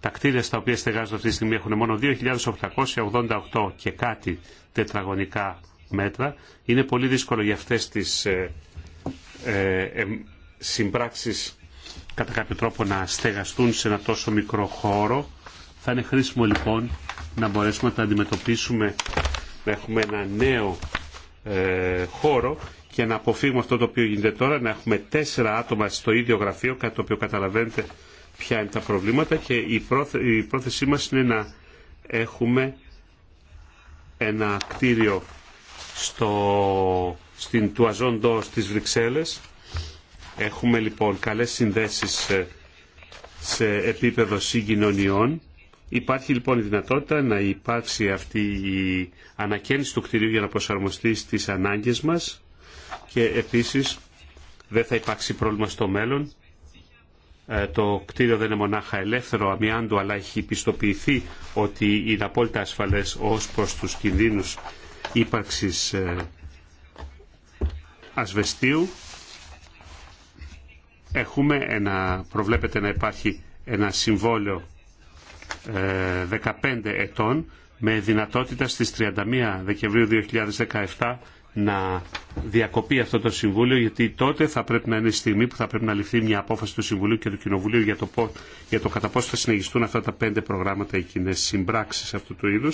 Τα κτίρια στα οποία στεγάζονται αυτή τη στιγμή έχουν μόνο 2.888 και κάτι τετραγωνικά μέτρα. Είναι πολύ δύσκολο για αυτές τις ε, ε, ε, συμπράξεις κατά κάποιο τρόπο να στεγαστούν σε ένα τόσο μικρό χώρο. Θα είναι χρήσιμο λοιπόν να μπορέσουμε να τα αντιμετωπίσουμε, να έχουμε ένα νέο ε, χώρο και να αποφύγουμε αυτό το οποίο γίνεται τώρα, να έχουμε τέσσερα άτομα στο ίδιο γραφείο, κάτι το οποίο καταλαβαίνετε ποια είναι τα προβλήματα και η, η πρόθεσή μας είναι να έχουμε ένα κτίριο στο, στην Τουαζόν Ντό στις Βρυξέλλες. Έχουμε λοιπόν καλές συνδέσεις ε, σε επίπεδο συγκοινωνιών. Υπάρχει λοιπόν η δυνατότητα να υπάρξει αυτή η ανακαίνιση του κτηρίου για να προσαρμοστεί στις ανάγκες μας και επίσης δεν θα υπάρξει πρόβλημα στο μέλλον. Ε, το κτίριο δεν είναι μονάχα ελεύθερο αμοιάντου αλλά έχει πιστοποιηθεί ότι είναι απόλυτα ασφαλές ως προς τους κινδύνους ύπαρξης ε, ασβεστίου. Έχουμε ένα, προβλέπεται να υπάρχει ένα συμβόλαιο 15 ε, ετών με δυνατότητα στις 31 Δεκεμβρίου 2017 να διακοπεί αυτό το Συμβούλιο, γιατί τότε θα πρέπει να είναι η στιγμή που θα πρέπει να ληφθεί μια απόφαση του Συμβουλίου και του Κοινοβουλίου για το, για το κατά πόσο θα συνεχιστούν αυτά τα πέντε προγράμματα, οι κοινέ συμπράξει αυτού του είδου.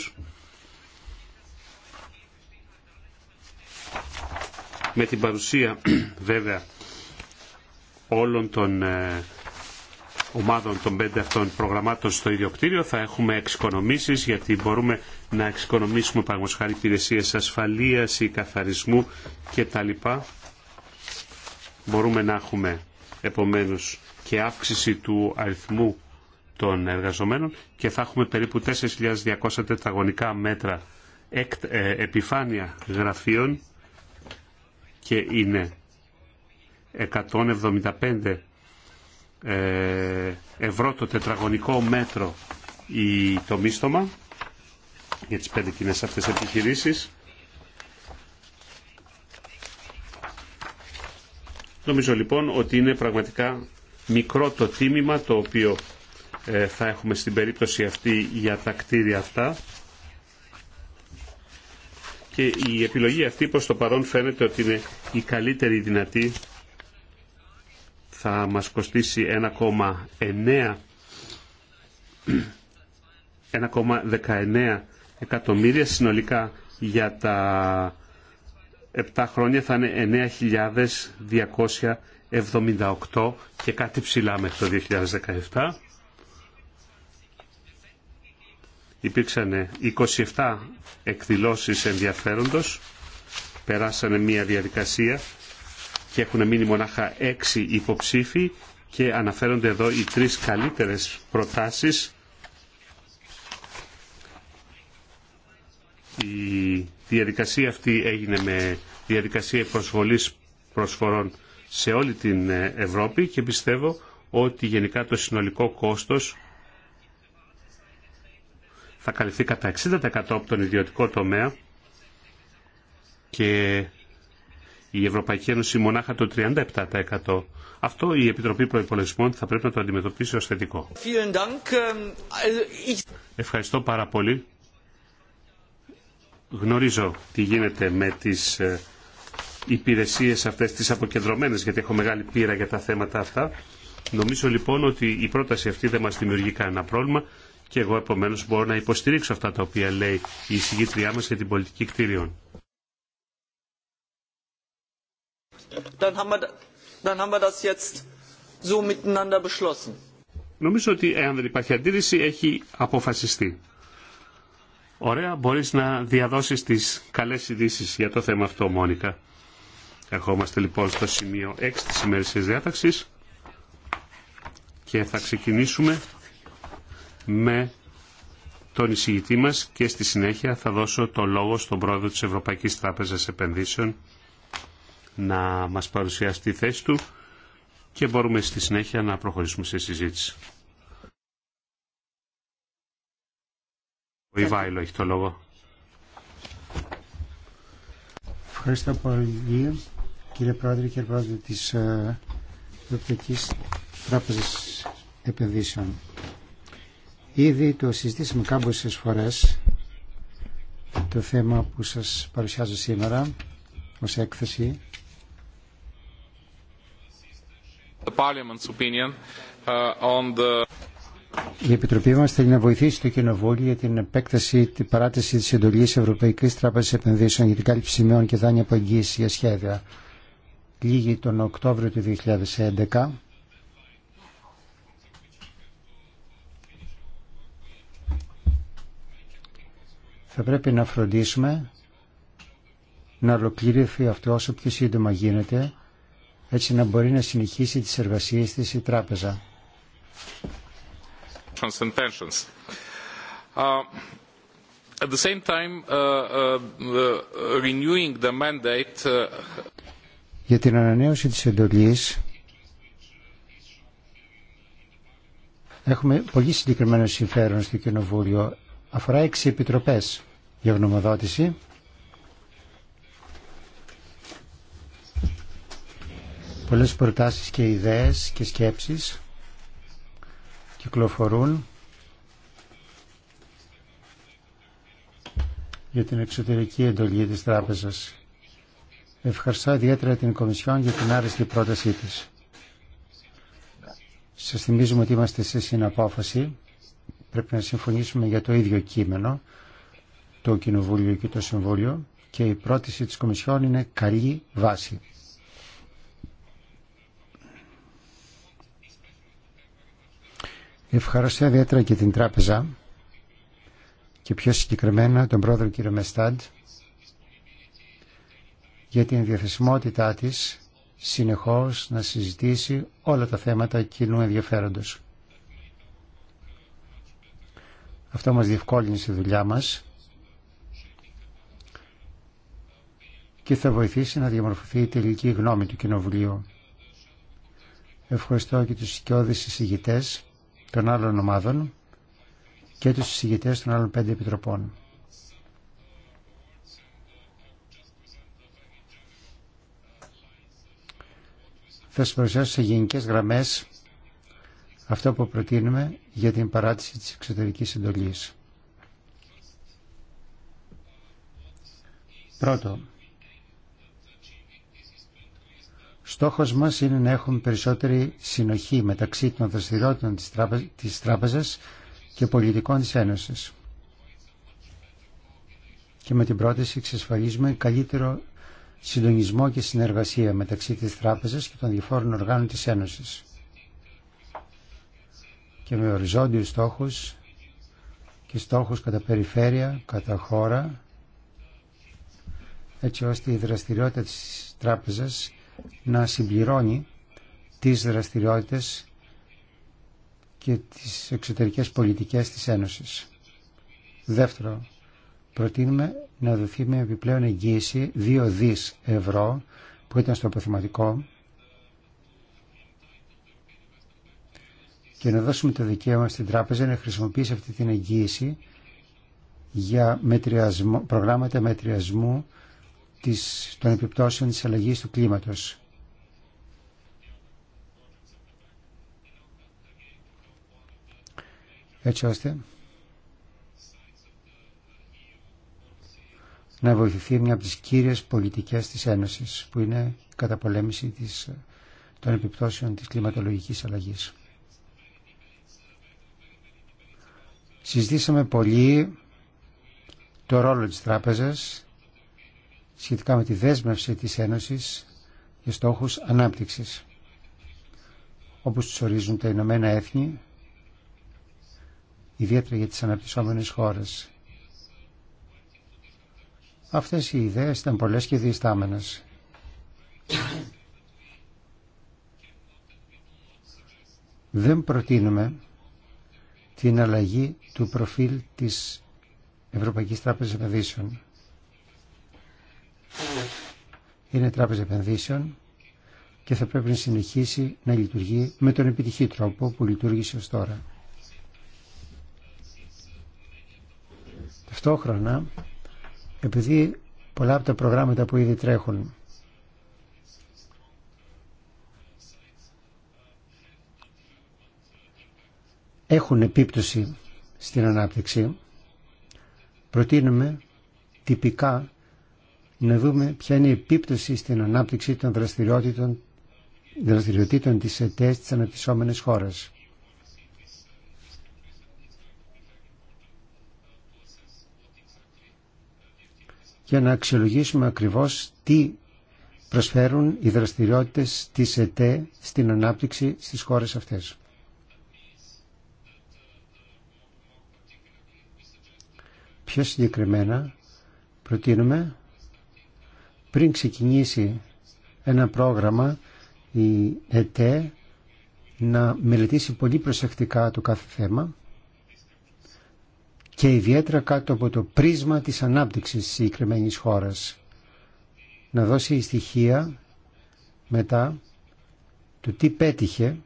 Με την παρουσία βέβαια όλων των ε, ομάδων των πέντε αυτών προγραμμάτων στο ίδιο κτίριο. Θα έχουμε εξοικονομήσεις γιατί μπορούμε να εξοικονομήσουμε παραγωγικά υπηρεσίε ασφαλείας ή καθαρισμού κτλ. Μπορούμε να έχουμε επομένω και αύξηση του αριθμού των εργαζομένων και θα έχουμε περίπου 4.200 τετραγωνικά μέτρα ε, επιφάνεια γραφείων και είναι 175 ε, ευρώ το τετραγωνικό μέτρο η, το μίστομα για τις πέντε κοινές αυτές επιχειρήσεις. Νομίζω λοιπόν ότι είναι πραγματικά μικρό το τίμημα το οποίο ε, θα έχουμε στην περίπτωση αυτή για τα κτίρια αυτά και η επιλογή αυτή προς το παρόν φαίνεται ότι είναι η καλύτερη δυνατή θα μας κοστίσει 1,9 1,19 εκατομμύρια συνολικά για τα 7 χρόνια θα είναι 9.278 και κάτι ψηλά μέχρι το 2017. Υπήρξαν 27 εκδηλώσεις ενδιαφέροντος, περάσανε μία διαδικασία και έχουν μείνει μονάχα έξι υποψήφοι και αναφέρονται εδώ οι τρεις καλύτερες προτάσεις. Η διαδικασία αυτή έγινε με διαδικασία προσβολής προσφορών σε όλη την Ευρώπη και πιστεύω ότι γενικά το συνολικό κόστος θα καλυφθεί κατά 60% από τον ιδιωτικό τομέα και η Ευρωπαϊκή Ένωση μονάχα το 37%. Αυτό η Επιτροπή Προϋπολογισμών θα πρέπει να το αντιμετωπίσει ως θετικό. Ε, ε, Ευχαριστώ πάρα πολύ. Γνωρίζω τι γίνεται με τις ε, υπηρεσίες αυτές τις αποκεντρωμένες, γιατί έχω μεγάλη πείρα για τα θέματα αυτά. Νομίζω λοιπόν ότι η πρόταση αυτή δεν μας δημιουργεί κανένα πρόβλημα και εγώ επομένως μπορώ να υποστηρίξω αυτά τα οποία λέει η εισηγήτριά μας για την πολιτική κτίριων. dann haben wir das jetzt so miteinander beschlossen. Νομίζω ότι εάν δεν υπάρχει αντίρρηση έχει αποφασιστεί. Ωραία, μπορείς να διαδώσεις τις καλές ειδήσει για το θέμα αυτό, Μόνικα. Ερχόμαστε λοιπόν στο σημείο 6 της ημερησίας διάταξης και θα ξεκινήσουμε με τον εισηγητή μας και στη συνέχεια θα δώσω το λόγο στον πρόεδρο της Ευρωπαϊκής Τράπεζας Επενδύσεων, να μας παρουσιάσει τη θέση του και μπορούμε στη συνέχεια να προχωρήσουμε σε συζήτηση. Ο Ιβάιλο έχει το λόγο. Ευχαριστώ πολύ κύριε Πρόεδρε και κύριε Πρόεδρε της Ευρωπαϊκής Τράπεζας Επενδύσεων. Ήδη το συζητήσαμε κάποιες φορές το θέμα που σας παρουσιάζω σήμερα ως έκθεση Uh, Η Επιτροπή μας θέλει να βοηθήσει το Κοινοβούλιο για την επέκταση, την παράταση της εντολής Ευρωπαϊκής Τράπεζας Επενδύσεων για την κάλυψη σημείων και δάνεια από εγγύηση για σχέδια. Λίγη τον Οκτώβριο του 2011. Θα πρέπει να φροντίσουμε να ολοκληρωθεί αυτό όσο πιο σύντομα γίνεται έτσι να μπορεί να συνεχίσει τις εργασίες της η τράπεζα. Για την ανανέωση της εντολής έχουμε πολύ συγκεκριμένο συμφέρον στο Κοινοβούλιο. Αφορά έξι επιτροπές για γνωμοδότηση Πολλές προτάσεις και ιδέες και σκέψεις κυκλοφορούν για την εξωτερική εντολή της τράπεζας. Ευχαριστώ ιδιαίτερα την Κομισιόν για την άρεστη πρότασή της. Σας θυμίζουμε ότι είμαστε σε συναπόφαση. Πρέπει να συμφωνήσουμε για το ίδιο κείμενο, το Κοινοβούλιο και το Συμβούλιο και η πρόταση της Κομισιόν είναι καλή βάση. Ευχαριστώ ιδιαίτερα και την τράπεζα και πιο συγκεκριμένα τον πρόεδρο κύριο Μεστάντ για την διαθεσιμότητά της συνεχώς να συζητήσει όλα τα θέματα κοινού ενδιαφέροντος. Αυτό μας διευκόλυνε στη δουλειά μας και θα βοηθήσει να διαμορφωθεί η τελική γνώμη του Κοινοβουλίου. Ευχαριστώ και τους οικειώδεις εισηγητές των άλλων ομάδων και τους συζητητές των άλλων πέντε επιτροπών. Θα σας παρουσιάσω σε γενικές γραμμές αυτό που προτείνουμε για την παράτηση της εξωτερικής εντολής. Πρώτο, Στόχος μας είναι να έχουμε περισσότερη συνοχή μεταξύ των δραστηριότητων της Τράπεζας και πολιτικών της Ένωσης. Και με την πρόταση εξασφαλίζουμε καλύτερο συντονισμό και συνεργασία μεταξύ της Τράπεζας και των διαφόρων οργάνων της Ένωσης. Και με οριζόντιους στόχους και στόχους κατά περιφέρεια, κατά χώρα, έτσι ώστε η δραστηριότητα της Τράπεζας να συμπληρώνει τις δραστηριότητες και τις εξωτερικές πολιτικές της Ένωσης. Δεύτερο, προτείνουμε να δοθεί με επιπλέον εγγύηση 2 δις ευρώ που ήταν στο αποθηματικό και να δώσουμε το δικαίωμα στην τράπεζα να χρησιμοποιήσει αυτή την εγγύηση για μετριασμό, προγράμματα μετριασμού της, των επιπτώσεων της αλλαγής του κλίματος. Έτσι ώστε να βοηθηθεί μια από τις κύριες πολιτικές της Ένωσης που είναι η καταπολέμηση της, των επιπτώσεων της κλιματολογικής αλλαγής. Συζητήσαμε πολύ το ρόλο της τράπεζας σχετικά με τη δέσμευση της Ένωσης για στόχους ανάπτυξης, όπως τους ορίζουν τα Ηνωμένα Έθνη, ιδιαίτερα για τις αναπτυσσόμενες χώρες. Αυτές οι ιδέες ήταν πολλές και διεστάμενες. Δεν προτείνουμε την αλλαγή του προφίλ της Ευρωπαϊκής Τράπεζας Επενδύσεων είναι τράπεζα επενδύσεων και θα πρέπει να συνεχίσει να λειτουργεί με τον επιτυχή τρόπο που λειτουργήσε ως τώρα. Ταυτόχρονα, επειδή πολλά από τα προγράμματα που ήδη τρέχουν έχουν επίπτωση στην ανάπτυξη, προτείνουμε τυπικά να δούμε ποια είναι η επίπτωση στην ανάπτυξη των δραστηριοτήτων, δραστηριοτήτων της ΕΤΕ στις αναπτυσσόμενες χώρες. για να αξιολογήσουμε ακριβώς τι προσφέρουν οι δραστηριότητες της ΕΤΕ στην ανάπτυξη στις χώρες αυτές. Πιο συγκεκριμένα προτείνουμε πριν ξεκινήσει ένα πρόγραμμα η ΕΤΕ να μελετήσει πολύ προσεκτικά το κάθε θέμα και ιδιαίτερα κάτω από το πρίσμα της ανάπτυξης της συγκεκριμένη χώρας. Να δώσει στοιχεία μετά του τι πέτυχε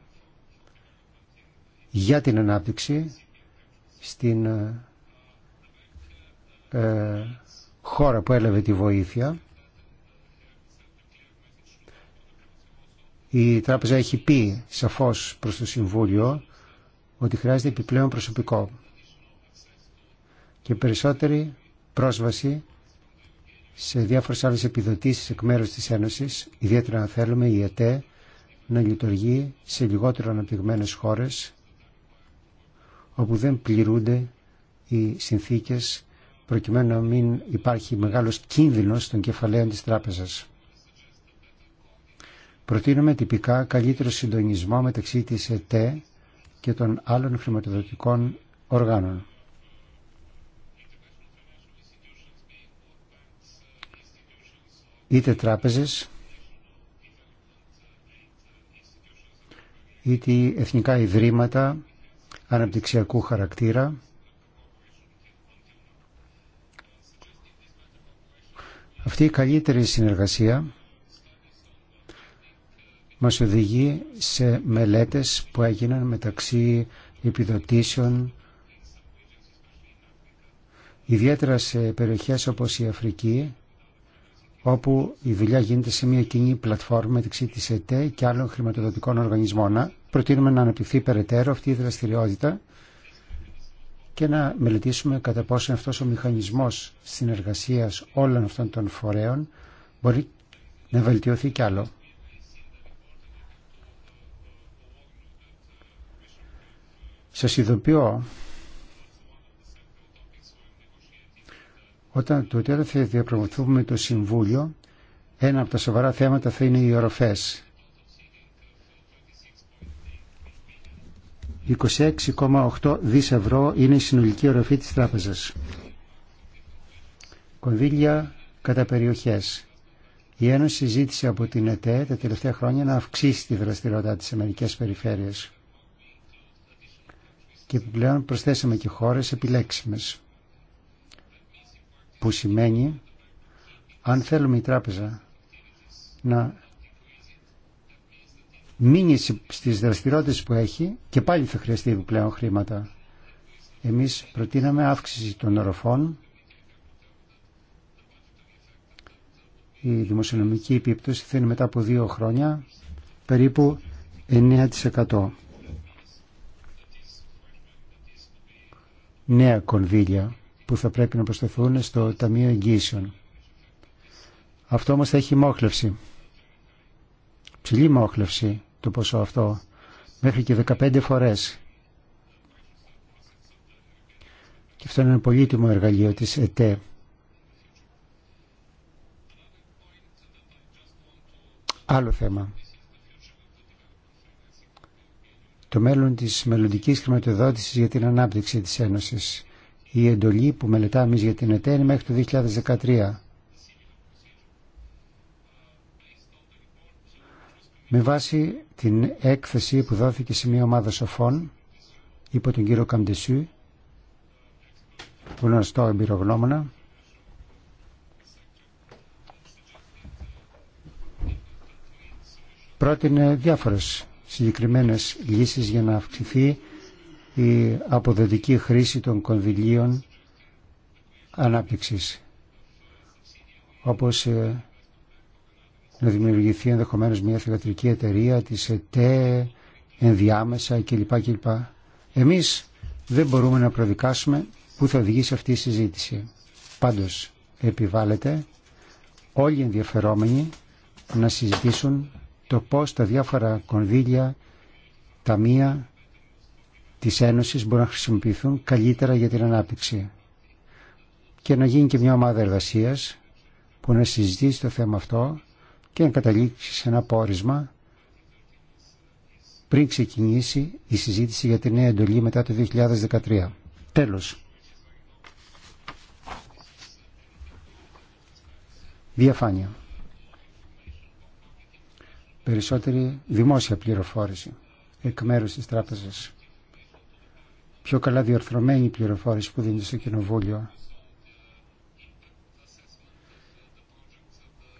για την ανάπτυξη στην ε, χώρα που έλαβε τη βοήθεια Η τράπεζα έχει πει σαφώς προς το Συμβούλιο ότι χρειάζεται επιπλέον προσωπικό και περισσότερη πρόσβαση σε διάφορες άλλες επιδοτήσεις εκ μέρους της Ένωσης, ιδιαίτερα αν θέλουμε η ΕΤΕ να λειτουργεί σε λιγότερο αναπτυγμένε χώρες όπου δεν πληρούνται οι συνθήκες προκειμένου να μην υπάρχει μεγάλος κίνδυνος των κεφαλαίων της τράπεζας. Προτείνουμε τυπικά καλύτερο συντονισμό μεταξύ της ΕΤΕ και των άλλων χρηματοδοτικών οργάνων. Είτε τράπεζες, είτε εθνικά ιδρύματα αναπτυξιακού χαρακτήρα, αυτή η καλύτερη συνεργασία μας οδηγεί σε μελέτες που έγιναν μεταξύ επιδοτήσεων ιδιαίτερα σε περιοχές όπως η Αφρική όπου η δουλειά γίνεται σε μια κοινή πλατφόρμα μεταξύ της ΕΤΕ και άλλων χρηματοδοτικών οργανισμών. Προτείνουμε να αναπτυχθεί περαιτέρω αυτή η δραστηριότητα και να μελετήσουμε κατά πόσο αυτός ο μηχανισμός συνεργασίας όλων αυτών των φορέων μπορεί να βελτιωθεί κι άλλο. Σας ειδοποιώ όταν το τέλος θα διαπραγματεύουμε το Συμβούλιο ένα από τα σοβαρά θέματα θα είναι οι οροφές. 26,8 δις ευρώ είναι η συνολική οροφή της τράπεζας. Κονδύλια κατά περιοχές. Η Ένωση ζήτησε από την ΕΤΕ τα τελευταία χρόνια να αυξήσει τη δραστηριότητά της σε μερικές και επιπλέον προσθέσαμε και χώρες επιλέξιμες που σημαίνει αν θέλουμε η τράπεζα να μείνει στις δραστηριότητες που έχει και πάλι θα χρειαστεί επιπλέον χρήματα. Εμείς προτείναμε αύξηση των οροφών η δημοσιονομική επίπτωση θα είναι μετά από δύο χρόνια περίπου 9%. νέα κονδύλια που θα πρέπει να προσθεθούν στο Ταμείο Εγγύσεων. Αυτό όμως θα έχει μόχλευση. Ψηλή μόχλευση το ποσό αυτό. Μέχρι και 15 φορές. Και αυτό είναι ένα πολύτιμο εργαλείο της ΕΤΕ. Άλλο θέμα. το μέλλον της μελλοντικής χρηματοδότησης για την ανάπτυξη της Ένωσης. Η εντολή που μελετάμε για την ΕΤΕΝ μέχρι το 2013. Με βάση την έκθεση που δόθηκε σε μια ομάδα σοφών υπό τον κύριο Καμτεσού, γνωστό εμπειρογνώμονα, πρότεινε διάφορες συγκεκριμένες λύσεις για να αυξηθεί η αποδοτική χρήση των κονδυλίων ανάπτυξης όπως ε, να δημιουργηθεί ενδεχομένως μια θεατρική εταιρεία της ΕΤΕ ενδιάμεσα κλπ. κλπ. Εμείς δεν μπορούμε να προδικάσουμε που θα οδηγήσει αυτή η συζήτηση. Πάντως επιβάλλεται όλοι οι ενδιαφερόμενοι να συζητήσουν το πώς τα διάφορα κονδύλια, ταμεία της Ένωσης μπορούν να χρησιμοποιηθούν καλύτερα για την ανάπτυξη. Και να γίνει και μια ομάδα εργασία που να συζητήσει το θέμα αυτό και να καταλήξει σε ένα πόρισμα πριν ξεκινήσει η συζήτηση για τη νέα εντολή μετά το 2013. Τέλος. Διαφάνεια περισσότερη δημόσια πληροφόρηση εκ μέρου τη τράπεζα, Πιο καλά διορθωμένη πληροφόρηση που δίνεται στο Κοινοβούλιο.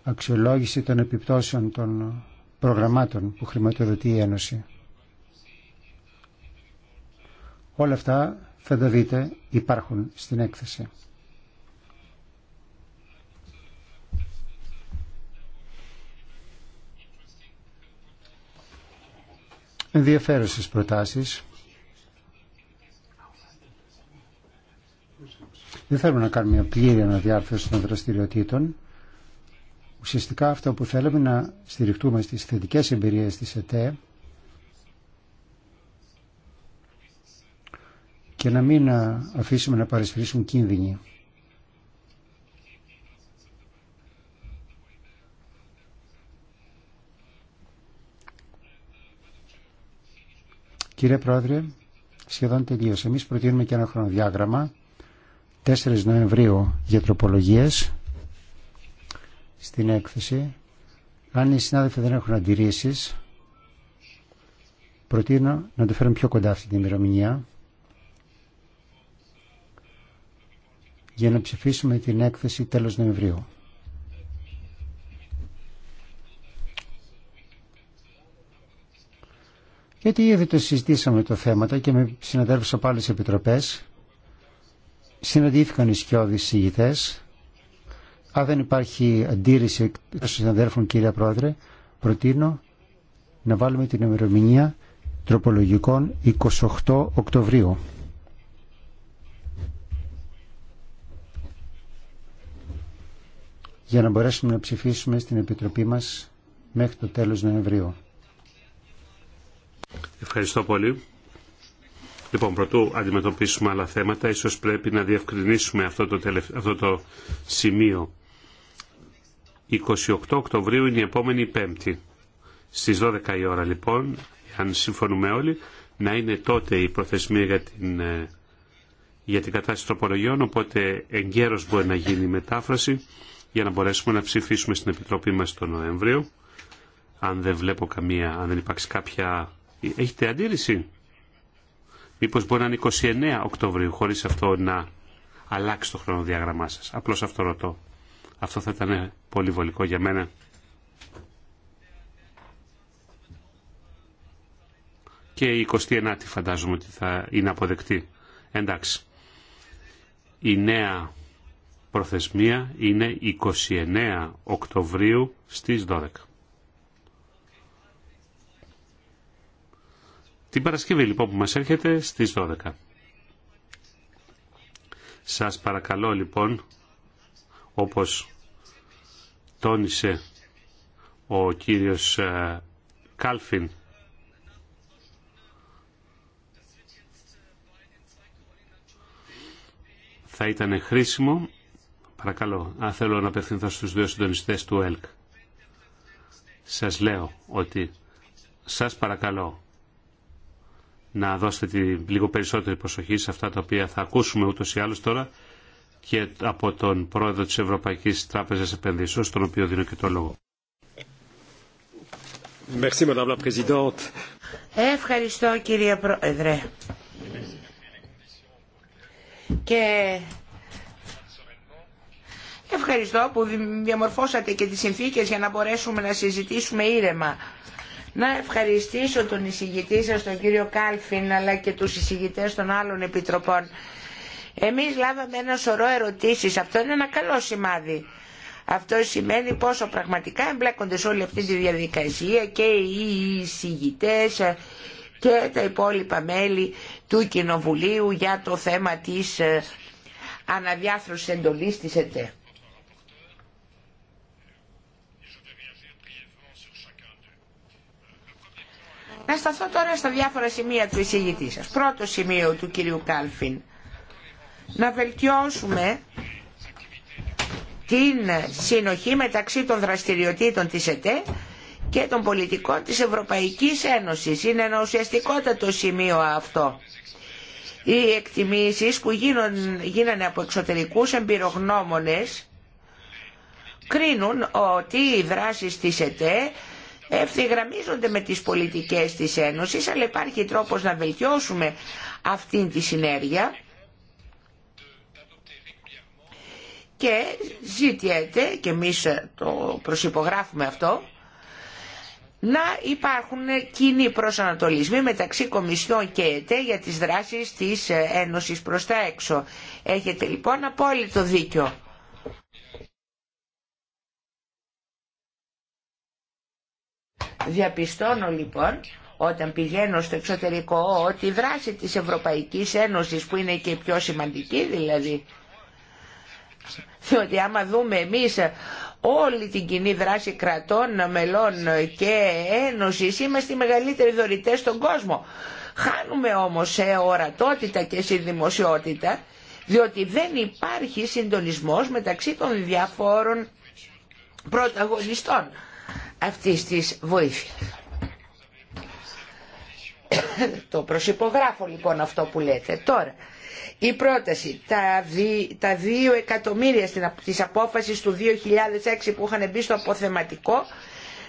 Αξιολόγηση των επιπτώσεων των προγραμμάτων που χρηματοδοτεί η Ένωση. Όλα αυτά θα τα δείτε υπάρχουν στην έκθεση. ενδιαφέρουσες προτάσεις. Δεν θέλουμε να κάνουμε μια πλήρη αναδιάρθρωση των δραστηριοτήτων. Ουσιαστικά αυτό που θέλουμε να στηριχτούμε στις θετικές εμπειρίες της ΕΤΕ και να μην αφήσουμε να παρασφυρίσουν κίνδυνοι. Κύριε Πρόεδρε, σχεδόν τελείωσε. Εμείς προτείνουμε και ένα χρονοδιάγραμμα 4 Νοεμβρίου για τροπολογίες στην έκθεση. Αν οι συνάδελφοι δεν έχουν αντιρρήσεις, προτείνω να το φέρουν πιο κοντά αυτή την ημερομηνία για να ψηφίσουμε την έκθεση τέλος Νοεμβρίου. γιατί ήδη το συζητήσαμε το θέμα και με συναδέλφους από άλλες επιτροπές συναντήθηκαν οι σκιώδει συγητές αν δεν υπάρχει αντίρρηση των συναδέλφων κύριε Πρόεδρε προτείνω να βάλουμε την ημερομηνία τροπολογικών 28 Οκτωβρίου για να μπορέσουμε να ψηφίσουμε στην Επιτροπή μας μέχρι το τέλος Νοεμβρίου. Ευχαριστώ πολύ. Λοιπόν, πρωτού αντιμετωπίσουμε άλλα θέματα, ίσως πρέπει να διευκρινίσουμε αυτό το, αυτό το σημείο. 28 Οκτωβρίου είναι η επόμενη Πέμπτη. Στις 12 η ώρα λοιπόν, αν συμφωνούμε όλοι, να είναι τότε η προθεσμία για την, ε, για την κατάσταση τροπολογιών, οπότε εγκαίρως μπορεί να γίνει η μετάφραση για να μπορέσουμε να ψηφίσουμε στην Επιτροπή μας τον Νοέμβριο. Αν δεν βλέπω καμία, αν δεν υπάρξει κάποια Έχετε αντίρρηση. Μήπως μπορεί να είναι 29 Οκτωβρίου χωρίς αυτό να αλλάξει το χρονοδιάγραμμά σας. Απλώς αυτό ρωτώ. Αυτό θα ήταν πολύ βολικό για μένα. Και η 29η φαντάζομαι ότι θα είναι αποδεκτή. Εντάξει. Η νέα προθεσμία είναι 29 Οκτωβρίου στις 12. Την Παρασκευή λοιπόν που μας έρχεται στις 12. Σας παρακαλώ λοιπόν, όπως τόνισε ο κύριος ε, Κάλφιν, θα ήταν χρήσιμο, παρακαλώ, αν θέλω να απευθυνθώ στους δύο συντονιστές του ΕΛΚ. Σας λέω ότι σας παρακαλώ να δώσετε τη, λίγο περισσότερη προσοχή σε αυτά τα οποία θα ακούσουμε ούτως ή άλλως τώρα και από τον πρόεδρο της Ευρωπαϊκής Τράπεζας Επενδύσεων, τον οποίο δίνω και το λόγο. Ευχαριστώ κύριε Πρόεδρε. Και ευχαριστώ που διαμορφώσατε και τις συνθήκες για να μπορέσουμε να συζητήσουμε ήρεμα. Να ευχαριστήσω τον εισηγητή σας, τον κύριο Κάλφιν, αλλά και τους εισηγητές των άλλων επιτροπών. Εμείς λάβαμε ένα σωρό ερωτήσεις. Αυτό είναι ένα καλό σημάδι. Αυτό σημαίνει πόσο πραγματικά εμπλέκονται σε όλη αυτή τη διαδικασία και οι εισηγητές και τα υπόλοιπα μέλη του Κοινοβουλίου για το θέμα της ε, αναδιάθρωσης εντολής της ΕΤΕ. Να σταθώ τώρα στα διάφορα σημεία του εισηγητή σας. Πρώτο σημείο του κυρίου Κάλφιν. Να βελτιώσουμε την συνοχή μεταξύ των δραστηριοτήτων της ΕΤΕ και των πολιτικών της Ευρωπαϊκής Ένωσης. Είναι ένα ουσιαστικότατο σημείο αυτό. Οι εκτιμήσεις που γίνανε από εξωτερικούς εμπειρογνώμονες κρίνουν ότι οι δράσεις της ΕΤΕ ευθυγραμμίζονται με τις πολιτικές της Ένωσης, αλλά υπάρχει τρόπος να βελτιώσουμε αυτή τη συνέργεια και ζητιέται, και εμείς το προσυπογράφουμε αυτό, να υπάρχουν κοινοί προσανατολισμοί μεταξύ Κομισιών και ΕΤΕ για τις δράσεις της Ένωσης προς τα έξω. Έχετε λοιπόν απόλυτο δίκιο. Διαπιστώνω λοιπόν όταν πηγαίνω στο εξωτερικό ότι η δράση της Ευρωπαϊκής Ένωσης που είναι και η πιο σημαντική δηλαδή διότι άμα δούμε εμείς όλη την κοινή δράση κρατών, μελών και ένωσης είμαστε οι μεγαλύτεροι δωρητές στον κόσμο. Χάνουμε όμως σε ορατότητα και σε δημοσιότητα διότι δεν υπάρχει συντονισμός μεταξύ των διαφόρων πρωταγωνιστών αυτής της βοήθειας. Το προσυπογράφω λοιπόν αυτό που λέτε. Τώρα, η πρόταση, τα, τα δύο εκατομμύρια στην, της απόφασης του 2006 που είχαν μπει στο αποθεματικό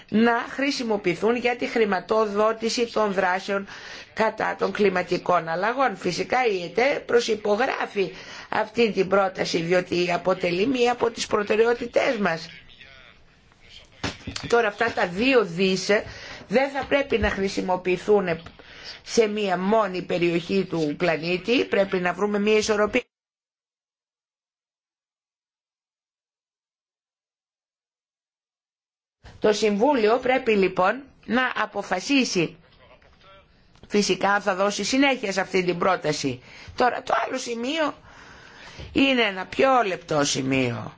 να χρησιμοποιηθούν για τη χρηματοδότηση των δράσεων κατά των κλιματικών αλλαγών. Φυσικά η ΕΤΕ προσυπογράφει αυτή την πρόταση διότι αποτελεί μία από τις προτεραιότητές μας. Τώρα αυτά τα δύο δις ε, δεν θα πρέπει να χρησιμοποιηθούν σε μία μόνη περιοχή του πλανήτη, πρέπει να βρούμε μία ισορροπία. Το Συμβούλιο πρέπει λοιπόν να αποφασίσει φυσικά θα δώσει συνέχεια σε αυτή την πρόταση. Τώρα το άλλο σημείο είναι ένα πιο λεπτό σημείο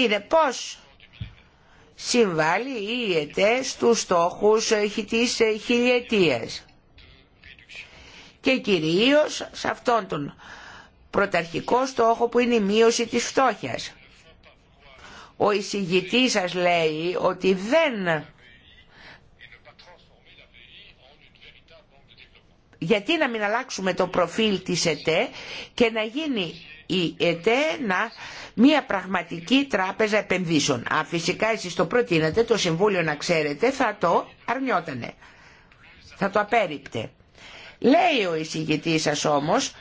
είναι πώς συμβάλλει η ΕΤΕ στους στόχους της χιλιετίας και κυρίως σε αυτόν τον πρωταρχικό στόχο που είναι η μείωση της φτώχειας. Ο εισηγητής σας λέει ότι δεν... Γιατί να μην αλλάξουμε το προφίλ της ΕΤΕ και να γίνει η ΕΤΕ να μια πραγματική τράπεζα επενδύσεων. Αν φυσικά εσείς το προτείνατε, το Συμβούλιο να ξέρετε θα το αρνιότανε, θα το απέρριπτε. Λέει ο εισηγητή σα όμως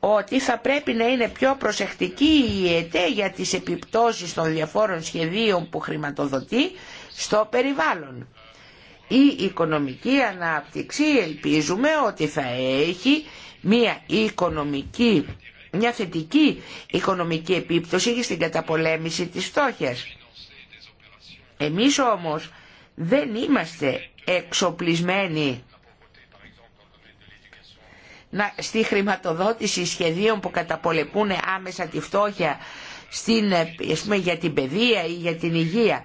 ότι θα πρέπει να είναι πιο προσεκτική η ΕΤΕ για τις επιπτώσεις των διαφόρων σχεδίων που χρηματοδοτεί στο περιβάλλον. Η οικονομική ανάπτυξη ελπίζουμε ότι θα έχει μία οικονομική μια θετική οικονομική επίπτωση και στην καταπολέμηση της φτώχειας. Εμείς όμως δεν είμαστε εξοπλισμένοι να, στη χρηματοδότηση σχεδίων που καταπολεπούν άμεσα τη φτώχεια στην, για την παιδεία ή για την υγεία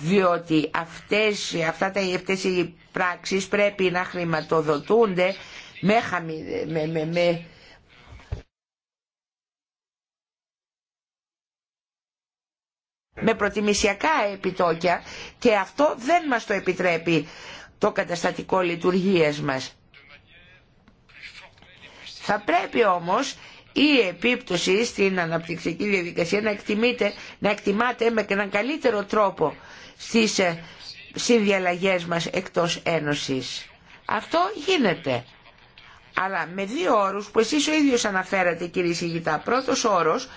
διότι αυτές, αυτά τα, αυτές οι πράξεις πρέπει να χρηματοδοτούνται με, με, με με προτιμησιακά επιτόκια και αυτό δεν μας το επιτρέπει το καταστατικό λειτουργίες μας. Θα πρέπει όμως η επίπτωση στην αναπτυξιακή διαδικασία να, να εκτιμάται με έναν καλύτερο τρόπο στις ε, συνδιαλλαγές μας εκτός Ένωσης. Αυτό γίνεται. Αλλά με δύο όρους που εσείς ο ίδιος αναφέρατε κύριε Σιγητά. Πρώτος όρος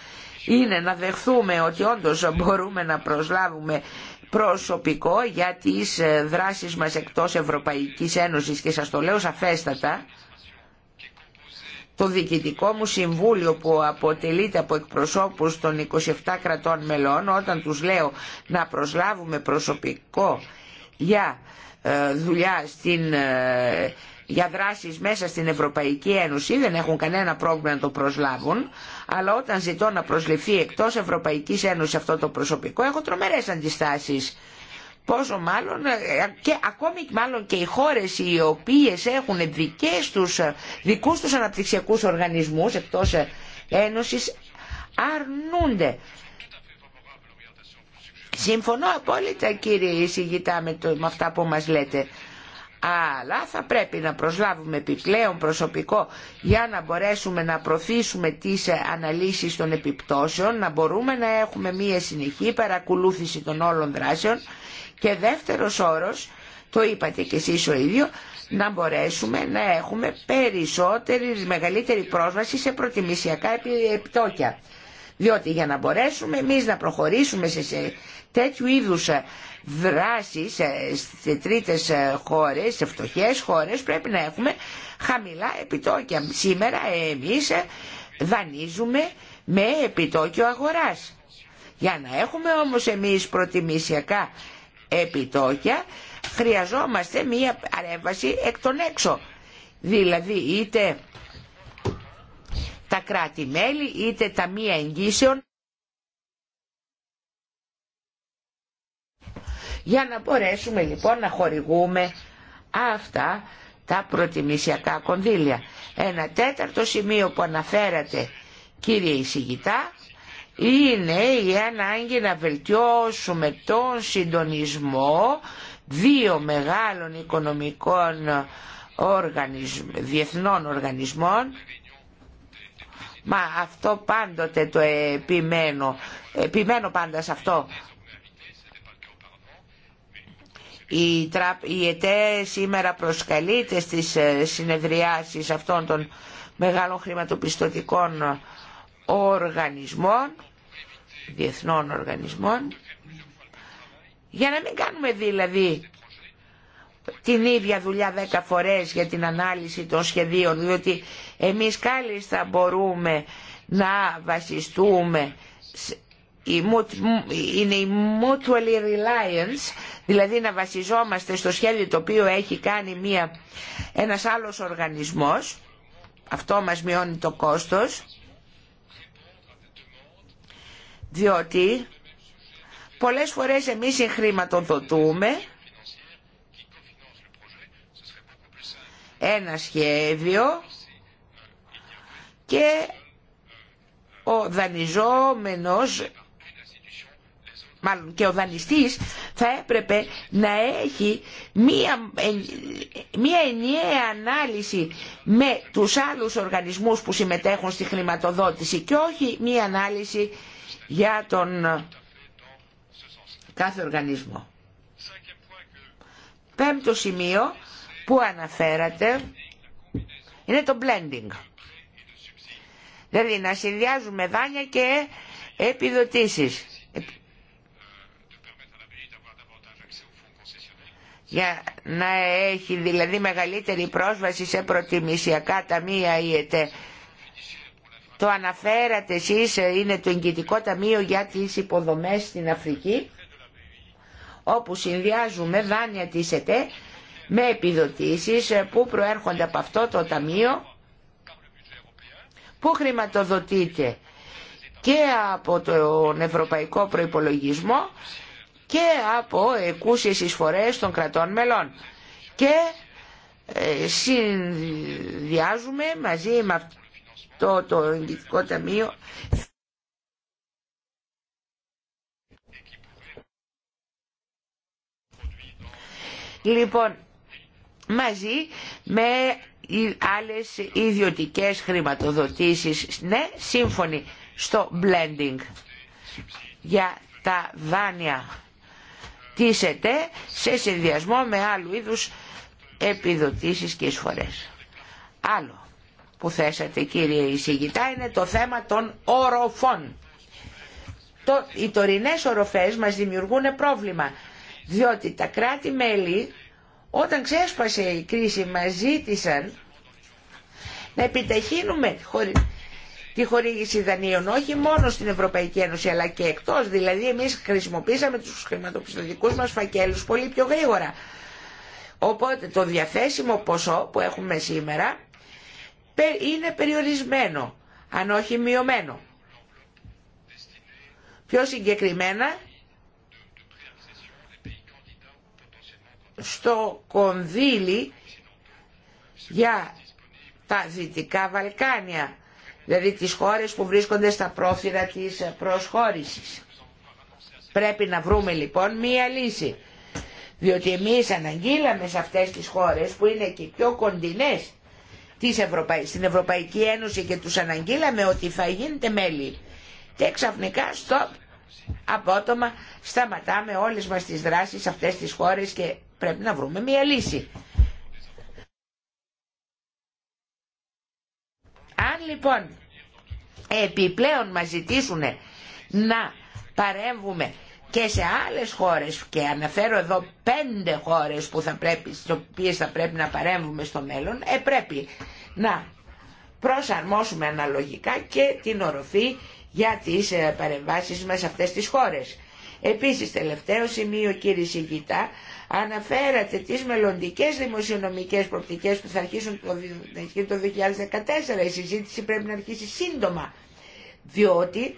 είναι να δεχθούμε ότι όντως μπορούμε να προσλάβουμε προσωπικό για τις ε, δράσεις μας εκτός Ευρωπαϊκής Ένωσης και σας το λέω σαφέστατα το διοικητικό μου συμβούλιο που αποτελείται από εκπροσώπους των 27 κρατών μελών όταν τους λέω να προσλάβουμε προσωπικό για ε, δουλειά στην ε, για δράσεις μέσα στην Ευρωπαϊκή Ένωση δεν έχουν κανένα πρόβλημα να το προσλάβουν αλλά όταν ζητώ να προσληφθεί εκτός Ευρωπαϊκής Ένωσης αυτό το προσωπικό έχω τρομερές αντιστάσεις πόσο μάλλον ε, και ακόμη μάλλον και οι χώρες οι οποίες έχουν δικές τους, ε, δικούς τους αναπτυξιακούς οργανισμούς εκτός ε, Ένωσης αρνούνται Συμφωνώ απόλυτα κύριε εισηγητά με, το, με αυτά που μας λέτε αλλά θα πρέπει να προσλάβουμε επιπλέον προσωπικό για να μπορέσουμε να προωθήσουμε τις ε, αναλύσεις των επιπτώσεων, να μπορούμε να έχουμε μία συνεχή παρακολούθηση των όλων δράσεων και δεύτερος όρος, το είπατε και εσείς ο ίδιο, να μπορέσουμε να έχουμε περισσότερη, μεγαλύτερη πρόσβαση σε προτιμησιακά επιτόκια. Διότι για να μπορέσουμε εμείς να προχωρήσουμε σε τέτοιου είδους ε, δράσεις ε, σε τρίτες ε, χώρες, σε φτωχές χώρες, πρέπει να έχουμε χαμηλά επιτόκια. Σήμερα εμείς δανείζουμε με επιτόκιο αγοράς. Για να έχουμε όμως εμείς προτιμησιακά επιτόκια, χρειαζόμαστε μία παρέμβαση εκ των έξω. Δηλαδή είτε τα κράτη-μέλη είτε τα μία εγγύσεων για να μπορέσουμε λοιπόν να χορηγούμε αυτά τα προτιμησιακά κονδύλια. Ένα τέταρτο σημείο που αναφέρατε κύριε Ισηγητά είναι η ανάγκη να βελτιώσουμε τον συντονισμό δύο μεγάλων οικονομικών οργανισμ, διεθνών οργανισμών Μα αυτό πάντοτε το επιμένω. Επιμένω πάντα σε αυτό. Η, τρα... η ΕΤΕ σήμερα προσκαλείται στις ε, συνεδριάσεις αυτών των μεγάλων χρηματοπιστωτικών οργανισμών, διεθνών οργανισμών, για να μην κάνουμε δηλαδή την ίδια δουλειά δέκα φορές για την ανάλυση των σχεδίων διότι εμείς κάλλιστα μπορούμε να βασιστούμε είναι η mutually reliance δηλαδή να βασιζόμαστε στο σχέδιο το οποίο έχει κάνει μια, ένας άλλος οργανισμός αυτό μας μειώνει το κόστος διότι πολλές φορές εμείς συγχρηματοδοτούμε ένα σχέδιο και ο δανειζόμενος μάλλον και ο δανειστής θα έπρεπε να έχει μία, μία ενιαία ανάλυση με τους άλλους οργανισμούς που συμμετέχουν στη χρηματοδότηση και όχι μία ανάλυση για τον κάθε οργανισμό. Πέμπτο σημείο που αναφέρατε είναι το blending. Δηλαδή να συνδυάζουμε δάνεια και επιδοτήσεις. Για να έχει δηλαδή μεγαλύτερη πρόσβαση σε προτιμησιακά ταμεία ή ΕΤΕ. Το αναφέρατε εσείς, είναι το εγκυτικό ταμείο για τις υποδομές στην Αφρική, όπου συνδυάζουμε δάνεια της ΕΤΕ με επιδοτήσεις ε, που προέρχονται από αυτό το ταμείο που χρηματοδοτείται και από τον Ευρωπαϊκό Προϋπολογισμό και από εκούσιες εισφορές των κρατών μελών. Και ε, συνδυάζουμε μαζί με αυτό το Εγγυητικό Ταμείο Λοιπόν, μαζί με άλλες ιδιωτικές χρηματοδοτήσεις, ναι, σύμφωνοι στο blending για τα δάνεια της ΕΤΕ σε συνδυασμό με άλλου είδους επιδοτήσεις και εισφορές. Άλλο που θέσατε κύριε εισηγητά είναι το θέμα των οροφών. οι τωρινές οροφές μας δημιουργούν πρόβλημα, διότι τα κράτη-μέλη όταν ξέσπασε η κρίση μας ζήτησαν να επιταχύνουμε τη χορήγηση δανείων όχι μόνο στην Ευρωπαϊκή Ένωση αλλά και εκτός. Δηλαδή εμείς χρησιμοποίησαμε τους χρηματοπιστωτικούς μας φακέλους πολύ πιο γρήγορα. Οπότε το διαθέσιμο ποσό που έχουμε σήμερα είναι περιορισμένο, αν όχι μειωμένο. Πιο συγκεκριμένα στο κονδύλι για τα Δυτικά Βαλκάνια, δηλαδή τις χώρες που βρίσκονται στα πρόθυρα της προσχώρησης. Πρέπει να βρούμε λοιπόν μία λύση, διότι εμείς αναγγείλαμε σε αυτές τις χώρες που είναι και πιο κοντινές της στην Ευρωπαϊκή Ένωση και τους αναγγείλαμε ότι θα γίνετε μέλη και ξαφνικά στο απότομα σταματάμε όλες μας τις δράσεις σε αυτές τις χώρες πρέπει να βρούμε μια λύση. Αν λοιπόν επιπλέον μας ζητήσουν να παρέμβουμε και σε άλλες χώρες και αναφέρω εδώ πέντε χώρες που θα πρέπει, στις οποίες θα πρέπει να παρέμβουμε στο μέλλον ε, πρέπει να προσαρμόσουμε αναλογικά και την οροφή για τις ε, παρεμβάσεις μας σε αυτές τις χώρες. Επίσης τελευταίο σημείο κύριε Σιγητά αναφέρατε τις μελλοντικές δημοσιονομικές προπτικές που θα αρχίσουν το, 2014. Η συζήτηση πρέπει να αρχίσει σύντομα, διότι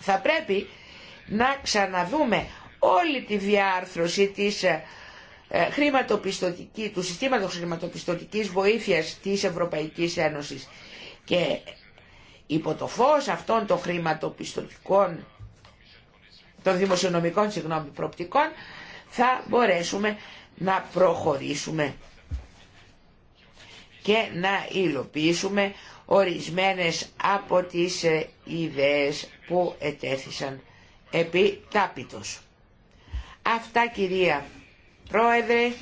θα πρέπει να ξαναδούμε όλη τη διάρθρωση της ε, χρηματοπιστωτική, του συστήματος χρηματοπιστωτικής βοήθειας της Ευρωπαϊκής Ένωσης. Και υπό το φως αυτών των χρηματοπιστωτικών των δημοσιονομικών συγγνώμη, προπτικών θα μπορέσουμε να προχωρήσουμε και να υλοποιήσουμε ορισμένες από τις ε, ιδέες που ετέθησαν επί τάπητος. Αυτά κυρία Πρόεδρε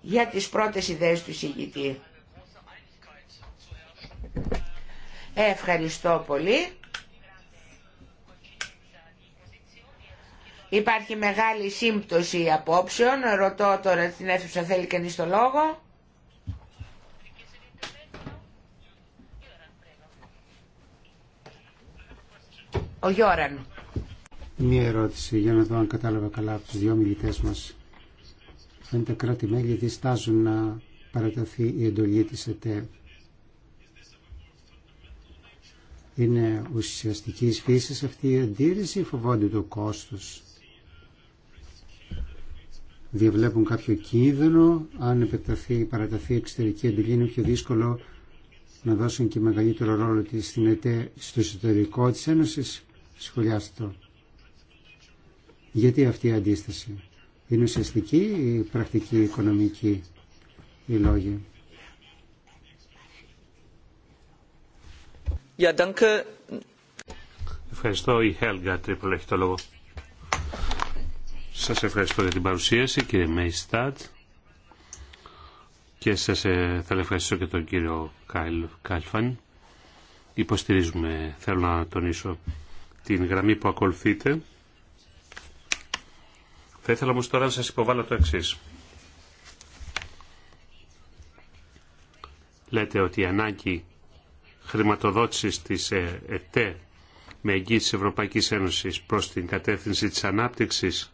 για τις πρώτες ιδέες του συγκητή. Ευχαριστώ πολύ. Υπάρχει μεγάλη σύμπτωση απόψεων. Ρωτώ τώρα την αίθουσα, θέλει κανείς το λόγο. Ο Γιώραν. Μία ερώτηση για να δω αν κατάλαβα καλά από τους δύο μιλητές μας. Αν τα κράτη-μέλη διστάζουν να παραταθεί η εντολή της ΕΤΕ. Είναι ουσιαστική φύση αυτή η αντίρρηση ή φοβόνται το κόστος διαβλέπουν κάποιο κίνδυνο. Αν επεκταθεί ή παραταθεί εξωτερική εντολή είναι πιο δύσκολο να δώσουν και μεγαλύτερο ρόλο της στην ΕΤΕ στο εσωτερικό της Ένωσης. Σχολιάστε το. Γιατί αυτή η αντίσταση. Είναι ουσιαστική ή πρακτική οικονομική η λογη Ευχαριστώ η Χέλγα Τρίπολα έχει το λόγο. Σας ευχαριστώ για την παρουσίαση κύριε Μέιστατ και σας ε, θα ευχαριστήσω και τον κύριο Κάλ, Κάλφαν. Υποστηρίζουμε, θέλω να τονίσω, την γραμμή που ακολουθείτε. Θα ήθελα όμως τώρα να σας υποβάλω το εξή. Λέτε ότι η ανάγκη χρηματοδότησης της ε, ΕΤΕ με εγγύηση της Ευρωπαϊκής Ένωσης προς την κατεύθυνση της ανάπτυξης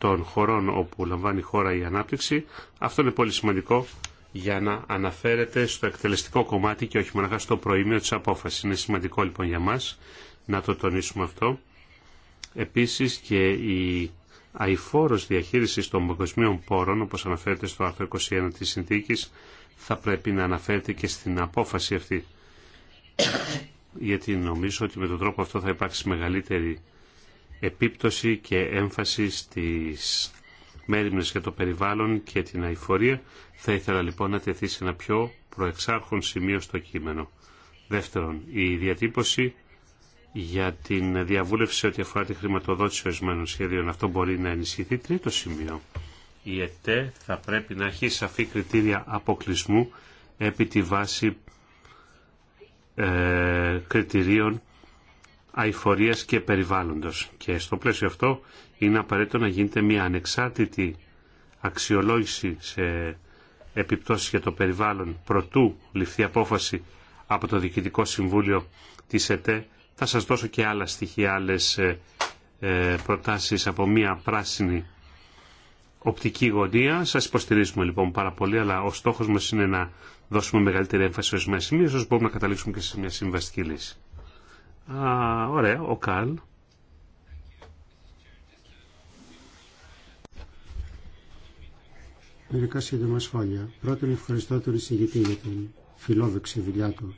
των χωρών όπου λαμβάνει η χώρα η ανάπτυξη. Αυτό είναι πολύ σημαντικό για να αναφέρεται στο εκτελεστικό κομμάτι και όχι μοναχά στο προήμιο της απόφασης. Είναι σημαντικό λοιπόν για μας να το τονίσουμε αυτό. Επίσης και η αηφόρος διαχείρισης των παγκοσμίων πόρων, όπως αναφέρεται στο άρθρο 21 της συνθήκης, θα πρέπει να αναφέρεται και στην απόφαση αυτή. Γιατί νομίζω ότι με τον τρόπο αυτό θα υπάρξει μεγαλύτερη επίπτωση και έμφαση στις μέρημνες για το περιβάλλον και την αηφορία. Θα ήθελα λοιπόν να τεθεί σε ένα πιο προεξάρχον σημείο στο κείμενο. Δεύτερον, η διατύπωση για την διαβούλευση ό,τι αφορά τη χρηματοδότηση ορισμένων σχεδίων. Αυτό μπορεί να ενισχυθεί. Τρίτο σημείο. Η ΕΤΕ θα πρέπει να έχει σαφή κριτήρια αποκλεισμού επί τη βάση ε, κριτηρίων αηφορίας και περιβάλλοντος. Και στο πλαίσιο αυτό είναι απαραίτητο να γίνεται μια ανεξάρτητη αξιολόγηση σε επιπτώσει για το περιβάλλον προτού ληφθεί απόφαση από το Διοικητικό Συμβούλιο της ΕΤΕ. Θα σας δώσω και άλλα στοιχεία, άλλες ε, ε, προτάσεις από μια πράσινη οπτική γωνία. Σας υποστηρίζουμε λοιπόν πάρα πολύ, αλλά ο στόχος μας είναι να δώσουμε μεγαλύτερη έμφαση ως μια σημεία, ώστε μπορούμε να καταλήξουμε και σε μια συμβαστική λύση. Α, ωραία, ο Καλ. Μερικά σύντομα σχόλια. Πρώτον, ευχαριστώ τον εισηγητή για την φιλόδοξη δουλειά του.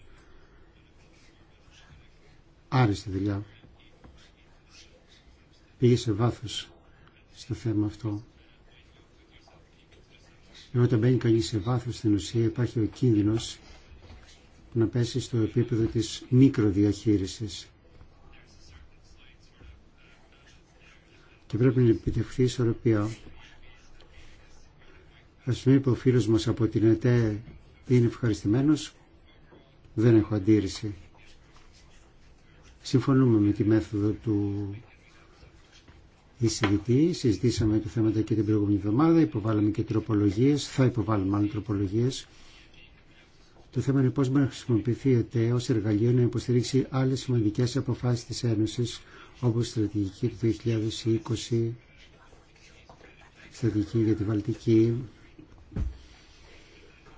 Άριστη δουλειά. Πήγε σε βάθος στο θέμα αυτό. όταν μπαίνει κανεί σε βάθος στην ουσία υπάρχει ο κίνδυνος να πέσει στο επίπεδο της μικροδιαχείρισης. Και πρέπει να επιτευχθεί ισορροπία. Ας μην είπε ο φίλος μας από την ΕΤΕ είναι ευχαριστημένος, δεν έχω αντίρρηση. Συμφωνούμε με τη μέθοδο του εισηγητή, συζητήσαμε τα θέματα και την προηγούμενη εβδομάδα, υποβάλαμε και τροπολογίες, θα υποβάλουμε άλλες τροπολογίες το θέμα είναι πώς μπορεί να χρησιμοποιηθεί η ως εργαλείο να υποστηρίξει άλλες σημαντικές αποφάσεις της Ένωσης όπως στρατηγική του 2020, στρατηγική για τη Βαλτική,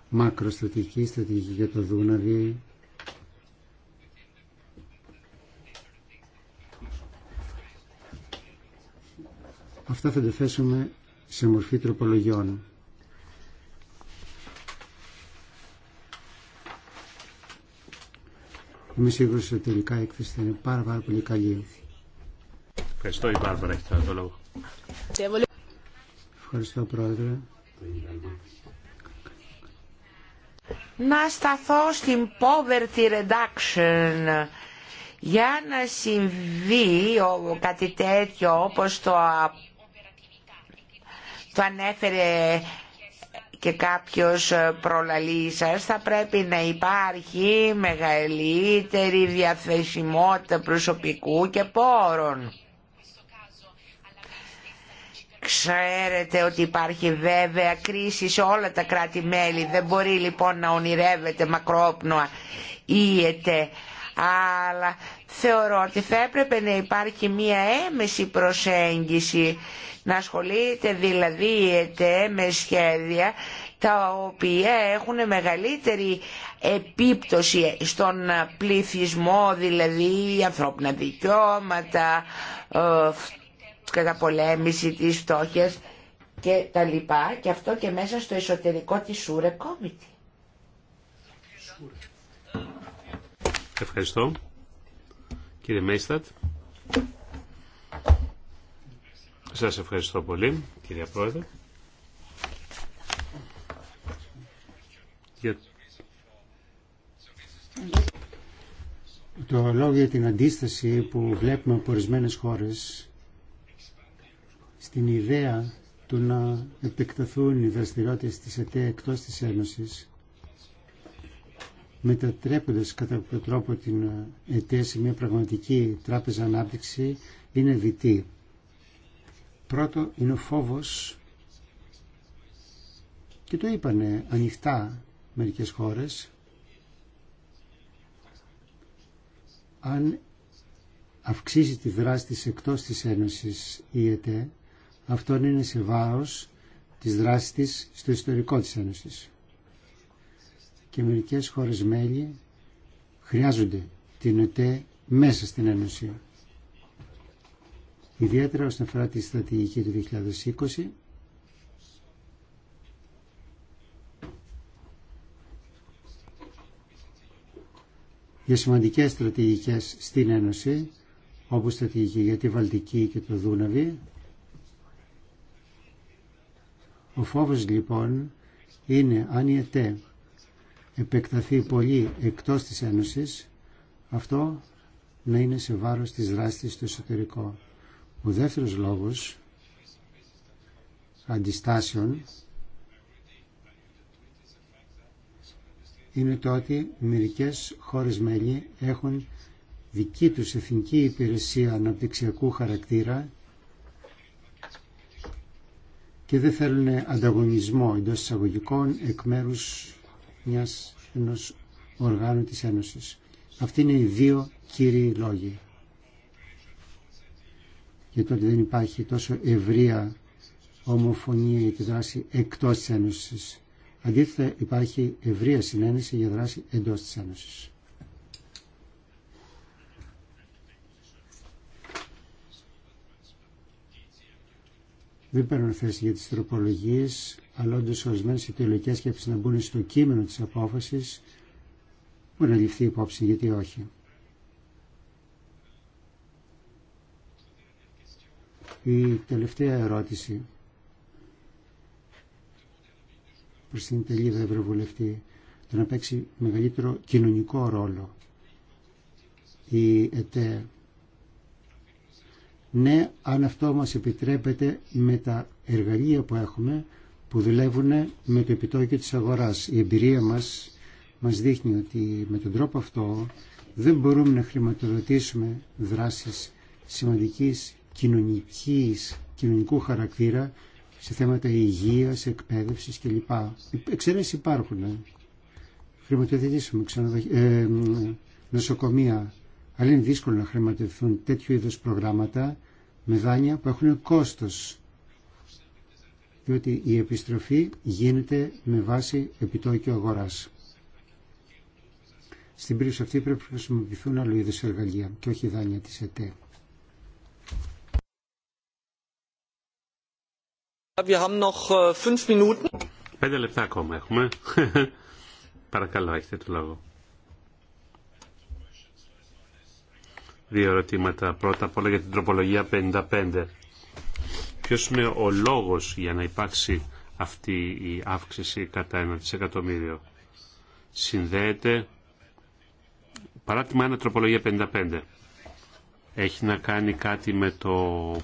μακροστρατηγική, στρατηγική για το Δούναβι, Αυτά θα τα θέσουμε σε μορφή τροπολογιών. Είμαι σίγουρο ότι τελικά η έκθεση θα είναι πάρα, πάρα πολύ καλή. Ευχαριστώ η Βάρβαρα, έχει τώρα το λόγο. Ευχαριστώ Πρόεδρε. Να σταθώ στην poverty reduction. Για να συμβεί κάτι τέτοιο όπως το, το ανέφερε και κάποιος ε, προλαλεί σας, θα πρέπει να υπάρχει μεγαλύτερη διαθεσιμότητα προσωπικού και πόρων. Ξέρετε ότι υπάρχει βέβαια κρίση σε όλα τα κράτη-μέλη, δεν μπορεί λοιπόν να ονειρεύεται μακρόπνοα ή ετε, αλλά θεωρώ ότι θα έπρεπε να υπάρχει μία έμεση προσέγγιση να ασχολείται δηλαδή με σχέδια τα οποία έχουν μεγαλύτερη επίπτωση στον πληθυσμό, δηλαδή ανθρώπινα δικαιώματα, ε, καταπολέμηση της φτώχειας και τα λοιπά και αυτό και μέσα στο εσωτερικό της Σούρε Κόμιτη. Ευχαριστώ. Κύριε Μέιστατ. Σας ευχαριστώ πολύ, κυρία Πρόεδρε. Το λόγο για την αντίσταση που βλέπουμε από ορισμένε χώρες στην ιδέα του να επεκταθούν οι δραστηριότητε τη ΕΤΕ εκτός της Ένωση, μετατρέποντα κατά κάποιο τρόπο την ΕΤΕ σε μια πραγματική τράπεζα ανάπτυξη είναι δυτή. Πρώτο είναι ο φόβος και το είπανε ανοιχτά μερικές χώρες αν αυξήσει τη δράση της εκτός της Ένωσης η ΕΤΕ αυτό είναι σε βάρος της δράσης της στο ιστορικό της Ένωσης και μερικές χώρες μέλη χρειάζονται την ΕΤΕ μέσα στην Ένωση ιδιαίτερα όσον αφορά τη στρατηγική του 2020 για σημαντικές στρατηγικές στην Ένωση όπως στρατηγική για τη Βαλτική και το Δούναβι. Ο φόβος λοιπόν είναι αν η ΕΤΕ επεκταθεί πολύ εκτός της Ένωσης αυτό να είναι σε βάρος της δράσης στο εσωτερικό. Ο δεύτερος λόγος αντιστάσεων είναι το ότι μερικές χώρες μέλη έχουν δική τους εθνική υπηρεσία αναπτυξιακού χαρακτήρα και δεν θέλουν ανταγωνισμό εντός εισαγωγικών εκ μέρους μιας ενός οργάνου της Ένωσης. Αυτοί είναι οι δύο κύριοι λόγοι γιατί το δεν υπάρχει τόσο ευρεία ομοφωνία για τη δράση εκτός της Ένωσης. Αντίθετα υπάρχει ευρεία συνένεση για δράση εντός της Ένωσης. Δεν παίρνω θέση για τις τροπολογίες, αλλά όντως ορισμένες ιδεολογικές σκέψεις να μπουν στο κείμενο της απόφασης μπορεί να ληφθεί υπόψη γιατί όχι. Η τελευταία ερώτηση προς την τελίδα Ευρωβουλευτή το να παίξει μεγαλύτερο κοινωνικό ρόλο η ΕΤΕ. Ναι, αν αυτό μας επιτρέπεται με τα εργαλεία που έχουμε που δουλεύουν με το επιτόκιο της αγοράς. Η εμπειρία μας μας δείχνει ότι με τον τρόπο αυτό δεν μπορούμε να χρηματοδοτήσουμε δράσεις σημαντικής κοινωνικής, κοινωνικού χαρακτήρα σε θέματα υγείας, εκπαίδευσης κλπ. Εξαιρέσεις υπάρχουν. Ε. Χρηματοδοτήσουμε ε, νοσοκομεία. Αλλά είναι δύσκολο να χρηματοδοτηθούν τέτοιου είδους προγράμματα με δάνεια που έχουν κόστος. Διότι η επιστροφή γίνεται με βάση επιτόκιο αγοράς. Στην περίπτωση αυτή πρέπει να χρησιμοποιηθούν άλλου είδους εργαλεία και όχι δάνεια της ΕΤΕ. Äh, πέντε λεπτά ακόμα έχουμε. Παρακαλώ, έχετε το λόγο. Δύο ερωτήματα. Πρώτα απ' όλα για την τροπολογία 55. Ποιος είναι ο λόγος για να υπάρξει αυτή η αύξηση κατά ένα δισεκατομμύριο. Συνδέεται παράτημα 1 τροπολογία 55 έχει να κάνει κάτι με το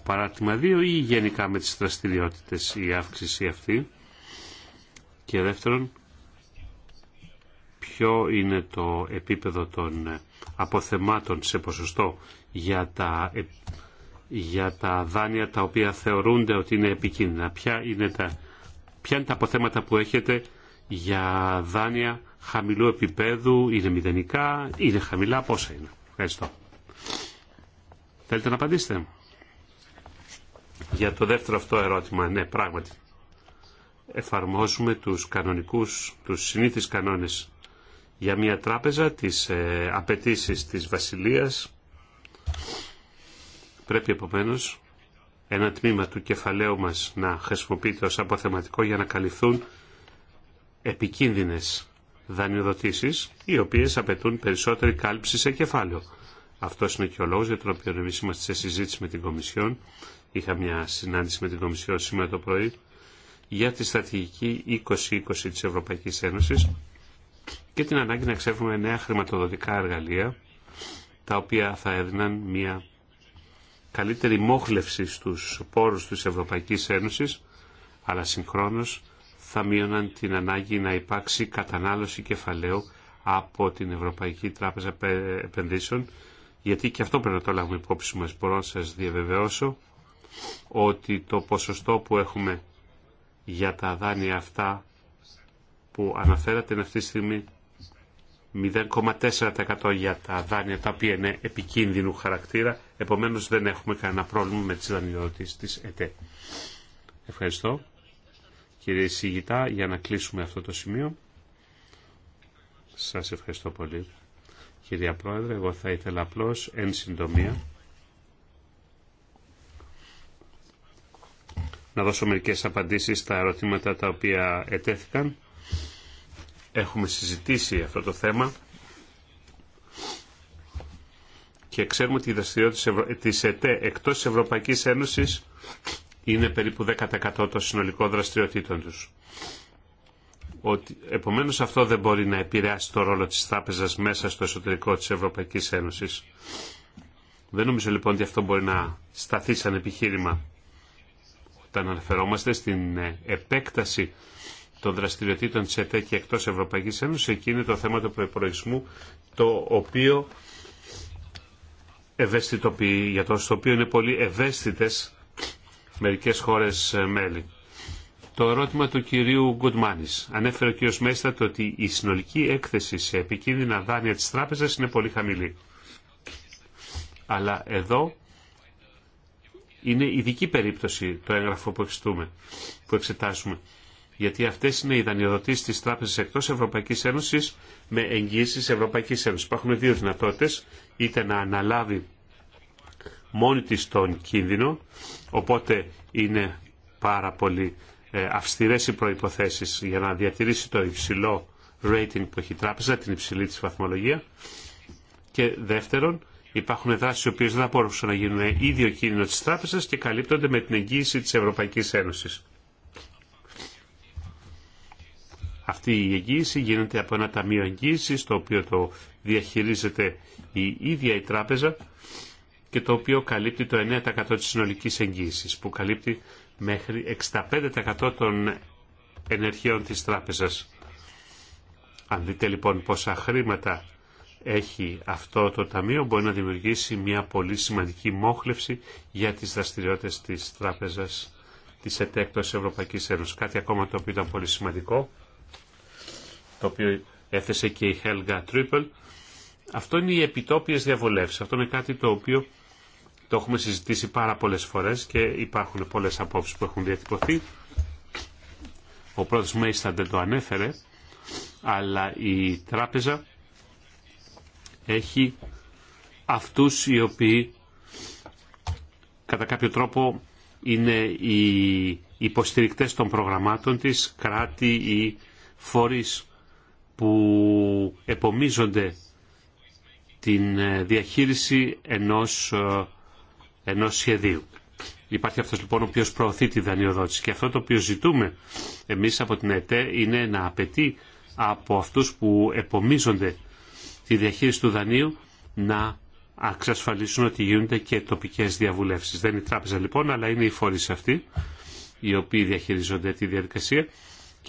παράρτημα 2 ή γενικά με τις δραστηριότητες η αύξηση αυτή. Και δεύτερον, ποιο είναι το επίπεδο των αποθεμάτων σε ποσοστό για τα, ε, για τα δάνεια τα οποία θεωρούνται ότι είναι επικίνδυνα. Ποια είναι τα, ποια είναι τα αποθέματα που έχετε για δάνεια χαμηλού επίπεδου, είναι μηδενικά, είναι χαμηλά, πόσα είναι. Ευχαριστώ. Θέλετε να απαντήσετε. Για το δεύτερο αυτό ερώτημα, ναι, πράγματι. Εφαρμόζουμε τους κανονικούς, τους συνήθεις κανόνες για μια τράπεζα, τις ε, απαιτήσει της Βασιλείας. Πρέπει επομένως ένα τμήμα του κεφαλαίου μας να χρησιμοποιείται ως αποθεματικό για να καλυφθούν επικίνδυνες δανειοδοτήσεις, οι οποίες απαιτούν περισσότερη κάλυψη σε κεφάλαιο. Αυτό είναι και ο λόγο για τον οποίο εμεί είμαστε σε συζήτηση με την Κομισιόν. Είχα μια συνάντηση με την Κομισιόν σήμερα το πρωί για τη στρατηγική 2020 τη Ευρωπαϊκή Ένωσης και την ανάγκη να εξεύρουμε νέα χρηματοδοτικά εργαλεία τα οποία θα έδιναν μια καλύτερη μόχλευση στους πόρους της Ευρωπαϊκής Ένωσης αλλά συγχρόνως θα μείωναν την ανάγκη να υπάρξει κατανάλωση κεφαλαίου από την Ευρωπαϊκή Τράπεζα Επενδύσεων γιατί και αυτό πρέπει να το λάβουμε υπόψη μας. Μπορώ να σας διαβεβαιώσω ότι το ποσοστό που έχουμε για τα δάνεια αυτά που αναφέρατε είναι αυτή τη στιγμή 0,4% για τα δάνεια τα οποία είναι επικίνδυνου χαρακτήρα. Επομένως δεν έχουμε κανένα πρόβλημα με τις δανειοδοτήσεις της ΕΤΕ. Ευχαριστώ. Κύριε Σιγητά, για να κλείσουμε αυτό το σημείο. Σας ευχαριστώ πολύ κυρία Πρόεδρε. Εγώ θα ήθελα απλώς εν συντομία να δώσω μερικές απαντήσεις στα ερωτήματα τα οποία ετέθηκαν. Έχουμε συζητήσει αυτό το θέμα και ξέρουμε ότι η δραστηριότητα της ΕΤΕ εκτός της Ευρωπαϊκής Ένωσης είναι περίπου 10% των συνολικών δραστηριοτήτων τους ότι επομένως αυτό δεν μπορεί να επηρεάσει το ρόλο της τράπεζας μέσα στο εσωτερικό της Ευρωπαϊκής Ένωσης. Δεν νομίζω λοιπόν ότι αυτό μπορεί να σταθεί σαν επιχείρημα όταν αναφερόμαστε στην ε, επέκταση των δραστηριοτήτων της ΕΤΕ και εκτός Ευρωπαϊκής Ένωσης. Εκεί είναι το θέμα του προϋπολογισμού το οποίο ευαισθητοποιεί, για το οποίο είναι πολύ ευαίσθητες μερικές χώρες ε, μέλη το ερώτημα του κυρίου Γκουτμάνης. Ανέφερε ο κύριος Μέστατ ότι η συνολική έκθεση σε επικίνδυνα δάνεια της τράπεζας είναι πολύ χαμηλή. Αλλά εδώ είναι ειδική περίπτωση το έγγραφο που, που εξετάσουμε. Γιατί αυτές είναι οι δανειοδοτήσεις της τράπεζας εκτός Ευρωπαϊκής Ένωσης με εγγύησεις Ευρωπαϊκή Ένωση. Υπάρχουν δύο δυνατότητες, είτε να αναλάβει μόνη της τον κίνδυνο, οπότε είναι πάρα πολύ ε, αυστηρές οι προϋποθέσεις για να διατηρήσει το υψηλό rating που έχει η τράπεζα, την υψηλή της βαθμολογία. Και δεύτερον, υπάρχουν δράσεις οι οποίες δεν θα μπορούσαν να γίνουν ίδιο κίνδυνο της τράπεζας και καλύπτονται με την εγγύηση της Ευρωπαϊκής Ένωσης. Αυτή η εγγύηση γίνεται από ένα ταμείο εγγύηση το οποίο το διαχειρίζεται η ίδια η τράπεζα και το οποίο καλύπτει το 9% της συνολικής εγγύησης που καλύπτει μέχρι 65% των ενεργειών της τράπεζας. Αν δείτε λοιπόν πόσα χρήματα έχει αυτό το ταμείο, μπορεί να δημιουργήσει μια πολύ σημαντική μόχλευση για τις δραστηριότητες της τράπεζας της ΕΤΕΚΤΟΣ Ευρωπαϊκής Ένωσης. Κάτι ακόμα το οποίο ήταν πολύ σημαντικό, το οποίο έθεσε και η Helga Triple. Αυτό είναι οι επιτόπιες διαβολεύσεις. Αυτό είναι κάτι το οποίο το έχουμε συζητήσει πάρα πολλές φορές και υπάρχουν πολλές απόψεις που έχουν διατυπωθεί. Ο πρώτος Μέισταν δεν το ανέφερε, αλλά η τράπεζα έχει αυτούς οι οποίοι κατά κάποιο τρόπο είναι οι υποστηρικτές των προγραμμάτων της, κράτη ή φορείς που επομίζονται την ε, διαχείριση ενός ε, Ενό σχεδίου. Υπάρχει αυτό λοιπόν ο οποίο προωθεί τη δανειοδότηση και αυτό το οποίο ζητούμε εμείς από την ΕΤΕ είναι να απαιτεί από αυτούς που επομίζονται τη διαχείριση του δανείου να αξασφαλίσουν ότι γίνονται και τοπικές διαβουλεύσεις. Δεν είναι η τράπεζα λοιπόν, αλλά είναι οι φορείς αυτοί οι οποίοι διαχειρίζονται τη διαδικασία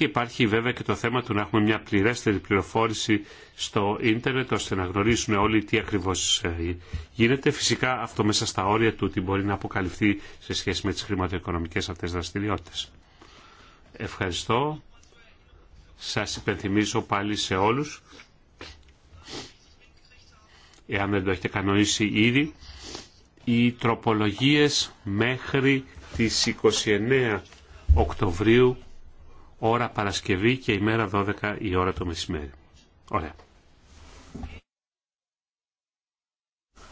και υπάρχει βέβαια και το θέμα του να έχουμε μια πληρέστερη πληροφόρηση στο ίντερνετ ώστε να γνωρίσουν όλοι τι ακριβώς ε, γίνεται. Φυσικά αυτό μέσα στα όρια του ότι μπορεί να αποκαλυφθεί σε σχέση με τις χρηματοοικονομικές αυτές δραστηριότητες. Ευχαριστώ. Σας υπενθυμίζω πάλι σε όλους. Εάν δεν το έχετε κανονίσει ήδη, οι τροπολογίες μέχρι τις 29 Οκτωβρίου ώρα Παρασκευή και ημέρα 12 η ώρα το μεσημέρι. Ωραία.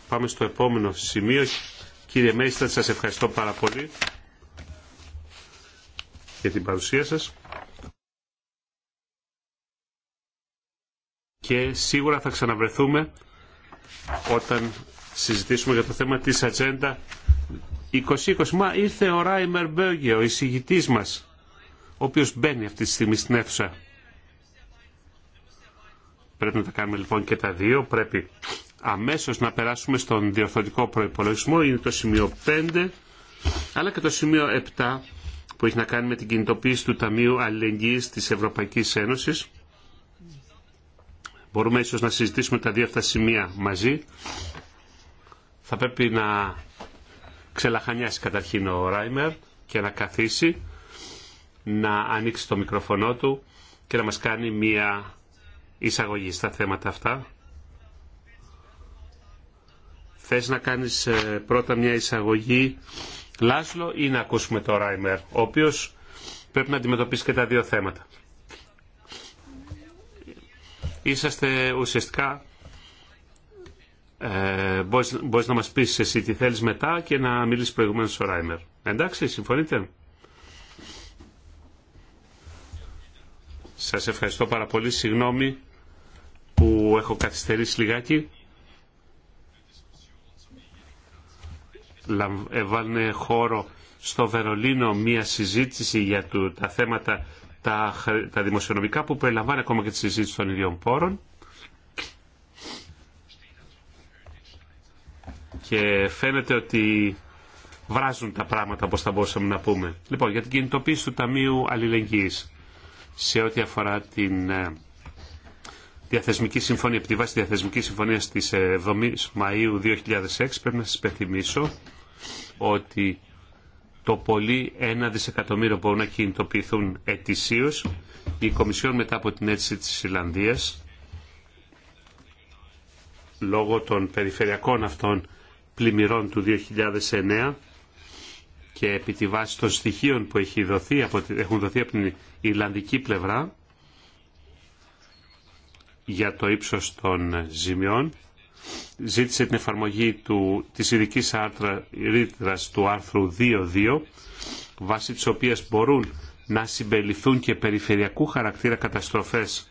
Πάμε στο επόμενο σημείο. Κύριε Μέιστα, σας ευχαριστώ πάρα πολύ για την παρουσία σας. Και σίγουρα θα ξαναβρεθούμε όταν συζητήσουμε για το θέμα της ατζέντα 2020. Μα ήρθε ο Ράιμερ Μπέγγε, ο εισηγητής μας ο οποίο μπαίνει αυτή τη στιγμή στην αίθουσα. Πρέπει να τα κάνουμε λοιπόν και τα δύο. Πρέπει αμέσως να περάσουμε στον διορθωτικό προϋπολογισμό. Είναι το σημείο 5, αλλά και το σημείο 7 που έχει να κάνει με την κινητοποίηση του Ταμείου Αλληλεγγύης της Ευρωπαϊκής Ένωσης. Μπορούμε ίσως να συζητήσουμε τα δύο αυτά σημεία μαζί. Θα πρέπει να ξελαχανιάσει καταρχήν ο Ράιμερ και να καθίσει να ανοίξει το μικροφωνό του και να μας κάνει μία εισαγωγή στα θέματα αυτά. Θες να κάνεις ε, πρώτα μια εισαγωγή Λάσλο ή να ακούσουμε το Ράιμερ, ο οποίος πρέπει να αντιμετωπίσει και τα δύο θέματα. Είσαστε ουσιαστικά, ε, μπορείς, να μας πεις εσύ τι θέλεις μετά και να μιλήσεις προηγουμένως στο Ράιμερ. Εντάξει, συμφωνείτε. Σας ευχαριστώ πάρα πολύ. Συγγνώμη που έχω καθυστερήσει λιγάκι. Έβαλνε χώρο στο Βερολίνο μία συζήτηση για τα θέματα τα, τα δημοσιονομικά που περιλαμβάνει ακόμα και τη συζήτηση των ιδιών πόρων. Και φαίνεται ότι βράζουν τα πράγματα, όπως θα μπορούσαμε να πούμε. Λοιπόν, για την κινητοποίηση του Ταμείου Αλληλεγγύης σε ό,τι αφορά την ε, διαθεσμική συμφωνία, τη βάση διαθεσμικής συμφωνίας 7 ε, Μαΐου 2006 πρέπει να σας υπενθυμίσω ότι το πολύ ένα δισεκατομμύριο μπορούν να κινητοποιηθούν ετησίως. Η Κομισιόν μετά από την αίτηση της Ιλλανδίας λόγω των περιφερειακών αυτών πλημμυρών του 2009 και επί τη βάση των στοιχείων που έχει δοθεί, έχουν δοθεί από την Ιρλανδική πλευρά για το ύψος των ζημιών ζήτησε την εφαρμογή του, της ειδική ρήτρας του άρθρου 2.2 βάσει της οποίας μπορούν να συμπεριληφθούν και περιφερειακού χαρακτήρα καταστροφές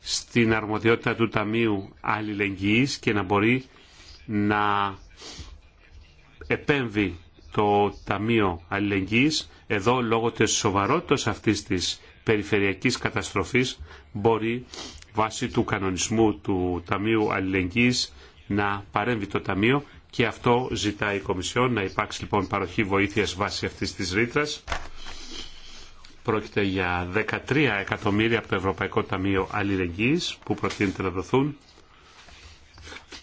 στην αρμοδιότητα του Ταμείου Αλληλεγγύης και να μπορεί να επέμβει το Ταμείο Αλληλεγγύης. Εδώ λόγω της σοβαρότητας αυτής της περιφερειακής καταστροφής μπορεί βάσει του κανονισμού του Ταμείου Αλληλεγγύης να παρέμβει το Ταμείο και αυτό ζητάει η Κομισιόν να υπάρξει λοιπόν παροχή βοήθειας βάσει αυτής της ρήτρα. Πρόκειται για 13 εκατομμύρια από το Ευρωπαϊκό Ταμείο Αλληλεγγύης που προτείνεται να δοθούν.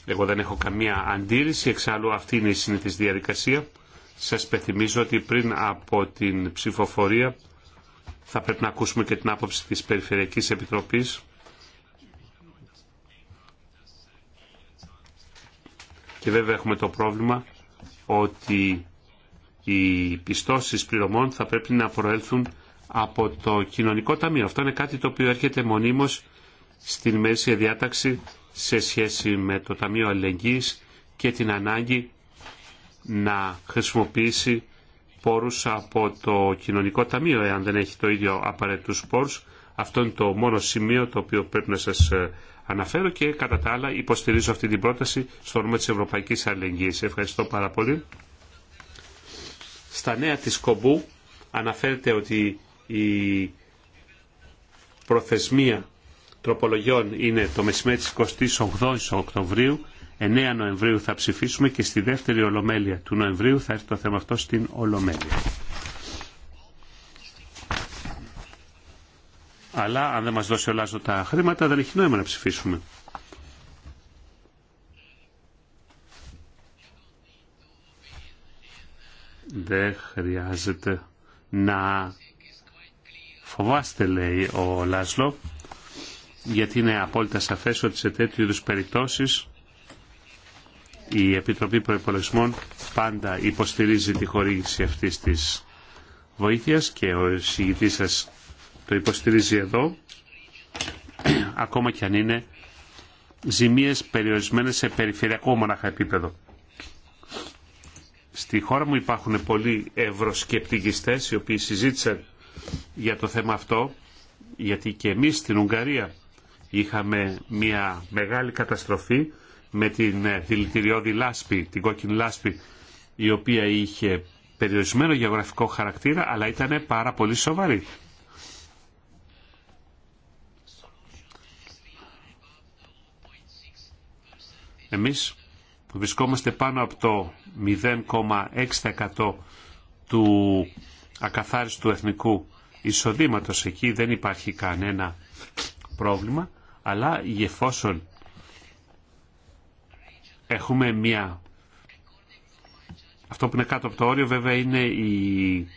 Εγώ δεν έχω καμία αντίρρηση, εξάλλου αυτή είναι η συνήθις διαδικασία. Σας πεθυμίζω ότι πριν από την ψηφοφορία θα πρέπει να ακούσουμε και την άποψη της Περιφερειακής Επιτροπής και βέβαια έχουμε το πρόβλημα ότι οι πιστώσεις πληρωμών θα πρέπει να προέλθουν από το κοινωνικό ταμείο. Αυτό είναι κάτι το οποίο έρχεται μονίμως στην μέση διάταξη σε σχέση με το Ταμείο Αλληλεγγύης και την ανάγκη να χρησιμοποιήσει πόρους από το κοινωνικό ταμείο εάν δεν έχει το ίδιο απαραίτητους πόρους. Αυτό είναι το μόνο σημείο το οποίο πρέπει να σας ε, αναφέρω και κατά τα άλλα υποστηρίζω αυτή την πρόταση στο όνομα της Ευρωπαϊκής Αλληλεγγύης. Ευχαριστώ πάρα πολύ. Στα νέα της Κομπού αναφέρεται ότι η προθεσμία τροπολογιών είναι το μεσημέρι της 28 Οκτωβρίου 9 Νοεμβρίου θα ψηφίσουμε και στη δεύτερη Ολομέλεια του Νοεμβρίου θα έρθει το θέμα αυτό στην Ολομέλεια. Αλλά αν δεν μας δώσει ο Λάζο τα χρήματα δεν έχει νόημα να ψηφίσουμε. Δεν χρειάζεται να φοβάστε λέει ο Λάσλο γιατί είναι απόλυτα σαφές ότι σε τέτοιου είδους περιπτώσεις η Επιτροπή Προϋπολογισμών πάντα υποστηρίζει τη χορήγηση αυτής της βοήθειας και ο εισηγητής σας το υποστηρίζει εδώ, ακόμα και αν είναι ζημίες περιορισμένες σε περιφερειακό μονάχα επίπεδο. Στη χώρα μου υπάρχουν πολλοί ευρωσκεπτικιστέ οι οποίοι συζήτησαν για το θέμα αυτό, γιατί και εμείς στην Ουγγαρία είχαμε μια μεγάλη καταστροφή με την δηλητηριώδη ε, λάσπη, την κόκκινη λάσπη, η οποία είχε περιορισμένο γεωγραφικό χαρακτήρα, αλλά ήταν πάρα πολύ σοβαρή. Εμείς βρισκόμαστε πάνω από το 0,6% του ακαθάριστου εθνικού εισοδήματος. Εκεί δεν υπάρχει κανένα πρόβλημα, αλλά εφόσον έχουμε μια... Αυτό που είναι κάτω από το όριο βέβαια είναι η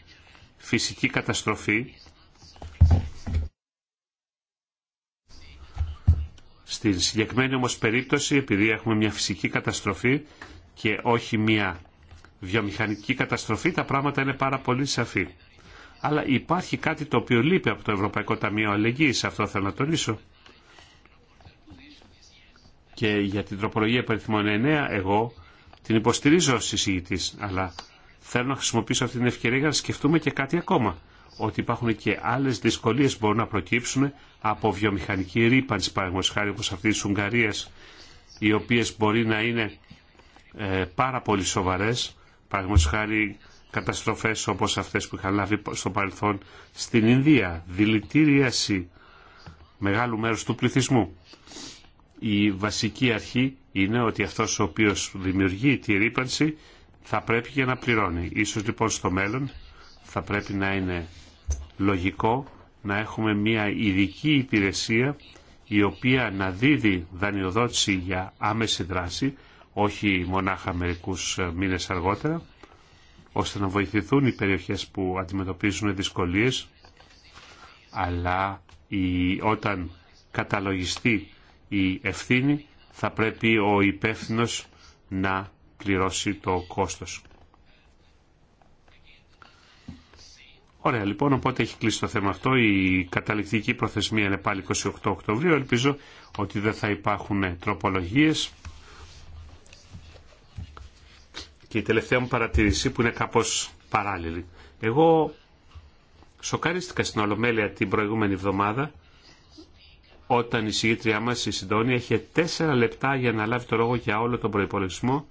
φυσική καταστροφή Στην συγκεκριμένη όμως περίπτωση, επειδή έχουμε μια φυσική καταστροφή και όχι μια βιομηχανική καταστροφή, τα πράγματα είναι πάρα πολύ σαφή. Αλλά υπάρχει κάτι το οποίο λείπει από το Ευρωπαϊκό Ταμείο Αλληλεγγύης, αυτό θέλω να τονίσω και για την τροπολογία υπαριθμών 9 εγώ την υποστηρίζω ως εισηγητής, αλλά θέλω να χρησιμοποιήσω αυτή την ευκαιρία για να σκεφτούμε και κάτι ακόμα. Ότι υπάρχουν και άλλες δυσκολίες που μπορούν να προκύψουν από βιομηχανική ρήπανση, παραδείγματος χάρη όπως αυτή της Ουγγαρίας, οι οποίες μπορεί να είναι ε, πάρα πολύ σοβαρές, παραδείγματος χάρη καταστροφές όπως αυτές που είχαν λάβει στο παρελθόν στην Ινδία, δηλητήριαση μεγάλου μέρους του πληθυσμού η βασική αρχή είναι ότι αυτός ο οποίος δημιουργεί τη ρήπανση θα πρέπει και να πληρώνει. Ίσως λοιπόν στο μέλλον θα πρέπει να είναι λογικό να έχουμε μια ειδική υπηρεσία η οποία να δίδει δανειοδότηση για άμεση δράση, όχι μονάχα μερικούς ε, μήνες αργότερα, ώστε να βοηθηθούν οι περιοχές που αντιμετωπίζουν δυσκολίες, αλλά η, όταν καταλογιστεί η ευθύνη, θα πρέπει ο υπεύθυνο να πληρώσει το κόστος. Ωραία, λοιπόν, οπότε έχει κλείσει το θέμα αυτό. Η καταληκτική προθεσμία είναι πάλι 28 Οκτωβρίου. Ελπίζω ότι δεν θα υπάρχουν τροπολογίες. Και η τελευταία μου παρατήρηση που είναι κάπως παράλληλη. Εγώ σοκαρίστηκα στην Ολομέλεια την προηγούμενη εβδομάδα όταν η συγγήτριά μας η Συντόνια είχε τέσσερα λεπτά για να λάβει το λόγο για όλο τον προϋπολογισμό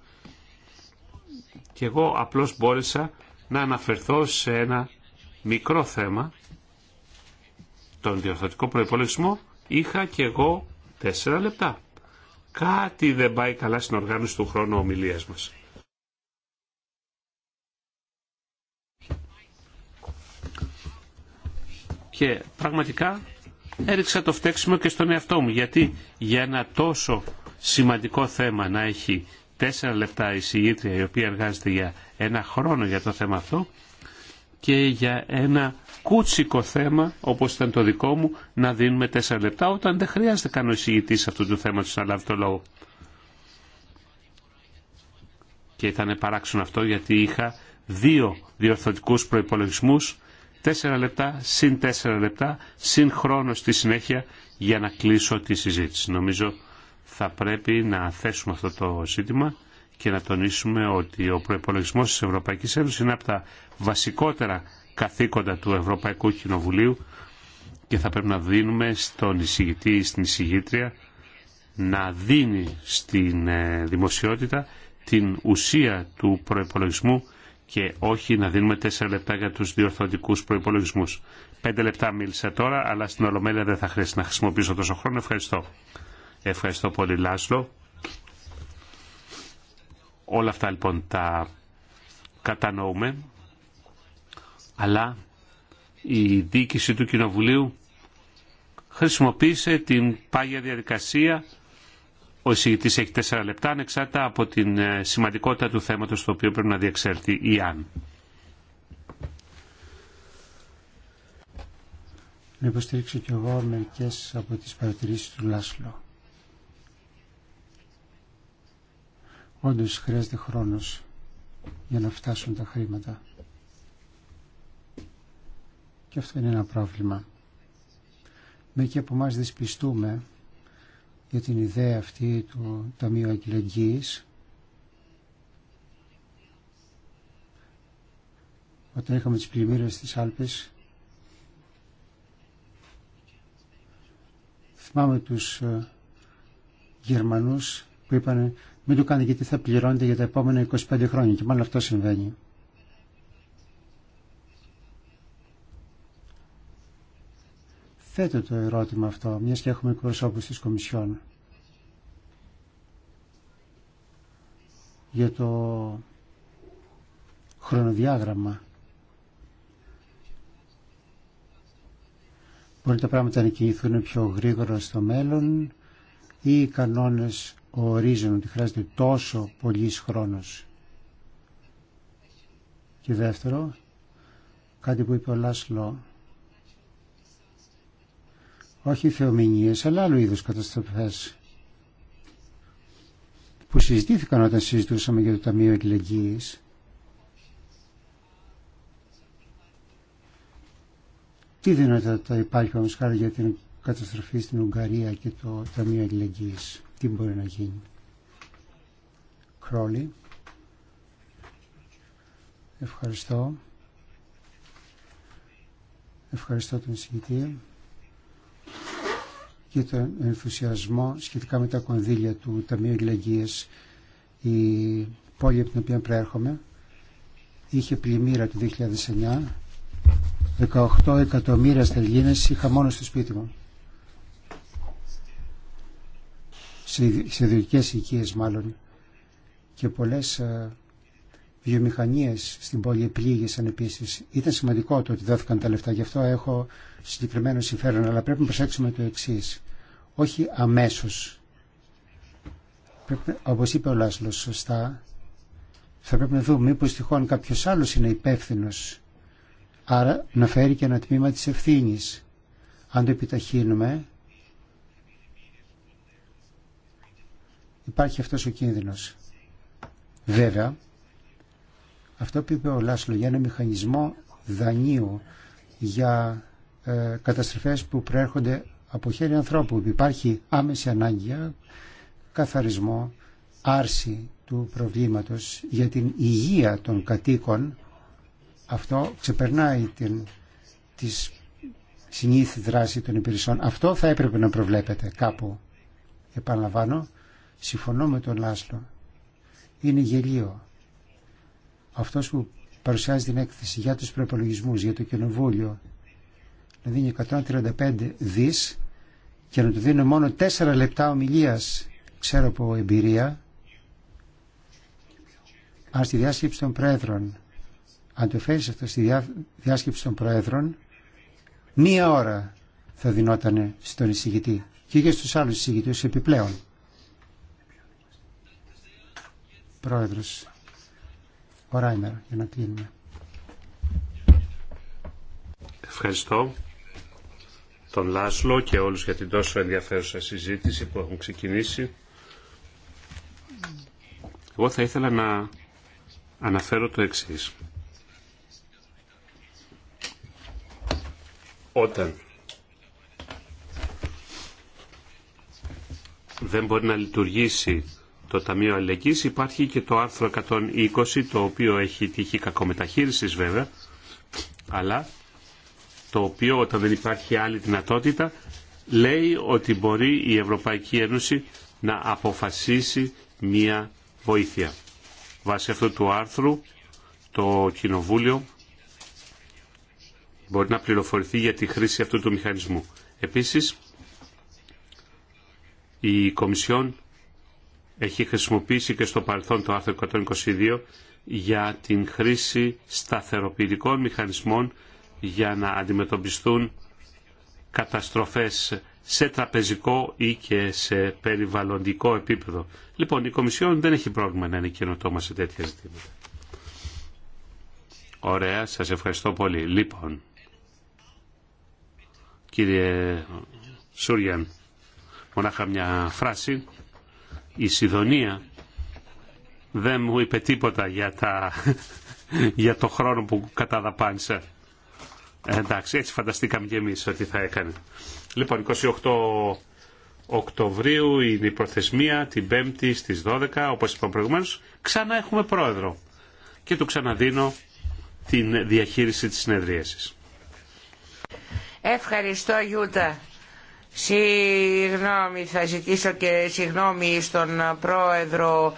και εγώ απλώς μπόρεσα να αναφερθώ σε ένα μικρό θέμα τον διορθωτικό προϋπολογισμό είχα και εγώ τέσσερα λεπτά. Κάτι δεν πάει καλά στην οργάνωση του χρόνου ομιλίας μας. Και πραγματικά έριξα το φταίξιμο και στον εαυτό μου. Γιατί για ένα τόσο σημαντικό θέμα να έχει τέσσερα λεπτά η συγγήτρια η οποία εργάζεται για ένα χρόνο για το θέμα αυτό και για ένα κούτσικο θέμα όπως ήταν το δικό μου να δίνουμε τέσσερα λεπτά όταν δεν χρειάζεται καν ο εισηγητής αυτού του θέματος να λάβει το λόγο. Και ήταν παράξενο αυτό γιατί είχα δύο διορθωτικούς προϋπολογισμούς Τέσσερα λεπτά, συν τέσσερα λεπτά, συν χρόνο στη συνέχεια για να κλείσω τη συζήτηση. Νομίζω θα πρέπει να θέσουμε αυτό το ζήτημα και να τονίσουμε ότι ο προπολογισμό της Ευρωπαϊκής Ένωσης είναι από τα βασικότερα καθήκοντα του Ευρωπαϊκού Κοινοβουλίου και θα πρέπει να δίνουμε στον εισηγητή ή στην εισηγήτρια να δίνει στην ε, δημοσιότητα την ουσία του προπολογισμού και όχι να δίνουμε τέσσερα λεπτά για τους διορθωτικούς προϋπολογισμούς. Πέντε λεπτά μίλησα τώρα, αλλά στην Ολομέλεια δεν θα χρειάζεται να χρησιμοποιήσω τόσο χρόνο. Ευχαριστώ. Ευχαριστώ πολύ Λάσλο. Όλα αυτά λοιπόν τα κατανοούμε, αλλά η διοίκηση του Κοινοβουλίου χρησιμοποίησε την πάγια διαδικασία ο εισηγητής έχει τέσσερα λεπτά, ανεξάρτητα από την ε, σημαντικότητα του θέματος το οποίο πρέπει να διεξέλθει ή αν. Να υποστηρίξω κι εγώ μερικές από τις παρατηρήσεις του Λάσλο. Όντως χρειάζεται χρόνος για να φτάσουν τα χρήματα. Και αυτό είναι ένα πρόβλημα. Μερικοί από εμάς δυσπιστούμε για την ιδέα αυτή του Ταμείου Αγγελεγγύης. Όταν είχαμε τις πλημμύρες στις Άλπες, θυμάμαι τους ε, Γερμανούς που είπαν μην το κάνετε γιατί θα πληρώνετε για τα επόμενα 25 χρόνια και μάλλον αυτό συμβαίνει. θέτω το ερώτημα αυτό, μιας και έχουμε εκπροσώπους της Κομισιόν. Για το χρονοδιάγραμμα. Μπορεί τα πράγματα να κινηθούν πιο γρήγορα στο μέλλον ή οι κανόνες ορίζουν ότι χρειάζεται τόσο πολύς χρόνος. Και δεύτερο, κάτι που είπε ο Λάσλο όχι θεομηνίες αλλά άλλου είδους καταστροφές που συζητήθηκαν όταν συζητούσαμε για το Ταμείο Εκλεγγύης Τι δυνατότητα υπάρχει όμως χάρη για την καταστροφή στην Ουγγαρία και το Ταμείο Εκλεγγύης Τι μπορεί να γίνει Κρόλη Ευχαριστώ Ευχαριστώ τον συγκητή και τον ενθουσιασμό σχετικά με τα κονδύλια του Ταμείου Ελληνικής. Η πόλη από την οποία προέρχομαι είχε πλημμύρα το 2009 18 εκατομμύρια στελγίνες είχα μόνο στο σπίτι μου. Σε ιδιωτικές οικίε, μάλλον. Και πολλές ε, βιομηχανίες στην πόλη πλήγησαν επίση. Ήταν σημαντικό το ότι δόθηκαν τα λεφτά, γι' αυτό έχω συγκεκριμένο συμφέρον, αλλά πρέπει να προσέξουμε το εξή. Όχι αμέσως. Όπω είπε ο Λάσλο, σωστά, θα πρέπει να δούμε μήπω τυχόν κάποιο άλλο είναι υπεύθυνο. Άρα να φέρει και ένα τμήμα της ευθύνη. Αν το επιταχύνουμε, υπάρχει αυτός ο κίνδυνος. Βέβαια, αυτό που είπε ο Λάσλο για ένα μηχανισμό δανείου για ε, καταστροφές που προέρχονται από χέρι ανθρώπου υπάρχει άμεση ανάγκη καθαρισμό, άρση του προβλήματος για την υγεία των κατοίκων αυτό ξεπερνάει την, της συνήθη δράση των υπηρεσιών. Αυτό θα έπρεπε να προβλέπετε κάπου. Επαναλαμβάνω, συμφωνώ με τον Λάσλο. Είναι γελίο αυτός που παρουσιάζει την έκθεση για τους προπολογισμού για το κοινοβούλιο, να δίνει 135 δις και να του δίνει μόνο 4 λεπτά ομιλίας, ξέρω από εμπειρία, αν στη διάσκεψη των Προέδρων, αν το φέρεις αυτό στη διάσκεψη των Προέδρων, μία ώρα θα δινόταν στον εισηγητή και για στους άλλους εισηγητούς επιπλέον. Πρόεδρος, ο για να κλείνουμε. Ευχαριστώ τον Λάσλο και όλους για την τόσο ενδιαφέρουσα συζήτηση που έχουν ξεκινήσει. Εγώ θα ήθελα να αναφέρω το εξής. Όταν δεν μπορεί να λειτουργήσει το Ταμείο Αλληλεγγύης υπάρχει και το άρθρο 120 το οποίο έχει τύχει κακομεταχείρισης βέβαια αλλά το οποίο όταν δεν υπάρχει άλλη δυνατότητα λέει ότι μπορεί η Ευρωπαϊκή Ένωση να αποφασίσει μία βοήθεια. Βάσει αυτού του άρθρου το Κοινοβούλιο μπορεί να πληροφορηθεί για τη χρήση αυτού του μηχανισμού. Επίσης, η Κομισιόν έχει χρησιμοποιήσει και στο παρελθόν το άρθρο 122 για την χρήση σταθεροποιητικών μηχανισμών για να αντιμετωπιστούν καταστροφές σε τραπεζικό ή και σε περιβαλλοντικό επίπεδο. Λοιπόν, η Κομισιόν δεν έχει πρόβλημα να είναι καινοτόμα σε τέτοια ζητήματα. Ωραία, σας ευχαριστώ πολύ. Λοιπόν, κύριε Σούριαν, μονάχα μια φράση η Σιδονία δεν μου είπε τίποτα για, τα, για το χρόνο που καταδαπάνησα. Ε, εντάξει, έτσι φανταστήκαμε και εμείς ότι θα έκανε. Λοιπόν, 28 Οκτωβρίου είναι η προθεσμία, την 5η στις 12, όπως είπαμε προηγουμένως, ξανά έχουμε πρόεδρο και του ξαναδίνω την διαχείριση της συνεδρίασης. Ευχαριστώ Γιούτα. Συγγνώμη, θα ζητήσω και συγγνώμη στον πρόεδρο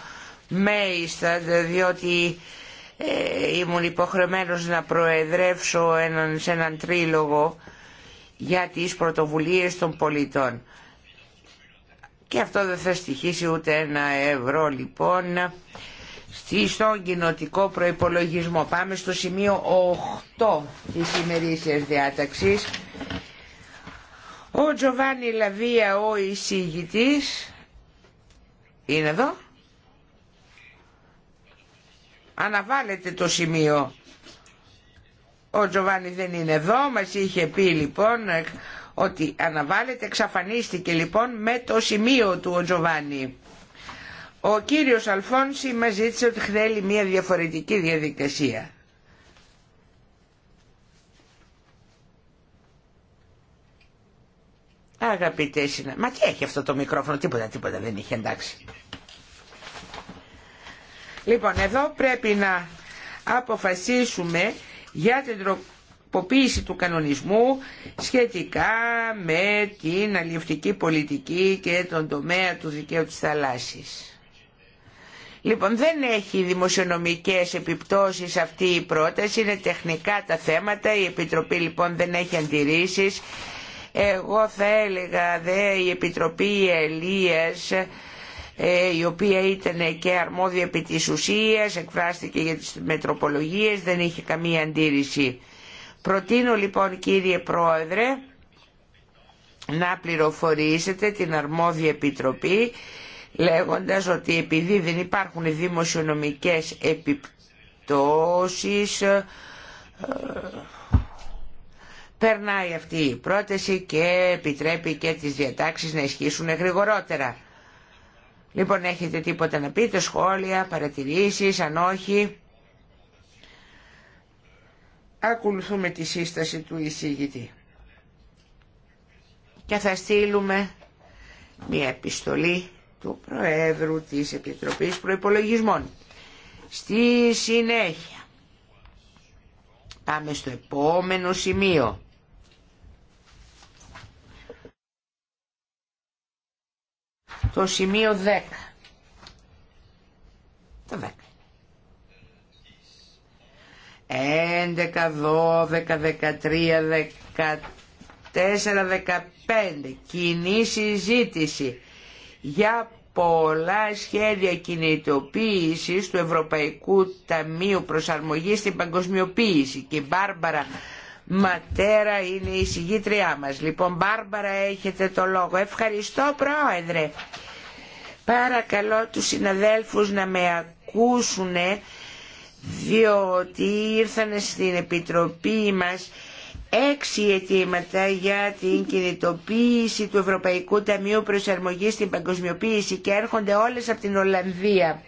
Μέιστα, διότι ε, ήμουν υποχρεωμένος να προεδρεύσω έναν, σε έναν τρίλογο για τις πρωτοβουλίες των πολιτών. Και αυτό δεν θα στοιχήσει ούτε ένα ευρώ λοιπόν στον κοινοτικό προϋπολογισμό. Πάμε στο σημείο 8 της ημερήσιας διάταξης ο Τζοβάνι Λαβία, ο εισηγητής, είναι εδώ. Αναβάλλεται το σημείο. Ο Τζοβάνι δεν είναι εδώ, μας είχε πει λοιπόν ότι αναβάλλεται, εξαφανίστηκε λοιπόν με το σημείο του ο Τζοβάνι. Ο κύριος Αλφόνση μας ζήτησε ότι θέλει μια διαφορετική διαδικασία. αγαπητέ Μα τι έχει αυτό το μικρόφωνο, τίποτα, τίποτα δεν είχε εντάξει. Λοιπόν, εδώ πρέπει να αποφασίσουμε για την τροποποίηση του κανονισμού σχετικά με την αλληλευτική πολιτική και τον τομέα του δικαίου της θαλάσσης. Λοιπόν, δεν έχει δημοσιονομικές επιπτώσεις αυτή η πρόταση, είναι τεχνικά τα θέματα, η Επιτροπή λοιπόν δεν έχει αντιρρήσεις εγώ θα έλεγα δε η Επιτροπή Ελίας ε, η οποία ήταν και αρμόδια επί της ουσίας, εκφράστηκε για τις μετροπολογίες, δεν είχε καμία αντίρρηση. Προτείνω λοιπόν κύριε Πρόεδρε να πληροφορήσετε την αρμόδια επιτροπή λέγοντας ότι επειδή δεν υπάρχουν δημοσιονομικές επιπτώσεις ε, περνάει αυτή η πρόταση και επιτρέπει και τις διατάξεις να ισχύσουν γρηγορότερα. Λοιπόν, έχετε τίποτα να πείτε, σχόλια, παρατηρήσεις, αν όχι. Ακολουθούμε τη σύσταση του εισηγητή. Και θα στείλουμε μια επιστολή του Προέδρου της Επιτροπής Προϋπολογισμών. Στη συνέχεια πάμε στο επόμενο σημείο. το σημείο 10. Το 10. 11, 12, 13, 14, 15. Κοινή συζήτηση για πολλά σχέδια κινητοποίησης του Ευρωπαϊκού Ταμείου Προσαρμογής στην Παγκοσμιοποίηση. Και η Μπάρμπαρα Ματέρα είναι η συγγήτριά μας. Λοιπόν, Μπάρμπαρα έχετε το λόγο. Ευχαριστώ πρόεδρε. Παρακαλώ τους συναδέλφους να με ακούσουν διότι ήρθαν στην Επιτροπή μας έξι αιτήματα για την κινητοποίηση του Ευρωπαϊκού Ταμείου Προσαρμογής στην Παγκοσμιοποίηση και έρχονται όλες από την Ολλανδία.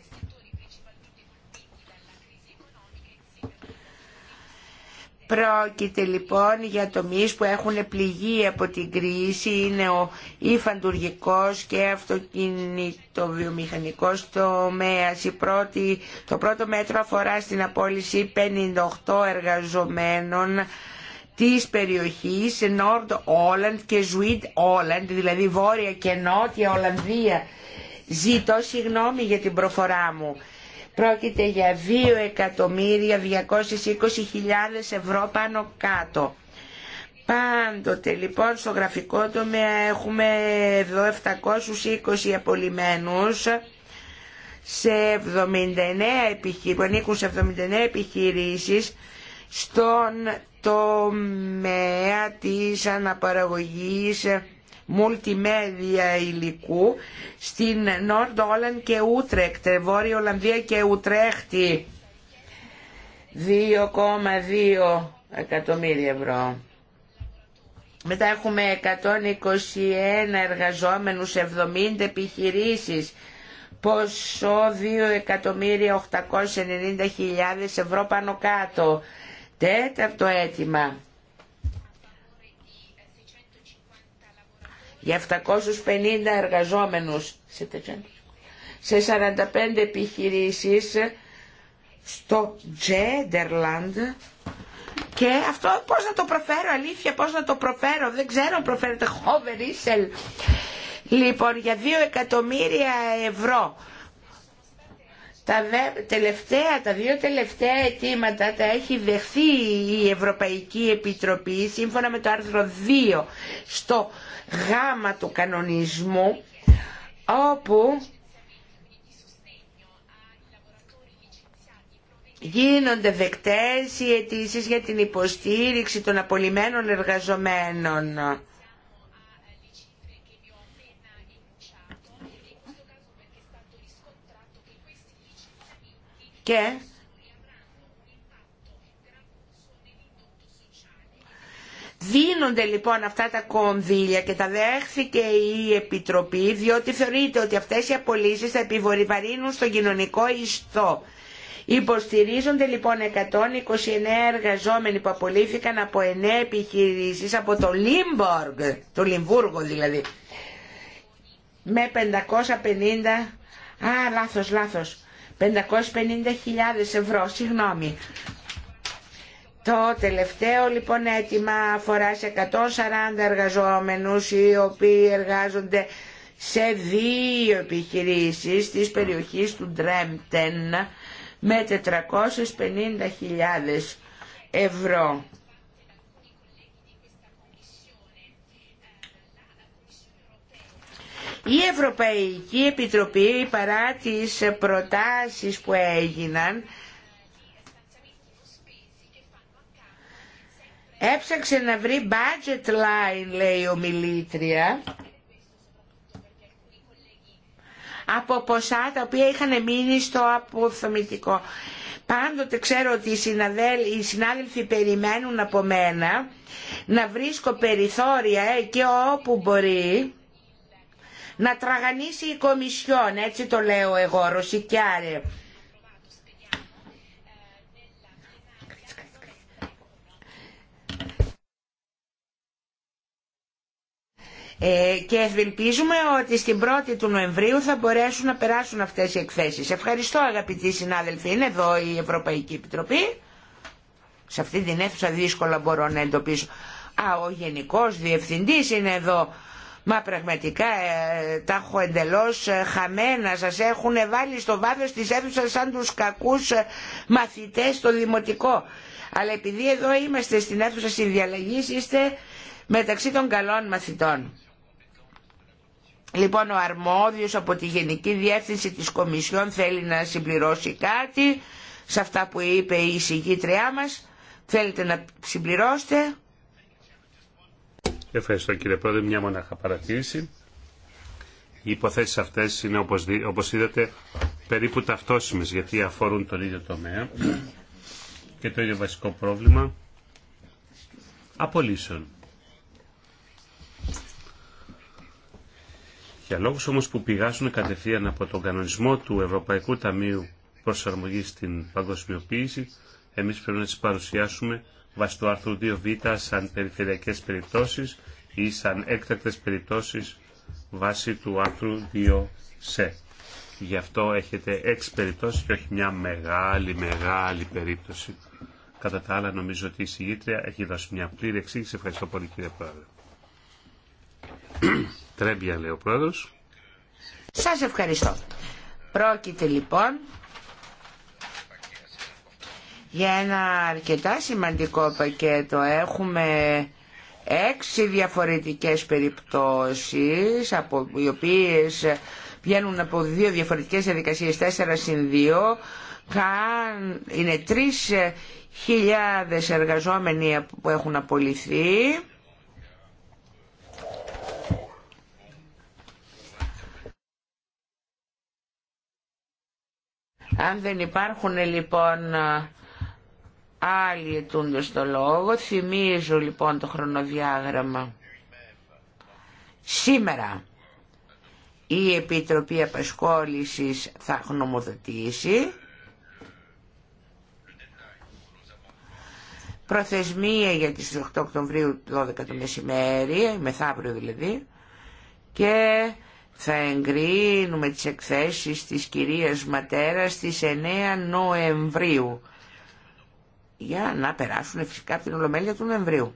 Πρόκειται λοιπόν για τομείς που έχουν πληγεί από την κρίση, είναι ο υφαντουργικός και αυτοκινητοβιομηχανικός τομέας. Η το πρώτο μέτρο αφορά στην απόλυση 58 εργαζομένων της περιοχής Nord Holland και Ζουίτ Όλαντ, δηλαδή Βόρεια και Νότια Ολλανδία. Ζήτω συγγνώμη για την προφορά μου. Πρόκειται για 2.220.000 ευρώ πάνω κάτω. Πάντοτε λοιπόν στο γραφικό τομέα έχουμε εδώ 720 σε 79 που ανήκουν σε 79 επιχειρήσεις στον τομέα της αναπαραγωγής μουλτιμέδια υλικού στην Νόρντ Όλαν και Ούτρεκτ, Βόρεια Ολλανδία και Ουτρέχτη. 2,2 εκατομμύρια ευρώ. Μετά έχουμε 121 εργαζόμενους, 70 επιχειρήσεις, ποσό 2.890.000 ευρώ πάνω κάτω. Τέταρτο αίτημα. για 750 εργαζόμενους σε 45 επιχειρήσεις στο Τζέντερλαντ και αυτό πώς να το προφέρω αλήθεια πώς να το προφέρω δεν ξέρω αν προφέρεται Χόβερ Ίσελ λοιπόν για 2 εκατομμύρια ευρώ τα τελευταία, τα δύο τελευταία αιτήματα τα έχει δεχθεί η Ευρωπαϊκή Επιτροπή σύμφωνα με το άρθρο 2 στο γάμα του κανονισμού όπου γίνονται δεκτές οι αιτήσει για την υποστήριξη των απολυμένων εργαζομένων. Και δίνονται λοιπόν αυτά τα κονδύλια και τα δέχθηκε η Επιτροπή διότι θεωρείται ότι αυτές οι απολύσεις θα επιβορυβαρύνουν στον κοινωνικό ιστό. Υποστηρίζονται λοιπόν 129 εργαζόμενοι που απολύθηκαν από 9 επιχειρήσει από το Λίμποργκ, το Λιμβούργο δηλαδή, με 550, α λάθος λάθος, 550.000 ευρώ, συγγνώμη, το τελευταίο λοιπόν αίτημα αφορά σε 140 εργαζόμενους οι οποίοι εργάζονται σε δύο επιχειρήσεις της περιοχής του Ντρέμπτεν με 450.000 ευρώ. Η Ευρωπαϊκή Επιτροπή παρά τις προτάσεις που έγιναν Έψαξε να βρει budget line, λέει ο μιλήτρια, από ποσά τα οποία είχαν μείνει στο αποθομητικό. Πάντοτε ξέρω ότι οι, συναδέλ, συνάδελφοι περιμένουν από μένα να βρίσκω περιθώρια και όπου μπορεί να τραγανίσει η Κομισιόν, έτσι το λέω εγώ, Ρωσικιάρε. Ε, και ευελπίζουμε ότι στην 1η του Νοεμβρίου θα μπορέσουν να περάσουν αυτές οι εκθέσεις. Ευχαριστώ αγαπητοί συνάδελφοι, είναι εδώ η Ευρωπαϊκή Επιτροπή. Σε αυτή την αίθουσα δύσκολα μπορώ να περασουν αυτέ οι εκθέσει. ευχαριστω αγαπητοι συναδελφοι ειναι εδω η ευρωπαικη επιτροπη σε αυτη την αιθουσα δυσκολα μπορω να εντοπισω Α, ο Γενικό Διευθυντή είναι εδώ. Μα πραγματικά ε, τα έχω εντελώ ε, χαμένα. σα έχουν βάλει στο βάθο τη αίθουσα σαν του κακού μαθητέ στο Δημοτικό. Αλλά επειδή εδώ είμαστε στην αίθουσα συνδιαλλαγή, είστε μεταξύ των καλών μαθητών. Λοιπόν, ο αρμόδιος από τη Γενική Διεύθυνση της Κομισιόν θέλει να συμπληρώσει κάτι σε αυτά που είπε η εισηγήτριά μας. Θέλετε να συμπληρώσετε. Ευχαριστώ κύριε Πρόεδρε. Μια μονάχα παρατήρηση. Οι υποθέσεις αυτές είναι όπως, όπως είδατε περίπου ταυτόσιμες γιατί αφορούν τον ίδιο τομέα και το ίδιο βασικό πρόβλημα απολύσεων. Για λόγους όμως που πηγάζουν κατευθείαν από τον κανονισμό του Ευρωπαϊκού Ταμείου Προσαρμογή στην Παγκοσμιοποίηση, εμείς πρέπει να τις παρουσιάσουμε βάσει του άρθρου 2β σαν περιφερειακές περιπτώσεις ή σαν έκτακτες περιπτώσεις βάσει του άρθρου 2C. Γι' αυτό έχετε έξι περιπτώσεις και όχι μια μεγάλη, μεγάλη περίπτωση. Κατά τα άλλα νομίζω ότι η συγγήτρια έχει δώσει μια πλήρη εξήγηση. Ευχαριστώ πολύ κύριε Πρόεδρε. Τρέμπια λέει ο πρόεδρος. Σας ευχαριστώ. Πρόκειται λοιπόν για ένα αρκετά σημαντικό πακέτο. Έχουμε έξι διαφορετικές περιπτώσεις από οι οποίες βγαίνουν από δύο διαφορετικές διαδικασίες, τέσσερα συν δύο. Είναι τρεις χιλιάδες εργαζόμενοι που έχουν απολυθεί Αν δεν υπάρχουν λοιπόν άλλοι ετούντες το λόγο, θυμίζω λοιπόν το χρονοδιάγραμμα. Σήμερα η Επιτροπή Απασχόλησης θα γνωμοδοτήσει. Προθεσμία για τις 8 Οκτωβρίου 12 το μεσημέρι, μεθαύριο δηλαδή, και θα εγκρίνουμε τις εκθέσεις της κυρίας Ματέρα στις 9 Νοεμβρίου για να περάσουν φυσικά από την Ολομέλεια του Νοεμβρίου.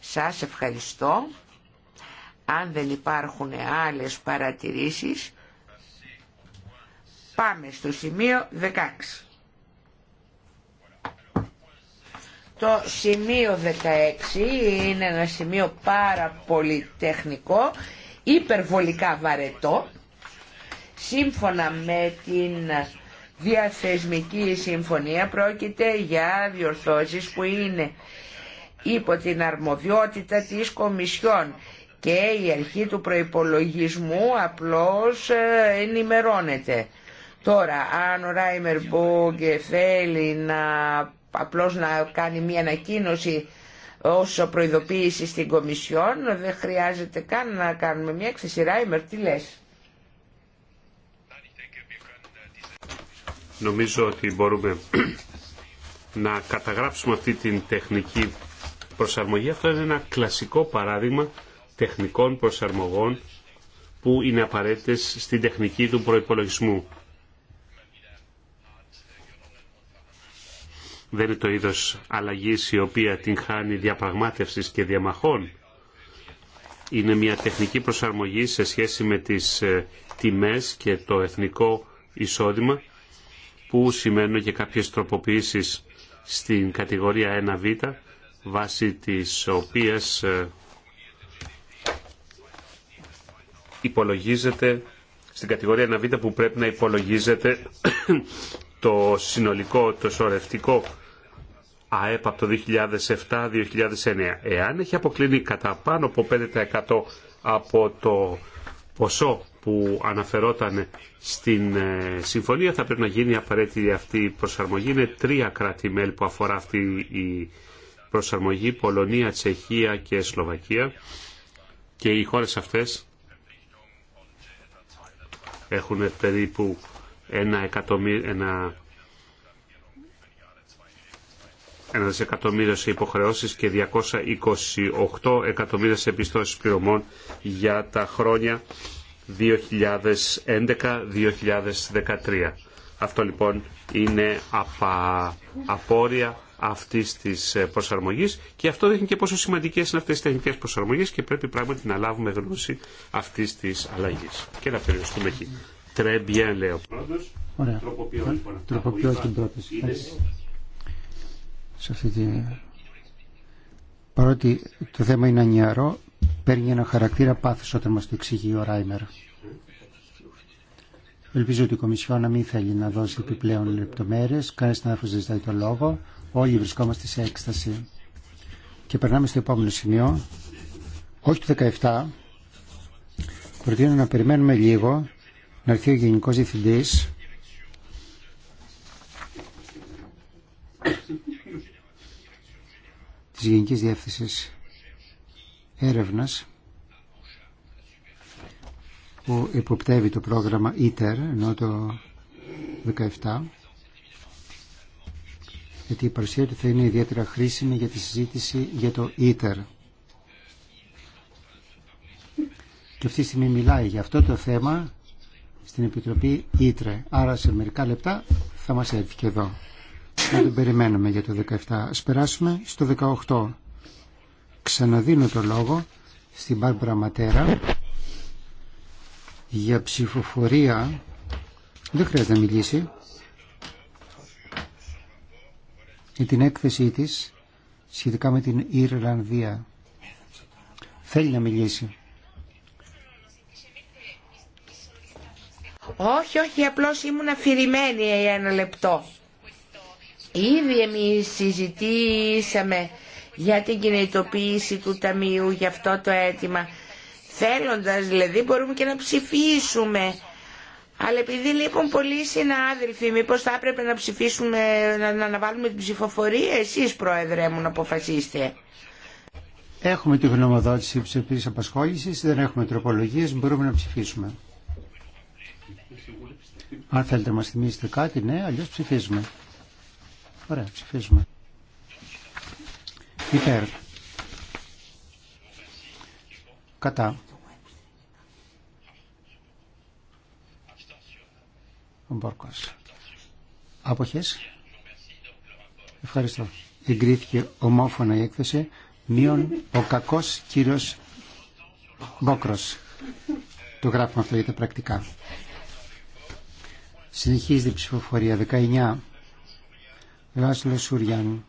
Σας ευχαριστώ. Αν δεν υπάρχουν άλλες παρατηρήσεις, πάμε στο σημείο 16. Το σημείο 16 είναι ένα σημείο πάρα πολύ τεχνικό υπερβολικά βαρετό σύμφωνα με την διαθεσμική συμφωνία πρόκειται για διορθώσεις που είναι υπό την αρμοδιότητα της Κομισιόν και η αρχή του προϋπολογισμού απλώς ε, ενημερώνεται. Τώρα, αν ο Ράιμερ Μπούγκε θέλει να, απλώς να κάνει μια ανακοίνωση Όσο προειδοποίηση στην Κομισιόν δεν χρειάζεται καν να κάνουμε μια ξεσυρά ημερ. Τι Νομίζω ότι μπορούμε να καταγράψουμε αυτή την τεχνική προσαρμογή. Αυτό είναι ένα κλασικό παράδειγμα τεχνικών προσαρμογών που είναι απαραίτητες στην τεχνική του προϋπολογισμού. δεν είναι το είδος αλλαγής η οποία την χάνει διαπραγμάτευσης και διαμαχών. Είναι μια τεχνική προσαρμογή σε σχέση με τις ε, τιμές και το εθνικό εισόδημα που σημαίνουν και κάποιες τροποποιήσεις στην κατηγορία 1β βάσει της οποίας ε, υπολογίζεται στην κατηγορία 1β που πρέπει να υπολογίζεται το συνολικό, το σωρευτικό ΑΕΠ από το 2007-2009. Εάν έχει αποκλίνει κατά πάνω από 5% από το ποσό που αναφερόταν στην ε, συμφωνία θα πρέπει να γίνει απαραίτητη αυτή η προσαρμογή. Είναι τρία κράτη-μέλη που αφορά αυτή η προσαρμογή, Πολωνία, Τσεχία και Σλοβακία και οι χώρες αυτές έχουν περίπου ένα, εκατομμύριο... ένα ένα δισεκατομμύριο σε υποχρεώσει και 228 εκατομμύρια σε πληρωμών για τα χρόνια 2011-2013. Αυτό λοιπόν είναι απα... απόρρια αυτής της ε, προσαρμογής και αυτό δείχνει και πόσο σημαντικές είναι αυτές οι τεχνικέ προσαρμογέ και πρέπει πράγματι να λάβουμε γνώση αυτή τη αλλαγή και να περιοριστούμε εκεί. Τρέμπιεν λέω. Τροποποιώ λοιπόν, την πρόταση σε Παρότι το θέμα είναι ανιαρό, παίρνει ένα χαρακτήρα πάθος όταν μας το εξηγεί ο Ράιμερ. Ελπίζω ότι η Κομισιόν να μην θέλει να δώσει επιπλέον λεπτομέρειες. Κανένα να ζητάει το λόγο. Όλοι βρισκόμαστε σε έκσταση. Και περνάμε στο επόμενο σημείο. Όχι το 17. Προτείνω να περιμένουμε λίγο να έρθει ο Γενικός Διευθυντής της Γενικής Διεύθυνσης Έρευνας που υποπτεύει το πρόγραμμα ITER ενώ το 17 γιατί η παρουσία του θα είναι ιδιαίτερα χρήσιμη για τη συζήτηση για το ITER. Και αυτή τη στιγμή μιλάει για αυτό το θέμα στην Επιτροπή ΙΤΡΕ Άρα σε μερικά λεπτά θα μας έρθει και εδώ να τον περιμένουμε για το 17. Ας περάσουμε στο 18. Ξαναδίνω το λόγο στην Μπάρμπρα Ματέρα για ψηφοφορία. Δεν χρειάζεται να μιλήσει. Για την έκθεσή της σχετικά με την Ιρλανδία. Θέλει να μιλήσει. Όχι, όχι, απλώς ήμουν αφηρημένη για ένα λεπτό. Ήδη εμείς συζητήσαμε για την κινητοποίηση του Ταμείου για αυτό το αίτημα. Θέλοντας δηλαδή μπορούμε και να ψηφίσουμε. Αλλά επειδή λείπουν πολλοί συνάδελφοι, μήπως θα έπρεπε να ψηφίσουμε, να, αναβάλουμε την ψηφοφορία, εσείς πρόεδρε μου να αποφασίσετε. Έχουμε τη γνωμοδότηση της ψηφής Απασχόλησης, δεν έχουμε τροπολογίες, μπορούμε να ψηφίσουμε. Αν θέλετε να μας θυμίσετε κάτι, ναι, αλλιώς ψηφίζουμε. Ωραία, ψηφίζουμε. Υπέρ. Κατά. Μπόρκος. Αποχές. Ευχαριστώ. Εγκρίθηκε ομόφωνα η έκθεση. Μείον ο κακός κύριος Μπόκρος. Το γράφουμε αυτό για τα πρακτικά. Συνεχίζει η ψηφοφορία 19. Λάσλο Σουριάν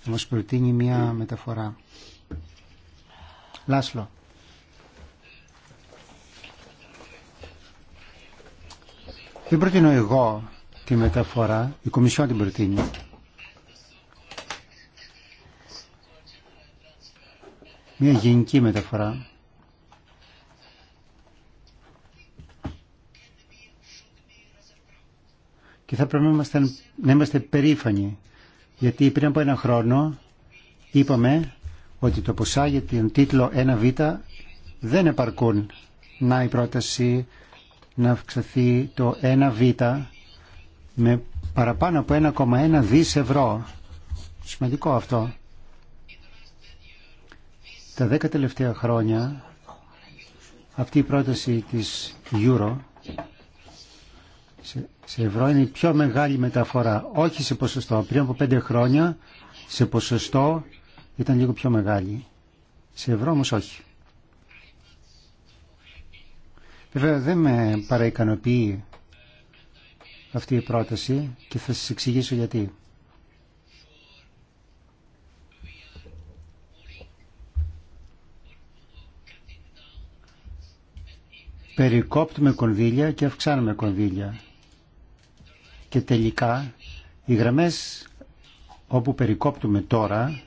θα μας προτείνει μια μεταφορά. Λάσλο. Δεν προτείνω εγώ τη μεταφορά, η Κομισιόν την προτείνει. Μια γενική μεταφορά. και θα πρέπει να είμαστε, να περήφανοι γιατί πριν από ένα χρόνο είπαμε ότι το ποσά για τον τίτλο 1β δεν επαρκούν. Να η πρόταση να αυξαθεί το 1β με παραπάνω από 1,1 δις ευρώ. Σημαντικό αυτό. Τα δέκα τελευταία χρόνια αυτή η πρόταση της Euro σε ευρώ είναι η πιο μεγάλη μεταφορά. Όχι σε ποσοστό. Πριν από πέντε χρόνια σε ποσοστό ήταν λίγο πιο μεγάλη. Σε ευρώ όμως όχι. Βέβαια δεν με παραικανοποιεί αυτή η πρόταση και θα σας εξηγήσω γιατί. Περικόπτουμε κονδύλια και αυξάνουμε κονδύλια. Και τελικά οι γραμμές όπου περικόπτουμε τώρα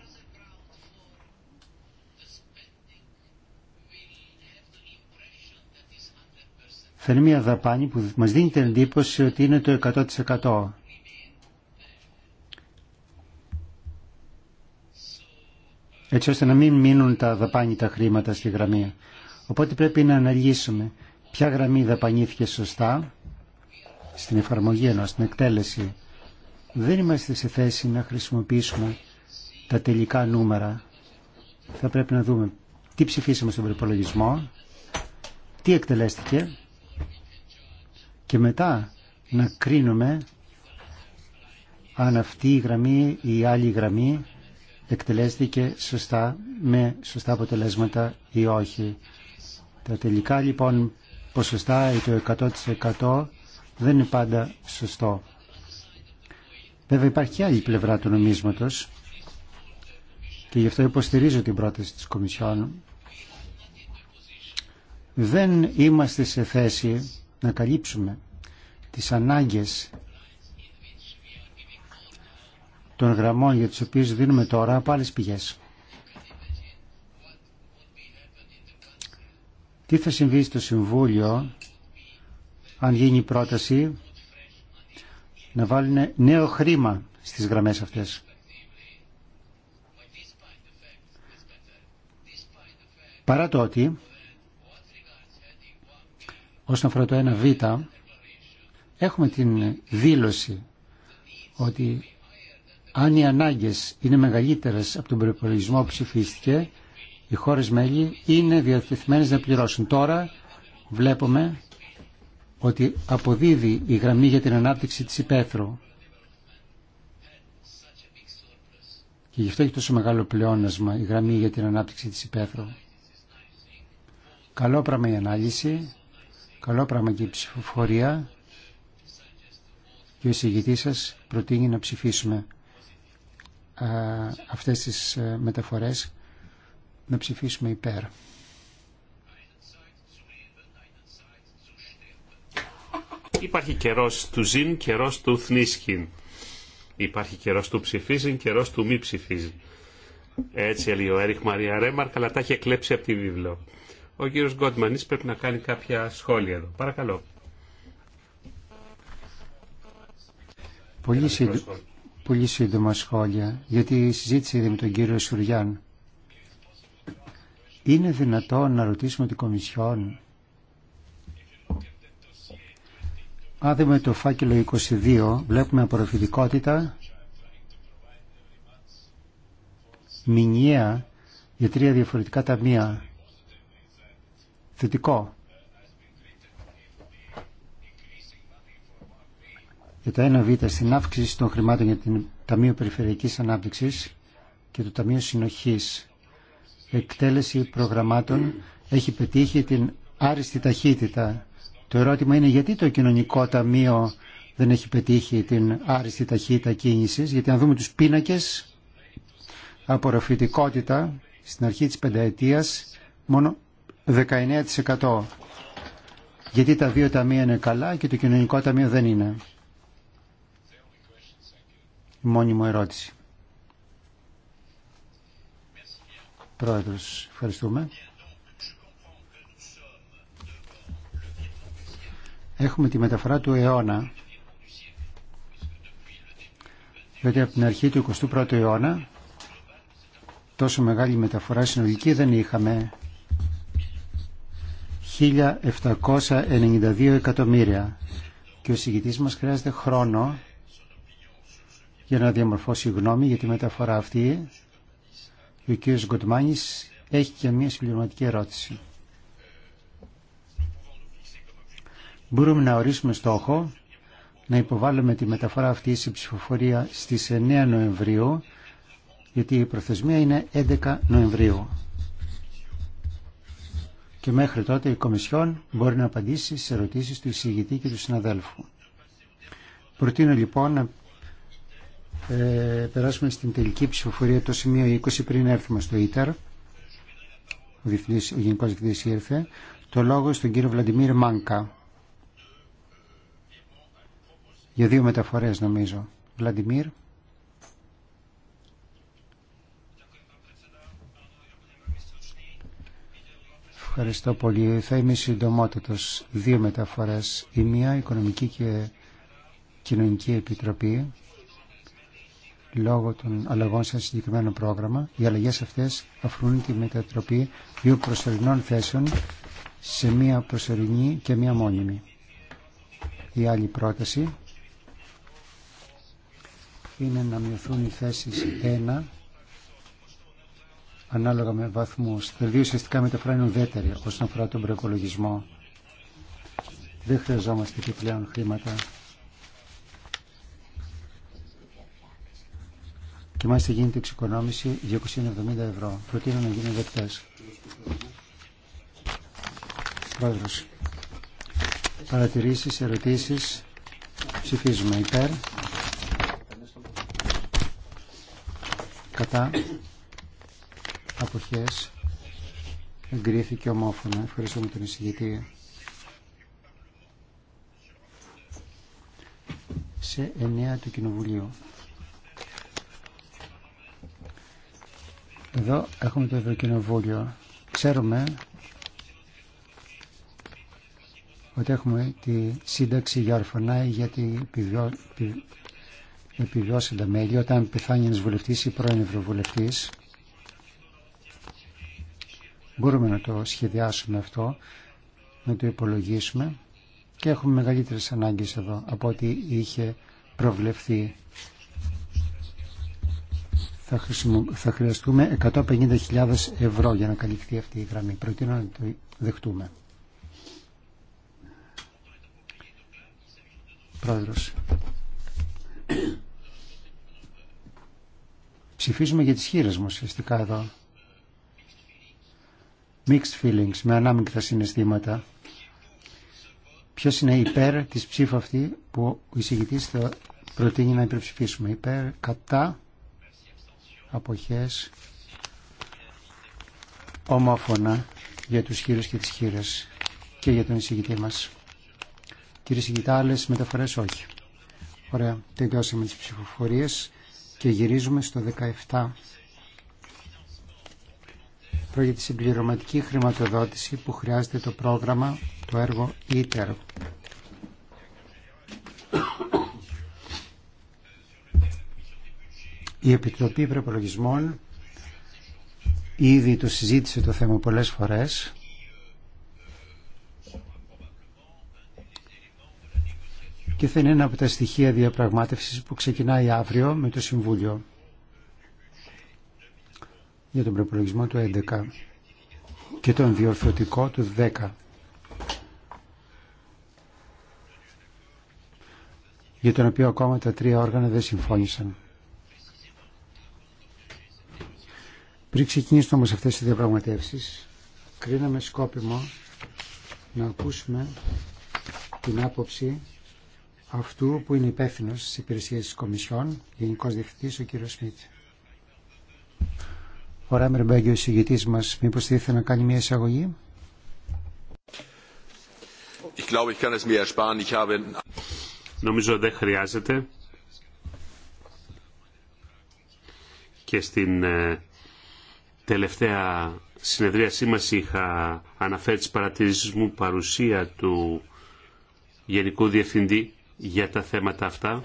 είναι μια δαπάνη που μας δίνει την εντύπωση ότι είναι το 100%. έτσι ώστε να μην μείνουν τα δαπάνη τα χρήματα στη γραμμή. Οπότε πρέπει να αναλύσουμε ποια γραμμή δαπανήθηκε σωστά στην εφαρμογή ενώ στην εκτέλεση. Δεν είμαστε σε θέση να χρησιμοποιήσουμε τα τελικά νούμερα. Θα πρέπει να δούμε τι ψηφίσαμε στον προπολογισμό, τι εκτελέστηκε και μετά να κρίνουμε αν αυτή η γραμμή ή η άλλη γραμμή εκτελέστηκε σωστά με σωστά αποτελέσματα ή όχι. Τα τελικά λοιπόν ποσοστά ή το 100% δεν είναι πάντα σωστό. Βέβαια υπάρχει και άλλη πλευρά του νομίσματος και γι' αυτό υποστηρίζω την πρόταση της Κομισιόν. Δεν είμαστε σε θέση να καλύψουμε τις ανάγκες των γραμμών για τις οποίες δίνουμε τώρα από άλλες πηγές. Τι θα συμβεί στο Συμβούλιο αν γίνει η πρόταση, να βάλουν νέο χρήμα στις γραμμές αυτές. Παρά το ότι, όσον αφορά το 1β, έχουμε την δήλωση ότι αν οι ανάγκες είναι μεγαλύτερες από τον προπολογισμό που ψηφίστηκε, οι χώρες μέλη είναι διατεθειμένες να πληρώσουν. Τώρα βλέπουμε ότι αποδίδει η γραμμή για την ανάπτυξη της υπαίθρου. Και γι' αυτό έχει τόσο μεγάλο πλεόνασμα η γραμμή για την ανάπτυξη της υπαίθρου. Καλό πράγμα η ανάλυση, καλό πράγμα και η ψηφοφορία και ο συγγητής σας προτείνει να ψηφίσουμε αυτές τις ε, μεταφορές, να ψηφίσουμε υπέρ. Υπάρχει καιρό του ζήν, καιρό του θνίσκιν. Υπάρχει καιρό του ψηφίζει, καιρό του μη ψηφίζει. Έτσι έλεγε ο Έριχ Μαρία Ρέμαρ, αλλά τα είχε κλέψει από τη βίβλο. Ο κύριο Γκότμαν, πρέπει να κάνει κάποια σχόλια εδώ. Παρακαλώ. Πολύ, σύντο... σύντομα σχόλια, γιατί συζήτησε ήδη με τον κύριο Σουριάν. Είναι δυνατόν να ρωτήσουμε την Κομισιόν Άδε με το φάκελο 22, βλέπουμε απορροφητικότητα μηνιαία για τρία διαφορετικά ταμεία. Θετικό. Για το 1β στην αύξηση των χρημάτων για την Ταμείο Περιφερειακής Ανάπτυξης και το Ταμείο Συνοχής. Εκτέλεση προγραμμάτων έχει πετύχει την άριστη ταχύτητα το ερώτημα είναι γιατί το κοινωνικό ταμείο δεν έχει πετύχει την άριστη ταχύτητα κίνησης, γιατί αν δούμε τους πίνακες, απορροφητικότητα στην αρχή της πενταετίας μόνο 19%. Γιατί τα δύο ταμεία είναι καλά και το κοινωνικό ταμείο δεν είναι. Μόνη μου ερώτηση. Πρόεδρος, ευχαριστούμε. έχουμε τη μεταφορά του αιώνα. Διότι από την αρχή του 21ου αιώνα τόσο μεγάλη μεταφορά συνολική δεν είχαμε. 1.792 εκατομμύρια. Και ο συγκητής μας χρειάζεται χρόνο για να διαμορφώσει γνώμη για τη μεταφορά αυτή. ο κ. Γκοτμάνης έχει και μια συμπληρωματική ερώτηση. μπορούμε να ορίσουμε στόχο να υποβάλουμε τη μεταφορά αυτή σε ψηφοφορία στις 9 Νοεμβρίου γιατί η προθεσμία είναι 11 Νοεμβρίου. Και μέχρι τότε η Κομισιόν μπορεί να απαντήσει σε ερωτήσεις του εισηγητή και του συναδέλφου. Προτείνω λοιπόν να ε, περάσουμε στην τελική ψηφοφορία το σημείο 20 πριν έρθουμε στο ΙΤΑΡ. Ο, ο Γενικός Διευθυντής ήρθε. Το λόγο στον κύριο Βλαντιμίρ Μάνκα για δύο μεταφορές νομίζω. Βλαντιμίρ. Ευχαριστώ πολύ. Θα είμαι συντομότατος. Δύο μεταφορές. Η μία, Οικονομική και Κοινωνική Επιτροπή, λόγω των αλλαγών σε συγκεκριμένο πρόγραμμα. Οι αλλαγές αυτές αφορούν τη μετατροπή δύο προσωρινών θέσεων σε μία προσωρινή και μία μόνιμη. Η άλλη πρόταση είναι να μειωθούν οι θέσεις 1 ανάλογα με βαθμούς. Τα δύο ουσιαστικά μεταφράνουν ουδέτερη όσον αφορά τον προπολογισμό. Δεν χρειαζόμαστε επιπλέον χρήματα. Και μάλιστα γίνεται εξοικονόμηση 270 ευρώ. Προτείνω να γίνουν δεκτές. Πρόεδρος. Παρατηρήσεις, ερωτήσεις. Ψηφίζουμε υπέρ. κατά αποχές εγκρίθηκε ομόφωνα. Ευχαριστούμε τον εισηγητή. Σε 9 του Κοινοβουλίου. Εδώ έχουμε το Ευρωκοινοβούλιο. Ξέρουμε ότι έχουμε τη σύνταξη για ορφανά για την τα μέλη όταν πεθάνει ένας βουλευτής ή πρώην ευρωβουλευτής μπορούμε να το σχεδιάσουμε αυτό να το υπολογίσουμε και έχουμε μεγαλύτερες ανάγκες εδώ από ό,τι είχε προβλεφθεί θα, θα χρειαστούμε 150.000 ευρώ για να καλυφθεί αυτή η γραμμή προτείνω να το δεχτούμε Πρόεδρος Ψηφίζουμε για τις χείρες μου ουσιαστικά εδώ. Mixed feelings, με ανάμεικτα συναισθήματα. Ποιο είναι υπέρ τη ψήφου αυτή που ο εισηγητή θα προτείνει να υπερψηφίσουμε. Υπέρ, κατά, αποχές, ομόφωνα για τους χείρους και τις χείρε και για τον εισηγητή μας. Κύριε εισηγητά, άλλες μεταφορές όχι. Ωραία, τελειώσαμε τις ψηφοφορίες. Και γυρίζουμε στο 17. Πρόκειται τη συμπληρωματική χρηματοδότηση που χρειάζεται το πρόγραμμα, το έργο ITER. Η Επιτροπή Προπολογισμών ήδη το συζήτησε το θέμα πολλές φορές και θα είναι ένα από τα στοιχεία διαπραγμάτευσης που ξεκινάει αύριο με το Συμβούλιο για τον προπολογισμό του 11 και τον διορθωτικό του 10. για τον οποίο ακόμα τα τρία όργανα δεν συμφώνησαν. Πριν ξεκινήσουμε όμως αυτές τις διαπραγματεύσεις, κρίναμε σκόπιμο να ακούσουμε την άποψη αυτού που είναι υπεύθυνο τη υπηρεσία τη Κομισιόν, Γενικό Διευθυντή, ο κύριο Σμιτ. Ο Ράμερ Μπέγκε, ο συγγητή μα, μήπω να κάνει μια εισαγωγή. Νομίζω δεν χρειάζεται. Και στην ε, τελευταία συνεδρίασή μας είχα αναφέρει τις παρατηρήσεις μου παρουσία του Γενικού Διευθυντή για τα θέματα αυτά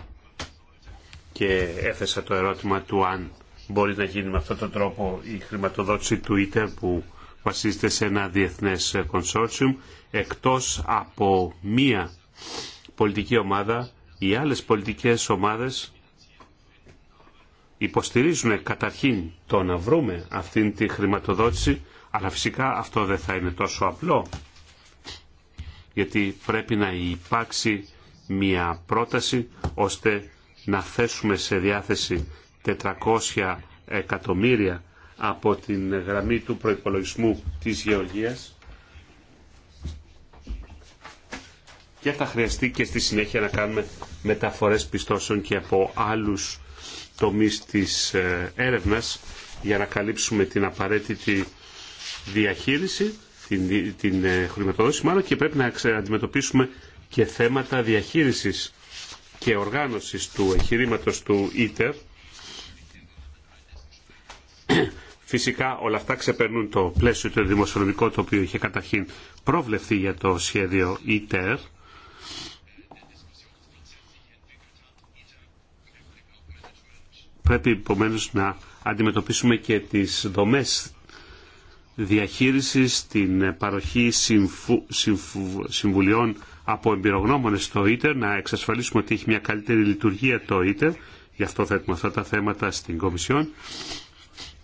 και έθεσα το ερώτημα του αν μπορεί να γίνει με αυτόν τον τρόπο η χρηματοδότηση του ΙΤΕΡ που βασίζεται σε ένα διεθνές consortium εκτός από μία πολιτική ομάδα οι άλλες πολιτικές ομάδες υποστηρίζουν καταρχήν το να βρούμε αυτήν τη χρηματοδότηση αλλά φυσικά αυτό δεν θα είναι τόσο απλό γιατί πρέπει να υπάρξει μια πρόταση ώστε να θέσουμε σε διάθεση 400 εκατομμύρια από την γραμμή του προϋπολογισμού της Γεωργίας και θα χρειαστεί και στη συνέχεια να κάνουμε μεταφορές πιστώσεων και από άλλους τομείς της ε, έρευνας για να καλύψουμε την απαραίτητη διαχείριση, την, την ε, χρηματοδότηση μάλλον και πρέπει να αντιμετωπίσουμε και θέματα διαχείρισης και οργάνωσης του εγχειρήματο του ΙΤΕΡ. Φυσικά όλα αυτά ξεπερνούν το πλαίσιο του δημοσιονομικού το οποίο είχε καταρχήν προβλεφθεί για το σχέδιο ΙΤΕΡ. Πρέπει επομένω να αντιμετωπίσουμε και τις δομές διαχείρισης, την παροχή συμβουλιών από εμπειρογνώμονες στο ίτερ, να εξασφαλίσουμε ότι έχει μια καλύτερη λειτουργία το ίτερ. Γι' αυτό θέτουμε αυτά τα θέματα στην Κομισιόν.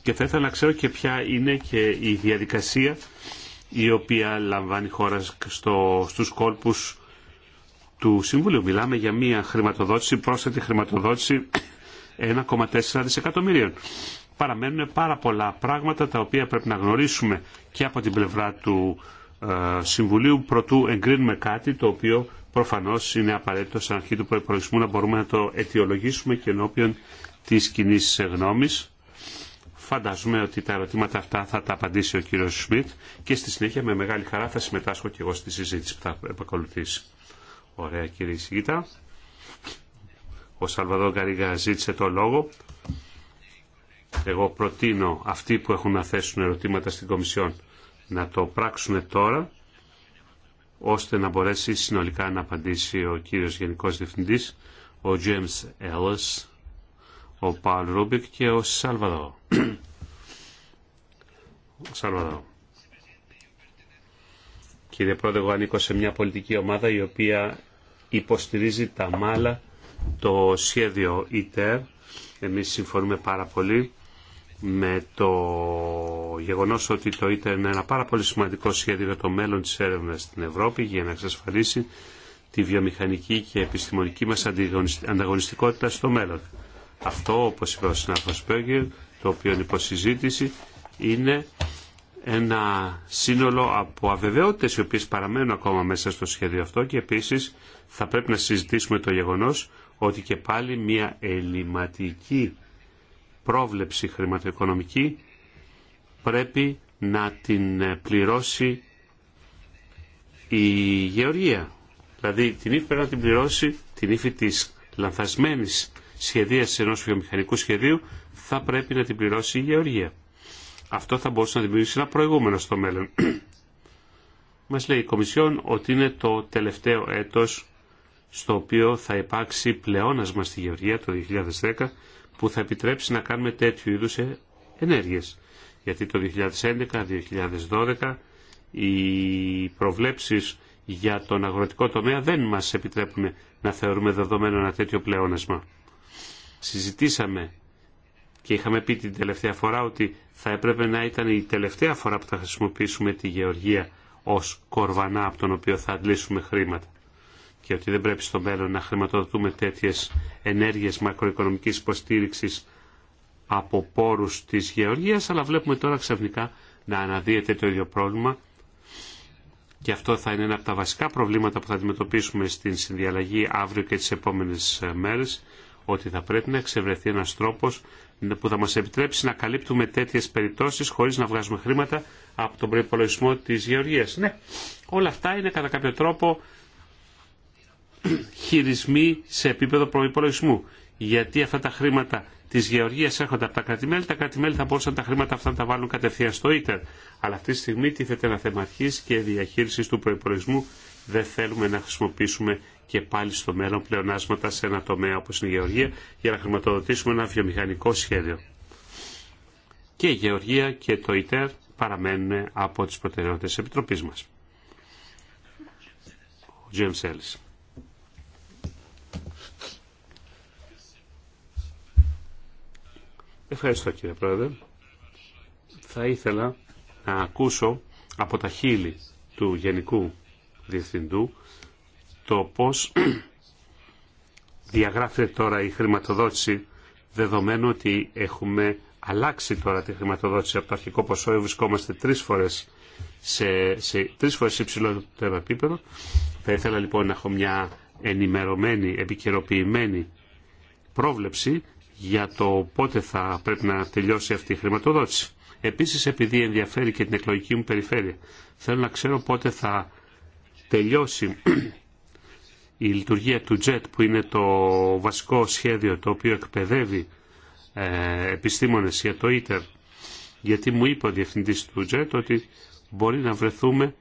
Και θα ήθελα να ξέρω και ποια είναι και η διαδικασία η οποία λαμβάνει η χώρα στο, στους κόλπους του Συμβουλίου. Μιλάμε για μια χρηματοδότηση, πρόσθετη χρηματοδότηση 1,4 δισεκατομμυρίων. Παραμένουν πάρα πολλά πράγματα τα οποία πρέπει να γνωρίσουμε και από την πλευρά του ε, Συμβουλίου προτού εγκρίνουμε κάτι το οποίο προφανώς είναι απαραίτητο σαν αρχή του προϋπολογισμού να μπορούμε να το αιτιολογήσουμε και ενώπιον της κοινή γνώμης. Φαντάζομαι ότι τα ερωτήματα αυτά θα τα απαντήσει ο κύριος Σμιτ και στη συνέχεια με μεγάλη χαρά θα συμμετάσχω και εγώ στη συζήτηση που θα επακολουθήσει. Ωραία κύριε Ισηγήτα. Ο Σαλβαδό Γκαρίγα ζήτησε το λόγο. Εγώ προτείνω αυτοί που έχουν να θέσουν ερωτήματα στην Κομισιόν να το πράξουμε τώρα, ώστε να μπορέσει συνολικά να απαντήσει ο κύριος Γενικός Διευθυντής, ο James Ellis, ο Paul Rubik και ο Σαλβαδό. Σαλβαδό. Κύριε Πρόεδρε, εγώ ανήκω σε μια πολιτική ομάδα η οποία υποστηρίζει τα μάλα το σχέδιο ΙΤΕΡ. Εμείς συμφωνούμε πάρα πολύ με το γεγονός ότι το ήταν ένα πάρα πολύ σημαντικό σχέδιο για το μέλλον της έρευνας στην Ευρώπη για να εξασφαλίσει τη βιομηχανική και επιστημονική μας ανταγωνιστικότητα στο μέλλον. Αυτό, όπως είπε ο συνάδελφος Πέγγερ, το οποίο είναι υποσυζήτηση, είναι ένα σύνολο από αβεβαιότητες οι οποίες παραμένουν ακόμα μέσα στο σχέδιο αυτό και επίσης θα πρέπει να συζητήσουμε το γεγονός ότι και πάλι μια ελληματική πρόβλεψη χρηματοοικονομική πρέπει να την ε, πληρώσει η γεωργία. Δηλαδή την ύφη πρέπει να την πληρώσει την ύφη της λανθασμένης σχεδίαση ενός βιομηχανικού σχεδίου θα πρέπει να την πληρώσει η γεωργία. Αυτό θα μπορούσε να δημιουργήσει ένα προηγούμενο στο μέλλον. Μας λέει η Κομισιόν ότι είναι το τελευταίο έτος στο οποίο θα υπάρξει πλεόνασμα στη Γεωργία το 2010 που θα επιτρέψει να κάνουμε τέτοιου είδους ε, ενέργειες. Γιατί το 2011-2012 οι προβλέψεις για τον αγροτικό τομέα δεν μας επιτρέπουν να θεωρούμε δεδομένο ένα τέτοιο πλεόνασμα. Συζητήσαμε και είχαμε πει την τελευταία φορά ότι θα έπρεπε να ήταν η τελευταία φορά που θα χρησιμοποιήσουμε τη γεωργία ως κορβανά από τον οποίο θα αντλήσουμε χρήματα και ότι δεν πρέπει στο μέλλον να χρηματοδοτούμε τέτοιες ενέργειες μακροοικονομικής υποστήριξης από πόρους της γεωργίας, αλλά βλέπουμε τώρα ξαφνικά να αναδύεται το ίδιο πρόβλημα και αυτό θα είναι ένα από τα βασικά προβλήματα που θα αντιμετωπίσουμε στην συνδιαλλαγή αύριο και τις επόμενες ε, μέρες, ότι θα πρέπει να εξευρεθεί ένας τρόπος που θα μας επιτρέψει να καλύπτουμε τέτοιες περιπτώσεις χωρίς να βγάζουμε χρήματα από τον προϋπολογισμό της γεωργίας. Ναι, όλα αυτά είναι κατά κάποιο τρόπο χειρισμοί σε επίπεδο προπολογισμού. Γιατί αυτά τα χρήματα τη γεωργία έρχονται από τα κρατημέλη, τα κρατημέλη θα μπορούσαν τα χρήματα αυτά να τα βάλουν κατευθείαν στο ΙΤΕΡ. Αλλά αυτή τη στιγμή τίθεται ένα θέμα αρχή και διαχείριση του προπολογισμού. Δεν θέλουμε να χρησιμοποιήσουμε και πάλι στο μέλλον πλεονάσματα σε ένα τομέα όπω είναι η γεωργία για να χρηματοδοτήσουμε ένα βιομηχανικό σχέδιο. Και η γεωργία και το ΙΤΕΡ παραμένουν από τι προτεραιότητε τη Επιτροπή μα. Ο James Ellis. Ευχαριστώ κύριε Πρόεδρε. Θα ήθελα να ακούσω από τα χείλη του Γενικού Διευθυντού το πώς διαγράφεται τώρα η χρηματοδότηση δεδομένου ότι έχουμε αλλάξει τώρα τη χρηματοδότηση από το αρχικό ποσό ε, βρισκόμαστε τρεις φορές σε, σε τρεις φορές υψηλότερο επίπεδο. Θα ήθελα λοιπόν να έχω μια ενημερωμένη, επικαιροποιημένη πρόβλεψη για το πότε θα πρέπει να τελειώσει αυτή η χρηματοδότηση. Επίσης, επειδή ενδιαφέρει και την εκλογική μου περιφέρεια, θέλω να ξέρω πότε θα τελειώσει η λειτουργία του JET, που είναι το βασικό σχέδιο το οποίο εκπαιδεύει ε, επιστήμονες για το ITER, γιατί μου είπε ο διευθυντής του JET ότι μπορεί να βρεθούμε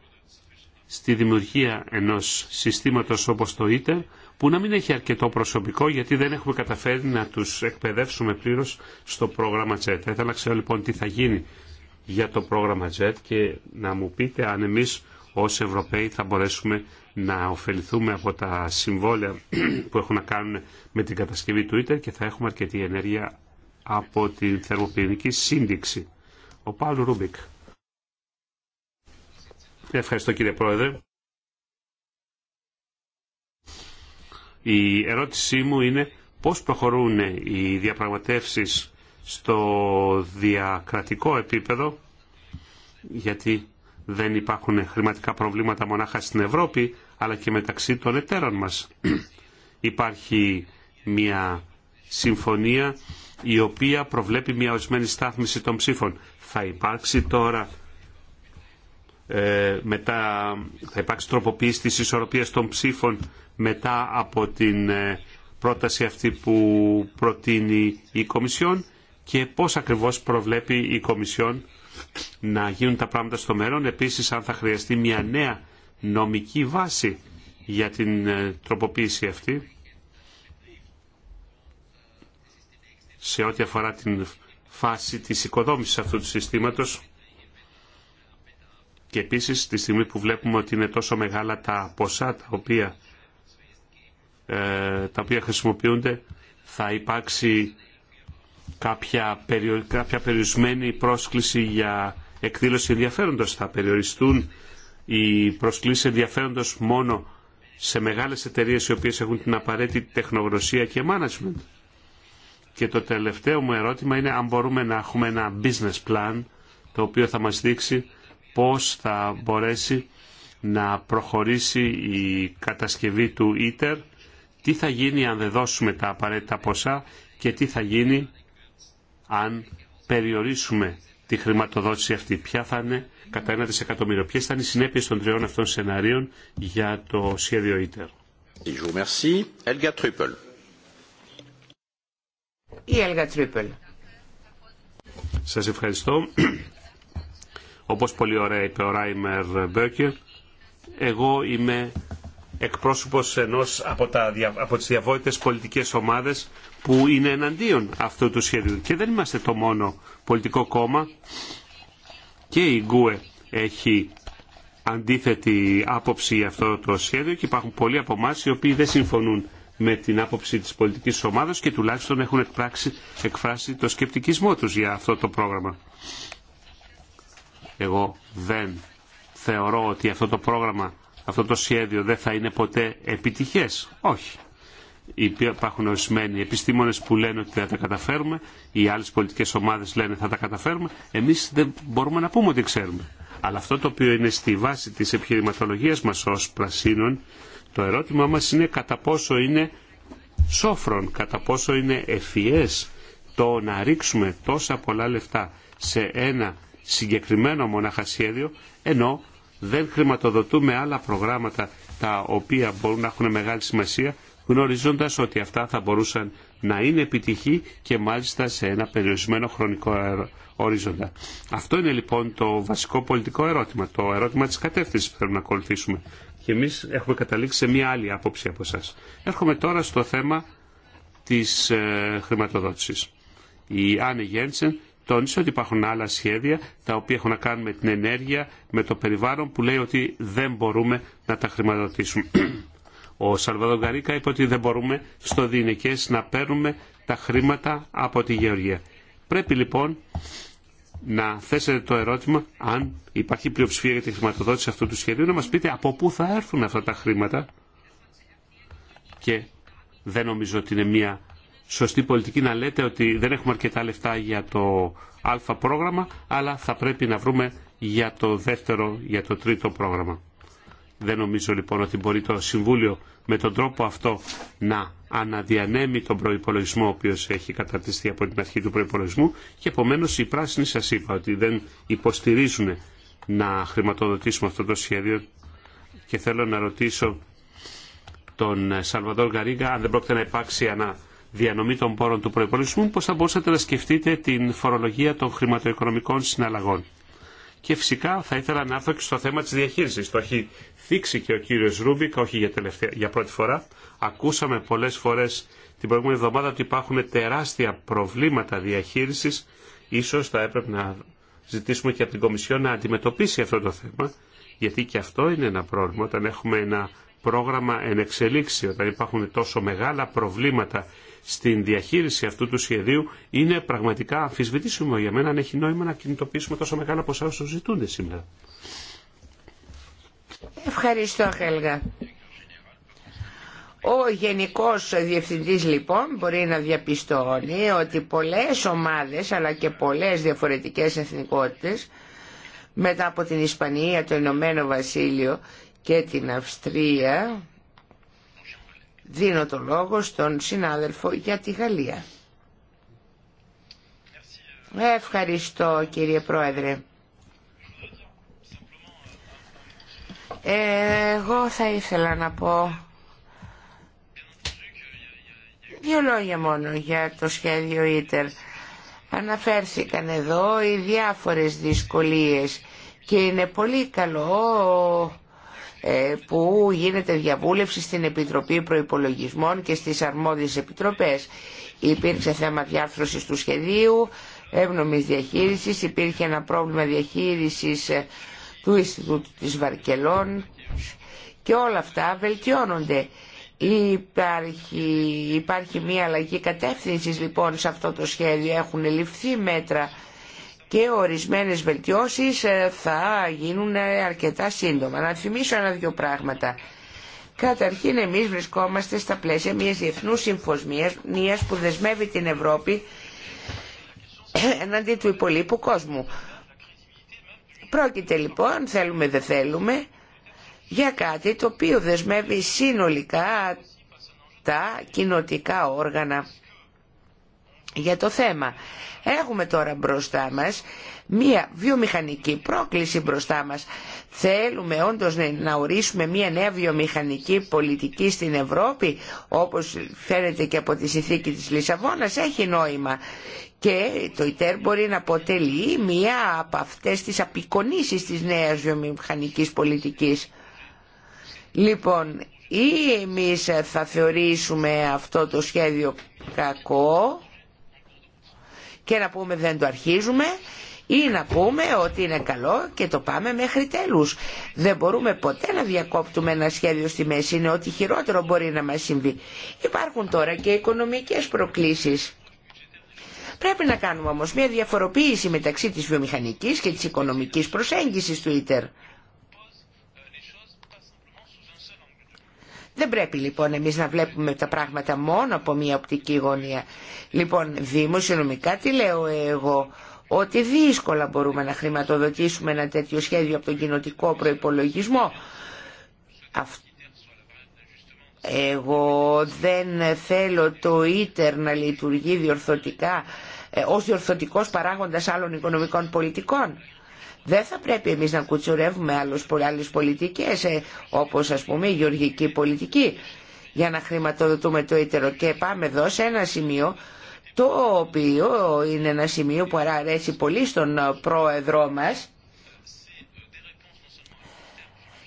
στη δημιουργία ενός συστήματος όπως το ITER, που να μην έχει αρκετό προσωπικό γιατί δεν έχουμε καταφέρει να τους εκπαιδεύσουμε πλήρως στο πρόγραμμα JET. Θα ήθελα να ξέρω λοιπόν τι θα γίνει για το πρόγραμμα JET και να μου πείτε αν εμείς ως Ευρωπαίοι θα μπορέσουμε να ωφεληθούμε από τα συμβόλαια που έχουν να κάνουν με την κατασκευή Twitter και θα έχουμε αρκετή ενέργεια από την θερμοποιητική σύνδεξη. Ο Παύλου Ρούμπικ. Ευχαριστώ κύριε Πρόεδρε. Η ερώτησή μου είναι πώς προχωρούν οι διαπραγματεύσεις στο διακρατικό επίπεδο, γιατί δεν υπάρχουν χρηματικά προβλήματα μονάχα στην Ευρώπη, αλλά και μεταξύ των εταίρων μας. Υπάρχει μια συμφωνία η οποία προβλέπει μια ορισμένη στάθμιση των ψήφων. Θα υπάρξει τώρα ε, μετά, θα υπάρξει τροποποίηση της ισορροπίας των ψήφων μετά από την ε, πρόταση αυτή που προτείνει η Κομισιόν και πώς ακριβώς προβλέπει η Κομισιόν να γίνουν τα πράγματα στο μέλλον. Επίσης, αν θα χρειαστεί μια νέα νομική βάση για την ε, τροποποίηση αυτή σε ό,τι αφορά την φάση της οικοδόμησης αυτού του συστήματος και επίσης τη στιγμή που βλέπουμε ότι είναι τόσο μεγάλα τα ποσά τα οποία ε, τα οποία χρησιμοποιούνται θα υπάρξει κάποια, κάποια περιορισμένη πρόσκληση για εκδήλωση ενδιαφέροντος. Θα περιοριστούν οι προσκλήσεις ενδιαφέροντος μόνο σε μεγάλες εταιρείες οι οποίες έχουν την απαραίτητη τεχνογνωσία και management. Και το τελευταίο μου ερώτημα είναι αν μπορούμε να έχουμε ένα business plan το οποίο θα μας δείξει πώς θα μπορέσει να προχωρήσει η κατασκευή του ITER τι θα γίνει αν δεν δώσουμε τα απαραίτητα ποσά και τι θα γίνει αν περιορίσουμε τη χρηματοδότηση αυτή. Ποια θα είναι κατά ένα δισεκατομμύριο. Ποιες θα είναι οι συνέπειες των τριών αυτών σενάριων για το σχέδιο ΙΤΕΡ. Σας ευχαριστώ. Όπως πολύ ωραία είπε ο Ράιμερ Μπέρκερ, εγώ είμαι εκπρόσωπος ενός από, τα, από τις διαβόητες πολιτικές ομάδες που είναι εναντίον αυτού του σχέδιου. Και δεν είμαστε το μόνο πολιτικό κόμμα και η Γκουε έχει αντίθετη άποψη για αυτό το σχέδιο και υπάρχουν πολλοί από εμά οι οποίοι δεν συμφωνούν με την άποψη της πολιτικής ομάδας και τουλάχιστον έχουν εκπράξει, εκφράσει το σκεπτικισμό τους για αυτό το πρόγραμμα. Εγώ δεν θεωρώ ότι αυτό το πρόγραμμα αυτό το σχέδιο δεν θα είναι ποτέ επιτυχές. Όχι. Υπάρχουν ορισμένοι επιστήμονες που λένε ότι θα τα καταφέρουμε, οι άλλες πολιτικές ομάδες λένε θα τα καταφέρουμε. Εμείς δεν μπορούμε να πούμε ότι ξέρουμε. Αλλά αυτό το οποίο είναι στη βάση της επιχειρηματολογίας μας ως πρασίνων, το ερώτημά μας είναι κατά πόσο είναι σόφρον, κατά πόσο είναι ευφυές το να ρίξουμε τόσα πολλά λεφτά σε ένα συγκεκριμένο μοναχα σχέδιο, ενώ δεν χρηματοδοτούμε άλλα προγράμματα τα οποία μπορούν να έχουν μεγάλη σημασία γνωρίζοντας ότι αυτά θα μπορούσαν να είναι επιτυχή και μάλιστα σε ένα περιορισμένο χρονικό ορίζοντα. Αυτό είναι λοιπόν το βασικό πολιτικό ερώτημα, το ερώτημα της κατεύθυνσης που θέλουμε να ακολουθήσουμε. Και εμείς έχουμε καταλήξει σε μία άλλη άποψη από εσά. Έρχομαι τώρα στο θέμα της ε, χρηματοδότησης. Η Άννη Γέντσεν τόνισε ότι υπάρχουν άλλα σχέδια τα οποία έχουν να κάνουν με την ενέργεια, με το περιβάλλον που λέει ότι δεν μπορούμε να τα χρηματοδοτήσουμε. Ο Σαλβαδο Γκαρίκα είπε ότι δεν μπορούμε στο Δινεκέ να παίρνουμε τα χρήματα από τη Γεωργία. Πρέπει λοιπόν να θέσετε το ερώτημα αν υπάρχει πλειοψηφία για τη χρηματοδότηση αυτού του σχεδίου, να μας πείτε από πού θα έρθουν αυτά τα χρήματα και δεν νομίζω ότι είναι μια σωστή πολιτική να λέτε ότι δεν έχουμε αρκετά λεφτά για το α πρόγραμμα, αλλά θα πρέπει να βρούμε για το δεύτερο, για το τρίτο πρόγραμμα. Δεν νομίζω λοιπόν ότι μπορεί το Συμβούλιο με τον τρόπο αυτό να αναδιανέμει τον προϋπολογισμό ο οποίο έχει καταρτιστεί από την αρχή του προϋπολογισμού και επομένω οι πράσινοι σας είπα ότι δεν υποστηρίζουν να χρηματοδοτήσουμε αυτό το σχέδιο και θέλω να ρωτήσω τον Σαλβαδόρ Γαρίγκα αν δεν πρόκειται να υπάρξει ανα διανομή των πόρων του προπολογισμού, πώς θα μπορούσατε να σκεφτείτε την φορολογία των χρηματοοικονομικών συναλλαγών. Και φυσικά θα ήθελα να έρθω και στο θέμα της διαχείρισης. Το έχει θίξει και ο κύριος Ρούμπικ, όχι για, τελευταία, για πρώτη φορά. Ακούσαμε πολλές φορές την προηγούμενη εβδομάδα ότι υπάρχουν τεράστια προβλήματα διαχείρισης. Ίσως θα έπρεπε να ζητήσουμε και από την Κομισιόν να αντιμετωπίσει αυτό το θέμα, γιατί και αυτό είναι ένα πρόβλημα όταν έχουμε ένα πρόγραμμα εν εξελίξη, όταν υπάρχουν τόσο μεγάλα προβλήματα στην διαχείριση αυτού του σχεδίου είναι πραγματικά αμφισβητήσιμο για μένα αν έχει νόημα να κινητοποιήσουμε τόσο μεγάλα ποσά όσο ζητούνται σήμερα. Ευχαριστώ Χέλγα. Ο Γενικός Διευθυντής λοιπόν μπορεί να διαπιστώνει ότι πολλές ομάδες αλλά και πολλές διαφορετικές εθνικότητες μετά από την Ισπανία, το Ηνωμένο Βασίλειο και την Αυστρία Δίνω το λόγο στον συνάδελφο για τη Γαλλία. Ευχαριστώ κύριε Πρόεδρε. Εγώ θα ήθελα να πω δύο λόγια μόνο για το σχέδιο Ίτερ. Αναφέρθηκαν εδώ οι διάφορες δυσκολίες και είναι πολύ καλό ε, που γίνεται διαβούλευση στην Επιτροπή Προϋπολογισμών και στις αρμόδιες επιτροπές. Υπήρξε θέμα διάρθρωσης του σχεδίου, εύνομης διαχείρισης, υπήρχε ένα πρόβλημα διαχείρισης ε, του Ινστιτούτου της Βαρκελών και όλα αυτά βελτιώνονται. Υπάρχει, υπάρχει μια αλλαγή κατεύθυνσης λοιπόν σε αυτό το σχέδιο, έχουν ληφθεί μέτρα και ορισμένες βελτιώσεις ε, θα γίνουν ε, αρκετά σύντομα. Να θυμίσω ένα-δυο πράγματα. Καταρχήν εμείς βρισκόμαστε στα πλαίσια μιας διεθνούς συμφωσμίας που δεσμεύει την Ευρώπη ε, εναντί του υπολείπου κόσμου. Πρόκειται λοιπόν, θέλουμε δεν θέλουμε, για κάτι το οποίο δεσμεύει συνολικά τα κοινοτικά όργανα για το θέμα. Έχουμε τώρα μπροστά μας μία βιομηχανική πρόκληση μπροστά μας. Θέλουμε όντως να ορίσουμε μία νέα βιομηχανική πολιτική στην Ευρώπη, όπως φαίνεται και από τη συνθήκη της Λισαβόνας, έχει νόημα. Και το ΙΤΕΡ μπορεί να αποτελεί μία από αυτές τις απεικονίσεις της νέας βιομηχανικής πολιτικής. Λοιπόν, ή εμείς θα θεωρήσουμε αυτό το σχέδιο κακό, και να πούμε δεν το αρχίζουμε ή να πούμε ότι είναι καλό και το πάμε μέχρι τέλους. Δεν μπορούμε ποτέ να διακόπτουμε ένα σχέδιο στη μέση, είναι ότι χειρότερο μπορεί να μας συμβεί. Υπάρχουν τώρα και οικονομικές προκλήσεις. Πρέπει να κάνουμε όμως μια διαφοροποίηση μεταξύ της βιομηχανικής και της οικονομικής προσέγγισης του ΙΤΕΡ. Δεν πρέπει λοιπόν εμείς να βλέπουμε τα πράγματα μόνο από μια οπτική γωνία. Λοιπόν, δημοσιονομικά τι λέω εγώ, ότι δύσκολα μπορούμε να χρηματοδοτήσουμε ένα τέτοιο σχέδιο από τον κοινοτικό προϋπολογισμό. Εγώ δεν θέλω το ίτερ να λειτουργεί διορθωτικά ε, ως διορθωτικός παράγοντας άλλων οικονομικών πολιτικών. Δεν θα πρέπει εμείς να κουτσουρεύουμε άλλους, άλλες πολιτικές, ε, όπως ας πούμε η γεωργική πολιτική, για να χρηματοδοτούμε το ίτερο. Και πάμε εδώ σε ένα σημείο, το οποίο είναι ένα σημείο που αρέσει πολύ στον πρόεδρό μας,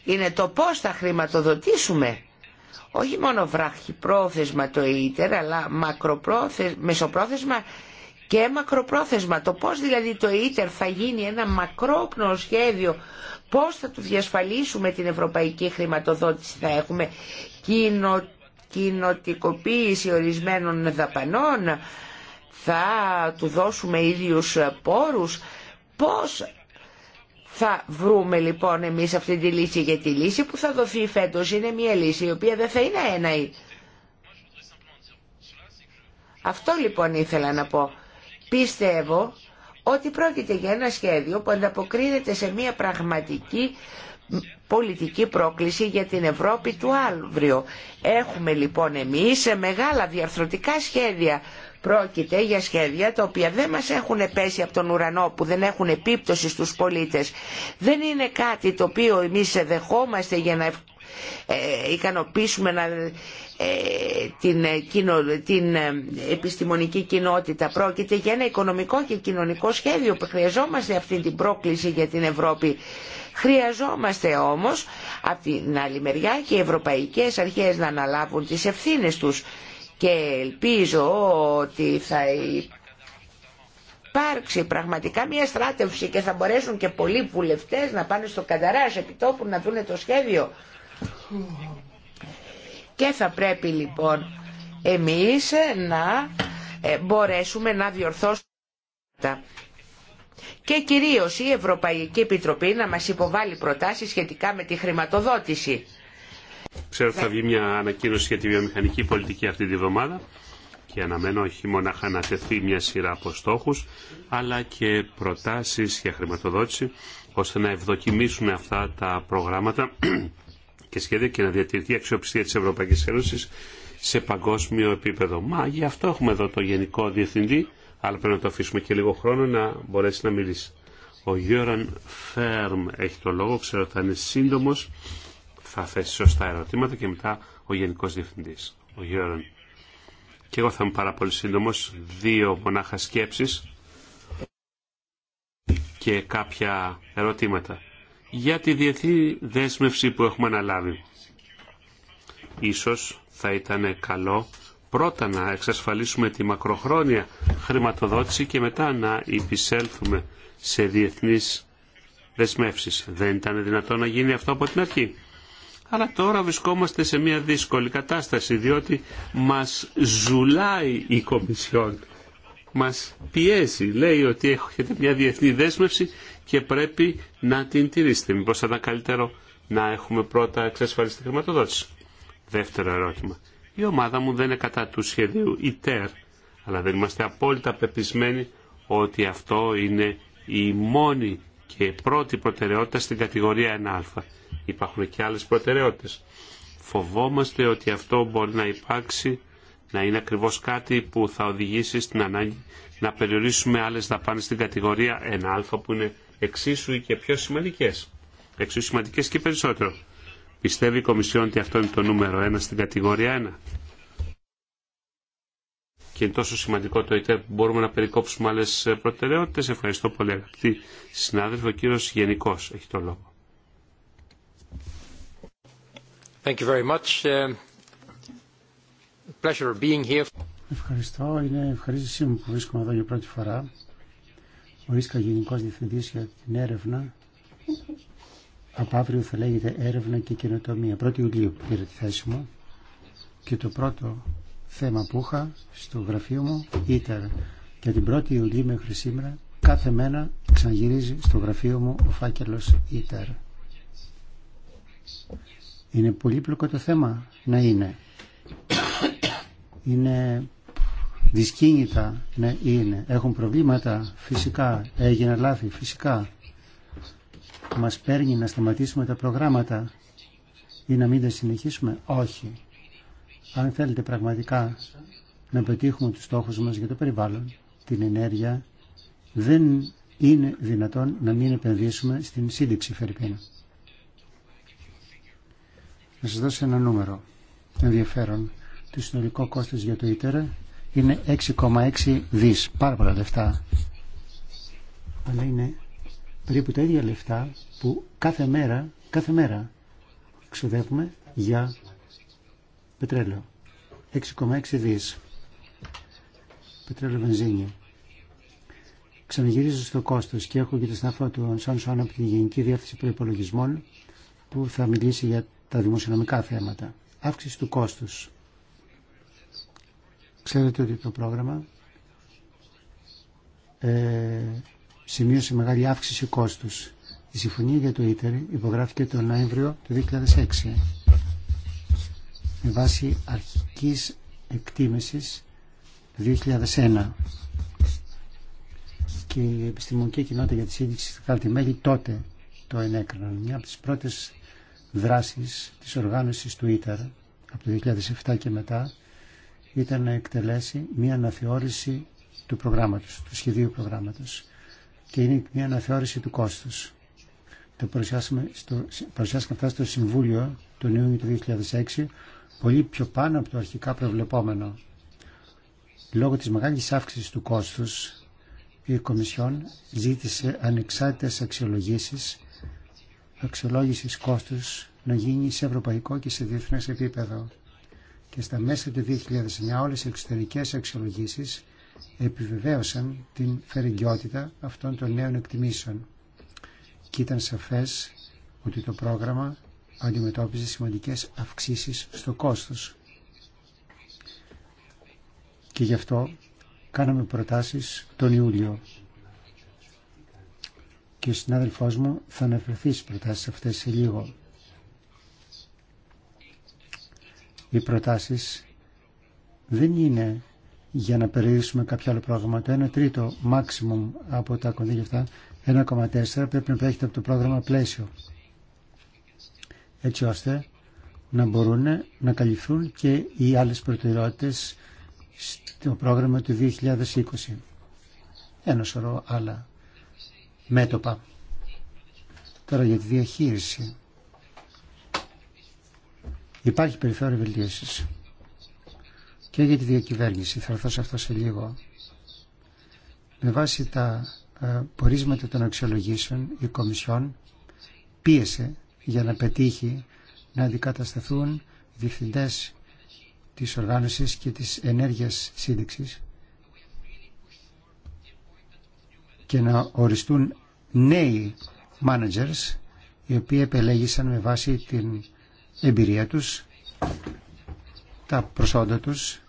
είναι το πώς θα χρηματοδοτήσουμε όχι μόνο βραχυπρόθεσμα το ίτερ, αλλά μακροπρόθεσμα, μεσοπρόθεσμα και μακροπρόθεσμα. Το πώς δηλαδή το ίτερ θα γίνει ένα μακρόπνοο σχέδιο, πώς θα του διασφαλίσουμε την ευρωπαϊκή χρηματοδότηση, θα έχουμε κοινοτικοποίηση ορισμένων δαπανών, θα του δώσουμε ίδιους πόρους, πώς θα βρούμε λοιπόν εμείς αυτή τη λύση για τη λύση που θα δοθεί φέτος είναι μια λύση η οποία δεν θα είναι ένα Αυτό λοιπόν ήθελα να πω. Πιστεύω ότι πρόκειται για ένα σχέδιο που ανταποκρίνεται σε μια πραγματική πολιτική πρόκληση για την Ευρώπη του αύριο. Έχουμε λοιπόν εμείς σε μεγάλα διαρθρωτικά σχέδια Πρόκειται για σχέδια τα οποία δεν μας έχουν πέσει από τον ουρανό, που δεν έχουν επίπτωση στους πολίτες. Δεν είναι κάτι το οποίο εμείς δεχόμαστε για να ε, ικανοποιήσουμε ε, την, ε, την επιστημονική κοινότητα. Πρόκειται για ένα οικονομικό και κοινωνικό σχέδιο που χρειαζόμαστε αυτή την πρόκληση για την Ευρώπη. Χρειαζόμαστε όμως από την άλλη μεριά και οι ευρωπαϊκές αρχές να αναλάβουν τις ευθύνες τους και ελπίζω ότι θα υπάρξει πραγματικά μια στράτευση και θα μπορέσουν και πολλοί βουλευτές να πάνε στο Κανταράς επιτόπου να δούνε το σχέδιο και θα πρέπει λοιπόν εμείς να ε, μπορέσουμε να διορθώσουμε τα και κυρίως η Ευρωπαϊκή Επιτροπή να μας υποβάλει προτάσεις σχετικά με τη χρηματοδότηση. Ξέρω ότι θα βγει μια ανακοίνωση για τη βιομηχανική πολιτική αυτή τη βδομάδα και αναμένω όχι μόνο να τεθεί μια σειρά από στόχους, αλλά και προτάσεις για χρηματοδότηση ώστε να ευδοκιμήσουν αυτά τα προγράμματα και σχέδια και να διατηρηθεί η αξιοπιστία της Ευρωπαϊκής Ένωση σε παγκόσμιο επίπεδο. Μα γι' αυτό έχουμε εδώ το Γενικό Διευθυντή, αλλά πρέπει να το αφήσουμε και λίγο χρόνο να μπορέσει να μιλήσει. Ο Γιώραν Φέρμ έχει το λόγο, ξέρω ότι θα είναι σύντομο. Θα θέσει σωστά ερωτήματα και μετά ο Γενικό Διευθυντής, ο Γιώραν. Και εγώ θα είμαι πάρα πολύ σύντομο. Δύο μονάχα σκέψει. και κάποια ερωτήματα για τη διεθνή δέσμευση που έχουμε αναλάβει. Ίσως θα ήταν καλό πρώτα να εξασφαλίσουμε τη μακροχρόνια χρηματοδότηση και μετά να υπησέλθουμε σε διεθνείς δεσμεύσεις. Δεν ήταν δυνατό να γίνει αυτό από την αρχή. Αλλά τώρα βρισκόμαστε σε μια δύσκολη κατάσταση διότι μας ζουλάει η Κομισιόν μας πιέζει. Λέει ότι έχετε μια διεθνή δέσμευση και πρέπει να την τηρήσετε. Μήπως θα ήταν καλύτερο να έχουμε πρώτα εξασφαλίσει τη χρηματοδότηση. Δεύτερο ερώτημα. Η ομάδα μου δεν είναι κατά του σχεδίου ΙΤΕΡ, αλλά δεν είμαστε απόλυτα πεπισμένοι ότι αυτό είναι η μόνη και πρώτη προτεραιότητα στην κατηγορία 1α. Υπάρχουν και άλλες προτεραιότητες. Φοβόμαστε ότι αυτό μπορεί να υπάρξει να είναι ακριβώς κάτι που θα οδηγήσει στην ανάγκη να περιορίσουμε άλλες δαπάνες στην κατηγορία 1α που είναι εξίσου και πιο σημαντικές. Εξίσου σημαντικές και περισσότερο. Πιστεύει η Κομισιόν ότι αυτό είναι το νούμερο 1 στην κατηγορία 1. Και είναι τόσο σημαντικό το ΙΤΕΡ που μπορούμε να περικόψουμε άλλε προτεραιότητε. Ευχαριστώ πολύ, αγαπητή συνάδελφοι. Ο κύριο Γενικό έχει το λόγο. Thank you very much. Uh, Ευχαριστώ. Είναι ευχαρίστησή μου που βρίσκομαι εδώ για πρώτη φορά. Ορίσκα Γενικός Διευθυντής για την έρευνα. Από αύριο θα λέγεται έρευνα και καινοτομια Πρώτη 1η Ιουλίου πήρε τη θέση μου και το πρώτο θέμα που είχα στο γραφείο μου ήταν για την πρώτη Ιουλίου μέχρι σήμερα κάθε μένα ξαναγυρίζει στο γραφείο μου ο φάκελος ΙΤΕΡ. Είναι πολύπλοκο το θέμα να είναι είναι δυσκίνητα, ναι, είναι. Έχουν προβλήματα, φυσικά. έγινε λάθη, φυσικά. Μας παίρνει να σταματήσουμε τα προγράμματα ή να μην τα συνεχίσουμε. Όχι. Αν θέλετε πραγματικά να πετύχουμε τους στόχους μας για το περιβάλλον, την ενέργεια, δεν είναι δυνατόν να μην επενδύσουμε στην σύνδεξη Φερρυπίνα. Να σας δώσω ένα νούμερο ενδιαφέρον το συνολικό κόστος για το ΙΤΕΡΑ είναι 6,6 δις. Πάρα πολλά λεφτά. Αλλά είναι περίπου τα ίδια λεφτά που κάθε μέρα, κάθε μέρα ξοδεύουμε για πετρέλαιο. 6,6 δις. Πετρέλαιο βενζίνη. Ξαναγυρίζω στο κόστος και έχω και τη συνάφρα του Σαν σαν από την Γενική Διεύθυνση Προϋπολογισμών που θα μιλήσει για τα δημοσιονομικά θέματα. Αύξηση του κόστους Ξέρετε ότι το πρόγραμμα ε, σημείωσε μεγάλη αύξηση κόστους. Η συμφωνία για το ίτερ υπογράφηκε τον Νοέμβριο του 2006 με βάση αρχικής εκτίμησης του 2001 και η επιστημονική κοινότητα για τη σύνδεξη στα καλτιμέλη τότε το ενέκριναν. Μια από τις πρώτες δράσεις της οργάνωσης του Ίτερ από το 2007 και μετά ήταν να εκτελέσει μια αναθεώρηση του προγράμματος, του σχεδίου προγράμματος και είναι μια αναθεώρηση του κόστους. Το παρουσιάσαμε, στο, στο Συμβούλιο του Ιούνιο του 2006 πολύ πιο πάνω από το αρχικά προβλεπόμενο. Λόγω της μεγάλης αύξησης του κόστους η Κομισιόν ζήτησε ανεξάρτητες αξιολογήσεις αξιολόγηση κόστους να γίνει σε ευρωπαϊκό και σε διεθνές επίπεδο και στα μέσα του 2009 όλες οι εξωτερικές αξιολογήσεις επιβεβαίωσαν την φερεγγιότητα αυτών των νέων εκτιμήσεων και ήταν σαφές ότι το πρόγραμμα αντιμετώπιζε σημαντικές αυξήσεις στο κόστος. Και γι' αυτό κάναμε προτάσεις τον Ιούλιο. Και ο συνάδελφός μου θα αναφερθεί στις προτάσεις αυτές σε λίγο. οι προτάσεις δεν είναι για να περιορίσουμε κάποιο άλλο πρόγραμμα. Το 1 τρίτο maximum από τα κονδύλια αυτά, 1,4 πρέπει να προέρχεται από το πρόγραμμα πλαίσιο. Έτσι ώστε να μπορούν να καλυφθούν και οι άλλες προτεραιότητες στο πρόγραμμα του 2020. Ένα σωρό άλλα μέτωπα. Τώρα για τη διαχείριση. Υπάρχει περιθώριο βελτίωση. Και για τη διακυβέρνηση, θα έρθω σε αυτό σε λίγο. Με βάση τα ε, πορίσματα των αξιολογήσεων, η Κομισιόν πίεσε για να πετύχει να αντικατασταθούν διευθυντές της οργάνωσης και της ενέργειας σύνδεξης και να οριστούν νέοι managers οι οποίοι επελέγησαν με βάση την εμπειρία τους, τα προσόντα τους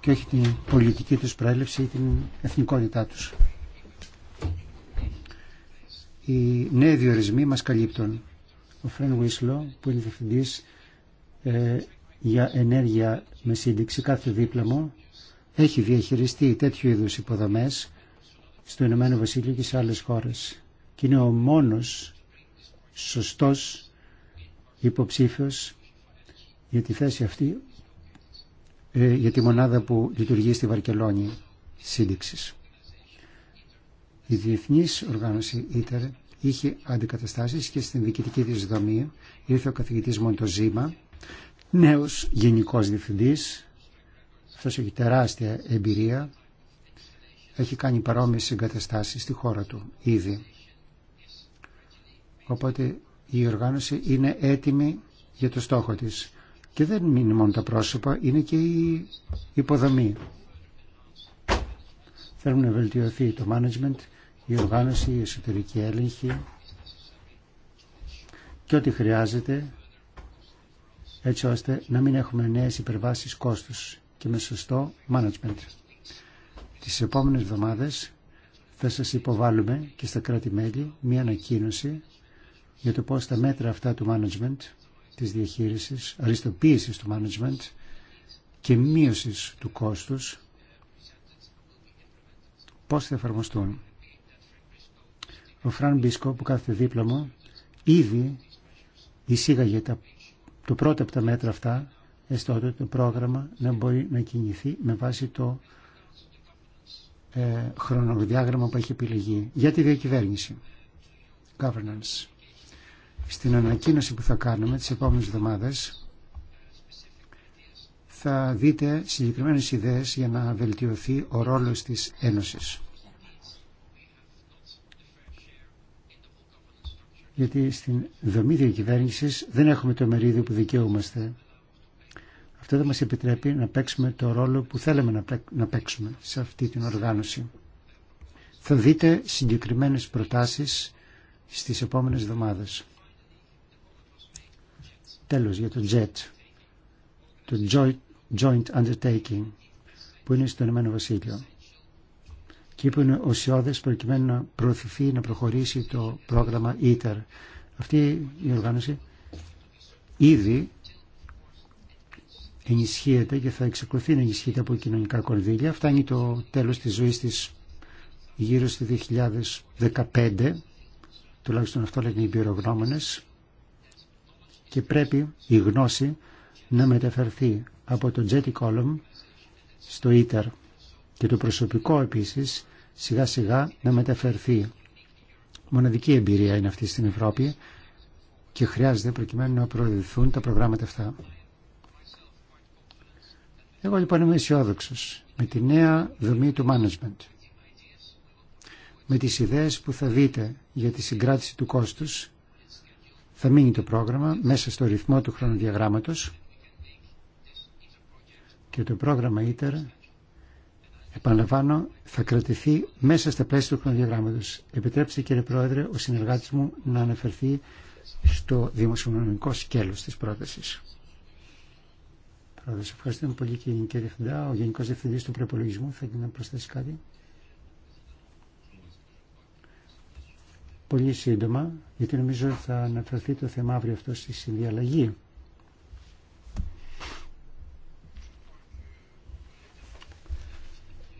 και όχι την πολιτική τους προέλευση ή την εθνικότητά τους. Οι νέοι διορισμοί μας καλύπτουν. Ο Φρέν Βίσλο, που είναι διευθυντής ε, για ενέργεια με σύνδεξη κάθε δίπλα μου, έχει διαχειριστεί τέτοιου είδους υποδομές στο Ηνωμένο Βασίλειο και σε άλλες χώρες. Και είναι ο μόνος σωστός υποψήφιος για τη θέση αυτή, ε, για τη μονάδα που λειτουργεί στη Βαρκελόνη σύνδεξης. Η Διεθνής Οργάνωση Ίτερ είχε αντικαταστάσεις και στην διοικητική της δομή ήρθε ο καθηγητής Μοντοζήμα, νέος γενικός διευθυντής, αυτός έχει τεράστια εμπειρία, έχει κάνει παρόμοιες εγκαταστάσεις στη χώρα του ήδη. Οπότε η οργάνωση είναι έτοιμη για το στόχο της. Και δεν είναι μόνο τα πρόσωπα, είναι και η υποδομή. Θέλουμε να βελτιωθεί το management, η οργάνωση, η εσωτερική έλεγχη και ό,τι χρειάζεται έτσι ώστε να μην έχουμε νέες υπερβάσεις κόστους και με σωστό management. Τις επόμενες εβδομάδες θα σας υποβάλουμε και στα κράτη-μέλη μία ανακοίνωση για το πώς τα μέτρα αυτά του management, της διαχείρισης, αριστοποίησης του management και μείωσης του κόστους, πώς θα εφαρμοστούν. Ο Φραν Μπίσκο που κάθεται δίπλα μου ήδη εισήγαγε τα, το πρώτο από τα μέτρα αυτά έστω ότι το πρόγραμμα να μπορεί να κινηθεί με βάση το ε, χρονοδιάγραμμα που έχει επιλεγεί για τη διακυβέρνηση governance στην ανακοίνωση που θα κάνουμε τις επόμενες εβδομάδες θα δείτε συγκεκριμένες ιδέες για να βελτιωθεί ο ρόλος της Ένωσης. Γιατί στην δομή διακυβέρνηση δεν έχουμε το μερίδιο που δικαιούμαστε. Αυτό δεν μας επιτρέπει να παίξουμε το ρόλο που θέλαμε να παίξουμε σε αυτή την οργάνωση. Θα δείτε συγκεκριμένες προτάσεις στις επόμενες εβδομάδες. Τέλος για το JET, το Joint, Undertaking που είναι στο Ηνωμένο Βασίλειο και που είναι προκειμένου να προωθηθεί, να προχωρήσει το πρόγραμμα ITER. Αυτή η οργάνωση ήδη ενισχύεται και θα εξακολουθεί να ενισχύεται από κοινωνικά κονδύλια. Φτάνει το τέλος της ζωής της γύρω στη 2015, τουλάχιστον αυτό λένε οι πυρογνώμονες και πρέπει η γνώση να μεταφερθεί από το Jetty Column στο ITER και το προσωπικό επίσης σιγά σιγά να μεταφερθεί. Μοναδική εμπειρία είναι αυτή στην Ευρώπη και χρειάζεται προκειμένου να προοδηθούν τα προγράμματα αυτά. Εγώ λοιπόν είμαι αισιόδοξο με τη νέα δομή του management. Με τις ιδέες που θα δείτε για τη συγκράτηση του κόστους θα μείνει το πρόγραμμα μέσα στο ρυθμό του χρονοδιαγράμματος και το πρόγραμμα είτε επαναλαμβάνω, θα κρατηθεί μέσα στα πλαίσια του χρονοδιαγράμματος. Επιτρέψτε κύριε Πρόεδρε, ο συνεργάτης μου να αναφερθεί στο δημοσιονομικό σκέλος της πρότασης. Πρόεδρε, ευχαριστούμε πολύ κύριε Διευθυντά. Ο Γενικός Διευθυντής του Προπολογισμού θα γίνει να προσθέσει κάτι. πολύ σύντομα, γιατί νομίζω θα αναφερθεί το θέμα αύριο αυτό στη συνδιαλλαγή.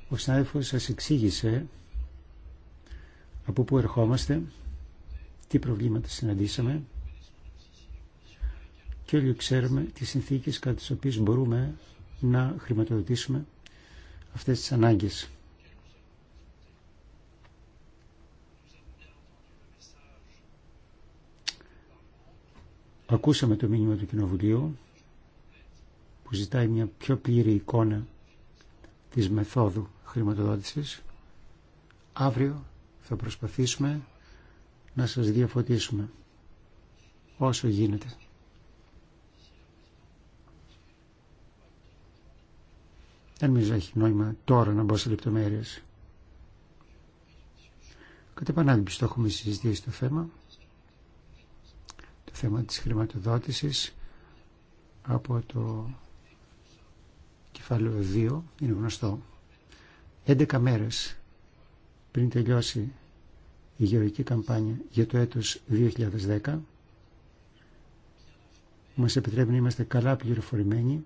Ο συνάδελφος σας εξήγησε από πού ερχόμαστε, τι προβλήματα συναντήσαμε και όλοι ξέρουμε τις συνθήκες κατά τις οποίες μπορούμε να χρηματοδοτήσουμε αυτές τις ανάγκες. Ακούσαμε το μήνυμα του Κοινοβουλίου που ζητάει μια πιο πλήρη εικόνα της μεθόδου χρηματοδότησης. Αύριο θα προσπαθήσουμε να σας διαφωτίσουμε όσο γίνεται. Δεν νομίζω έχει νόημα τώρα να μπω σε λεπτομέρειες. Κατ' επανάληψη το έχουμε συζητήσει το θέμα το θέμα της χρηματοδότησης από το κεφάλαιο 2 είναι γνωστό 11 μέρες πριν τελειώσει η γεωργική καμπάνια για το έτος 2010 μας επιτρέπει να είμαστε καλά πληροφορημένοι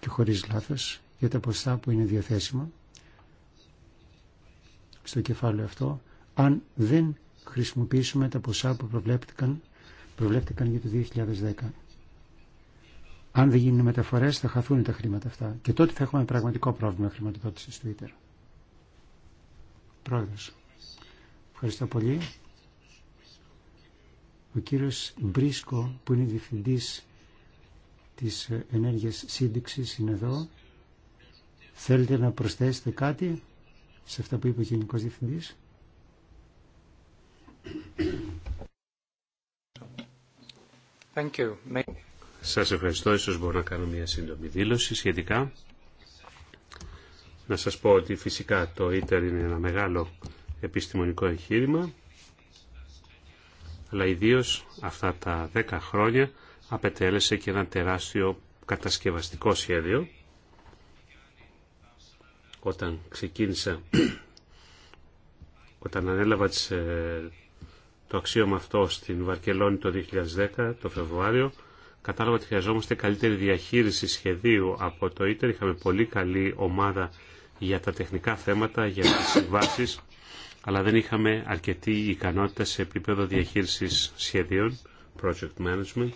και χωρίς λάθος για τα ποσά που είναι διαθέσιμα στο κεφάλαιο αυτό αν δεν χρησιμοποιήσουμε τα ποσά που προβλέπτηκαν προβλέφτηκαν για το 2010. Αν δεν γίνουν μεταφορέ, θα χαθούν τα χρήματα αυτά και τότε θα έχουμε πραγματικό πρόβλημα χρηματοδότησης Twitter. Πρόεδρο. Ευχαριστώ πολύ. Ο κύριος Μπρίσκο που είναι διευθυντής της ενέργειας σύνδεξης είναι εδώ. Θέλετε να προσθέσετε κάτι σε αυτά που είπε ο Γενικός Διευθυντής. Σα Σας ευχαριστώ. Ίσως μπορώ να κάνω μια σύντομη δήλωση σχετικά. Να σας πω ότι φυσικά το ITER είναι ένα μεγάλο επιστημονικό εγχείρημα, αλλά ιδίω αυτά τα δέκα χρόνια απετέλεσε και ένα τεράστιο κατασκευαστικό σχέδιο. Όταν ξεκίνησα, όταν ανέλαβα τις ε, το αξίωμα αυτό στην Βαρκελόνη το 2010, το Φεβρουάριο. Κατάλαβα ότι χρειαζόμαστε καλύτερη διαχείριση σχεδίου από το ίτερ. Είχαμε πολύ καλή ομάδα για τα τεχνικά θέματα, για τις συμβάσει, αλλά δεν είχαμε αρκετή ικανότητα σε επίπεδο διαχείρισης σχεδίων, project management.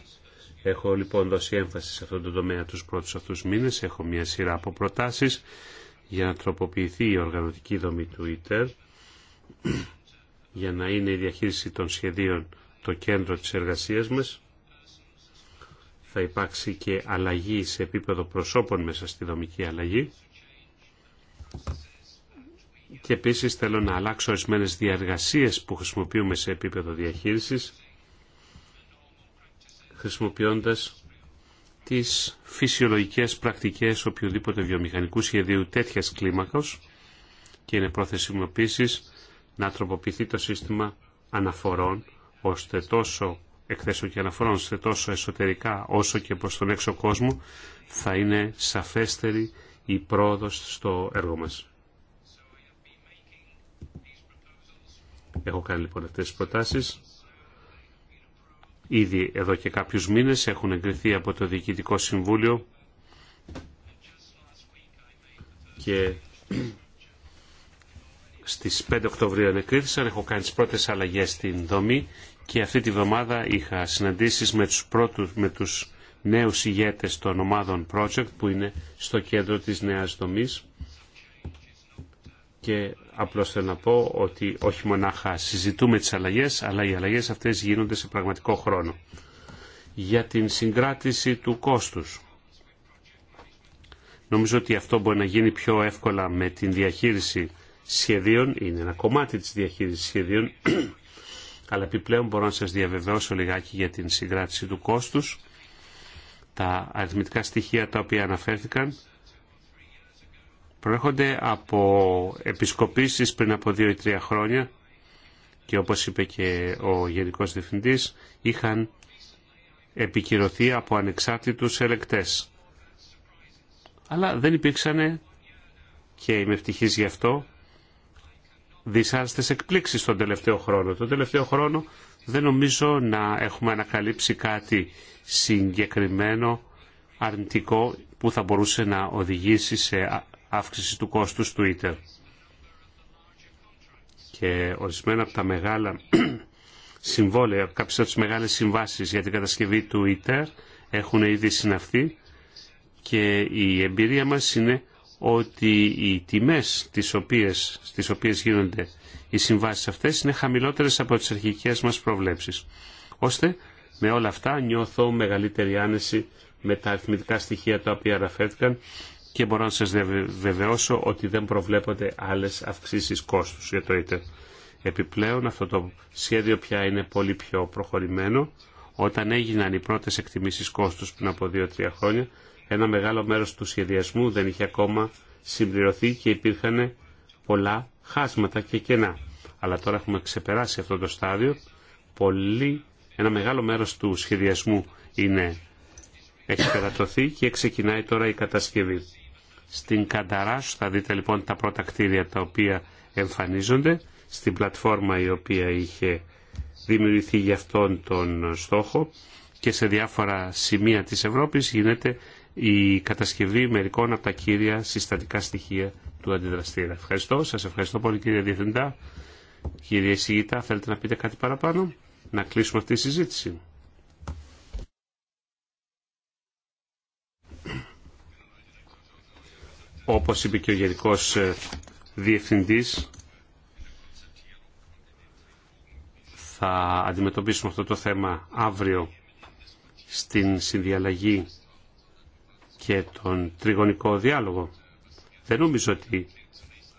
Έχω λοιπόν δώσει έμφαση σε αυτόν τον τομέα τους πρώτους αυτούς μήνες. Έχω μια σειρά από προτάσεις για να τροποποιηθεί η οργανωτική δομή του ΙΤΕΡ για να είναι η διαχείριση των σχεδίων το κέντρο της εργασίας μας. Θα υπάρξει και αλλαγή σε επίπεδο προσώπων μέσα στη δομική αλλαγή. Και επίσης θέλω να αλλάξω ορισμένε διαργασίες που χρησιμοποιούμε σε επίπεδο διαχείρισης, χρησιμοποιώντας τις φυσιολογικές πρακτικές οποιοδήποτε βιομηχανικού σχεδίου τέτοιας κλίμακος και είναι πρόθεση μου να τροποποιηθεί το σύστημα αναφορών, ώστε τόσο εκθέσεων και αναφορών, ώστε τόσο εσωτερικά όσο και προς τον έξω κόσμο, θα είναι σαφέστερη η πρόοδος στο έργο μας. Έχω κάνει λοιπόν αυτές τις προτάσεις. Ήδη εδώ και κάποιους μήνες έχουν εγκριθεί από το Διοικητικό Συμβούλιο και στις 5 Οκτωβρίου ανεκρίθησαν. Έχω κάνει τις πρώτες αλλαγές στην δομή και αυτή τη βδομάδα είχα συναντήσεις με τους, πρώτους, με τους νέους ηγέτες των ομάδων project που είναι στο κέντρο της νέας δομής και απλώς θέλω να πω ότι όχι μονάχα συζητούμε τις αλλαγές αλλά οι αλλαγές αυτές γίνονται σε πραγματικό χρόνο. Για την συγκράτηση του κόστους. Νομίζω ότι αυτό μπορεί να γίνει πιο εύκολα με την διαχείριση σχεδίων, είναι ένα κομμάτι της διαχείρισης σχεδίων, αλλά επιπλέον μπορώ να σας διαβεβαιώσω λιγάκι για την συγκράτηση του κόστους. Τα αριθμητικά στοιχεία τα οποία αναφέρθηκαν προέρχονται από επισκοπήσεις πριν από δύο ή τρία χρόνια και όπως είπε και ο Γενικός Διευθυντής είχαν επικυρωθεί από ανεξάρτητους ελεκτές. Αλλά δεν υπήρξαν και είμαι ευτυχής γι' αυτό δυσάρεστες εκπλήξεις τον τελευταίο χρόνο. Τον τελευταίο χρόνο δεν νομίζω να έχουμε ανακαλύψει κάτι συγκεκριμένο αρνητικό που θα μπορούσε να οδηγήσει σε αύξηση του κόστου Twitter. Και ορισμένα από τα μεγάλα συμβόλαια, κάποιες από τις μεγάλες συμβάσεις για την κατασκευή του Twitter έχουν ήδη συναυθεί και η εμπειρία μας είναι ότι οι τιμές τις οποίες, στις οποίες γίνονται οι συμβάσεις αυτές είναι χαμηλότερες από τις αρχικές μας προβλέψεις. Ώστε με όλα αυτά νιώθω μεγαλύτερη άνεση με τα αριθμητικά στοιχεία τα οποία αναφέρθηκαν και μπορώ να σας βεβαιώσω ότι δεν προβλέπονται άλλες αυξήσεις κόστους για το ΙΤΕΡ. Επιπλέον αυτό το σχέδιο πια είναι πολύ πιο προχωρημένο. Όταν έγιναν οι πρώτες εκτιμήσεις κόστους πριν από 2-3 χρόνια ένα μεγάλο μέρος του σχεδιασμού δεν είχε ακόμα συμπληρωθεί και υπήρχαν πολλά χάσματα και κενά. Αλλά τώρα έχουμε ξεπεράσει αυτό το στάδιο. Πολύ, ένα μεγάλο μέρος του σχεδιασμού είναι, έχει και ξεκινάει τώρα η κατασκευή. Στην Κανταράσου θα δείτε λοιπόν τα πρώτα κτίρια τα οποία εμφανίζονται στην πλατφόρμα η οποία είχε δημιουργηθεί για αυτόν τον στόχο και σε διάφορα σημεία της Ευρώπης γίνεται η κατασκευή μερικών από τα κύρια συστατικά στοιχεία του αντιδραστήρα. Ευχαριστώ. Σας ευχαριστώ πολύ κύριε Διευθυντά. Κύριε Σιγητά, θέλετε να πείτε κάτι παραπάνω, να κλείσουμε αυτή τη συζήτηση. Όπως είπε και ο Γενικός ε, Διευθυντής, θα αντιμετωπίσουμε αυτό το θέμα αύριο στην συνδιαλλαγή και τον τριγωνικό διάλογο. Δεν νομίζω ότι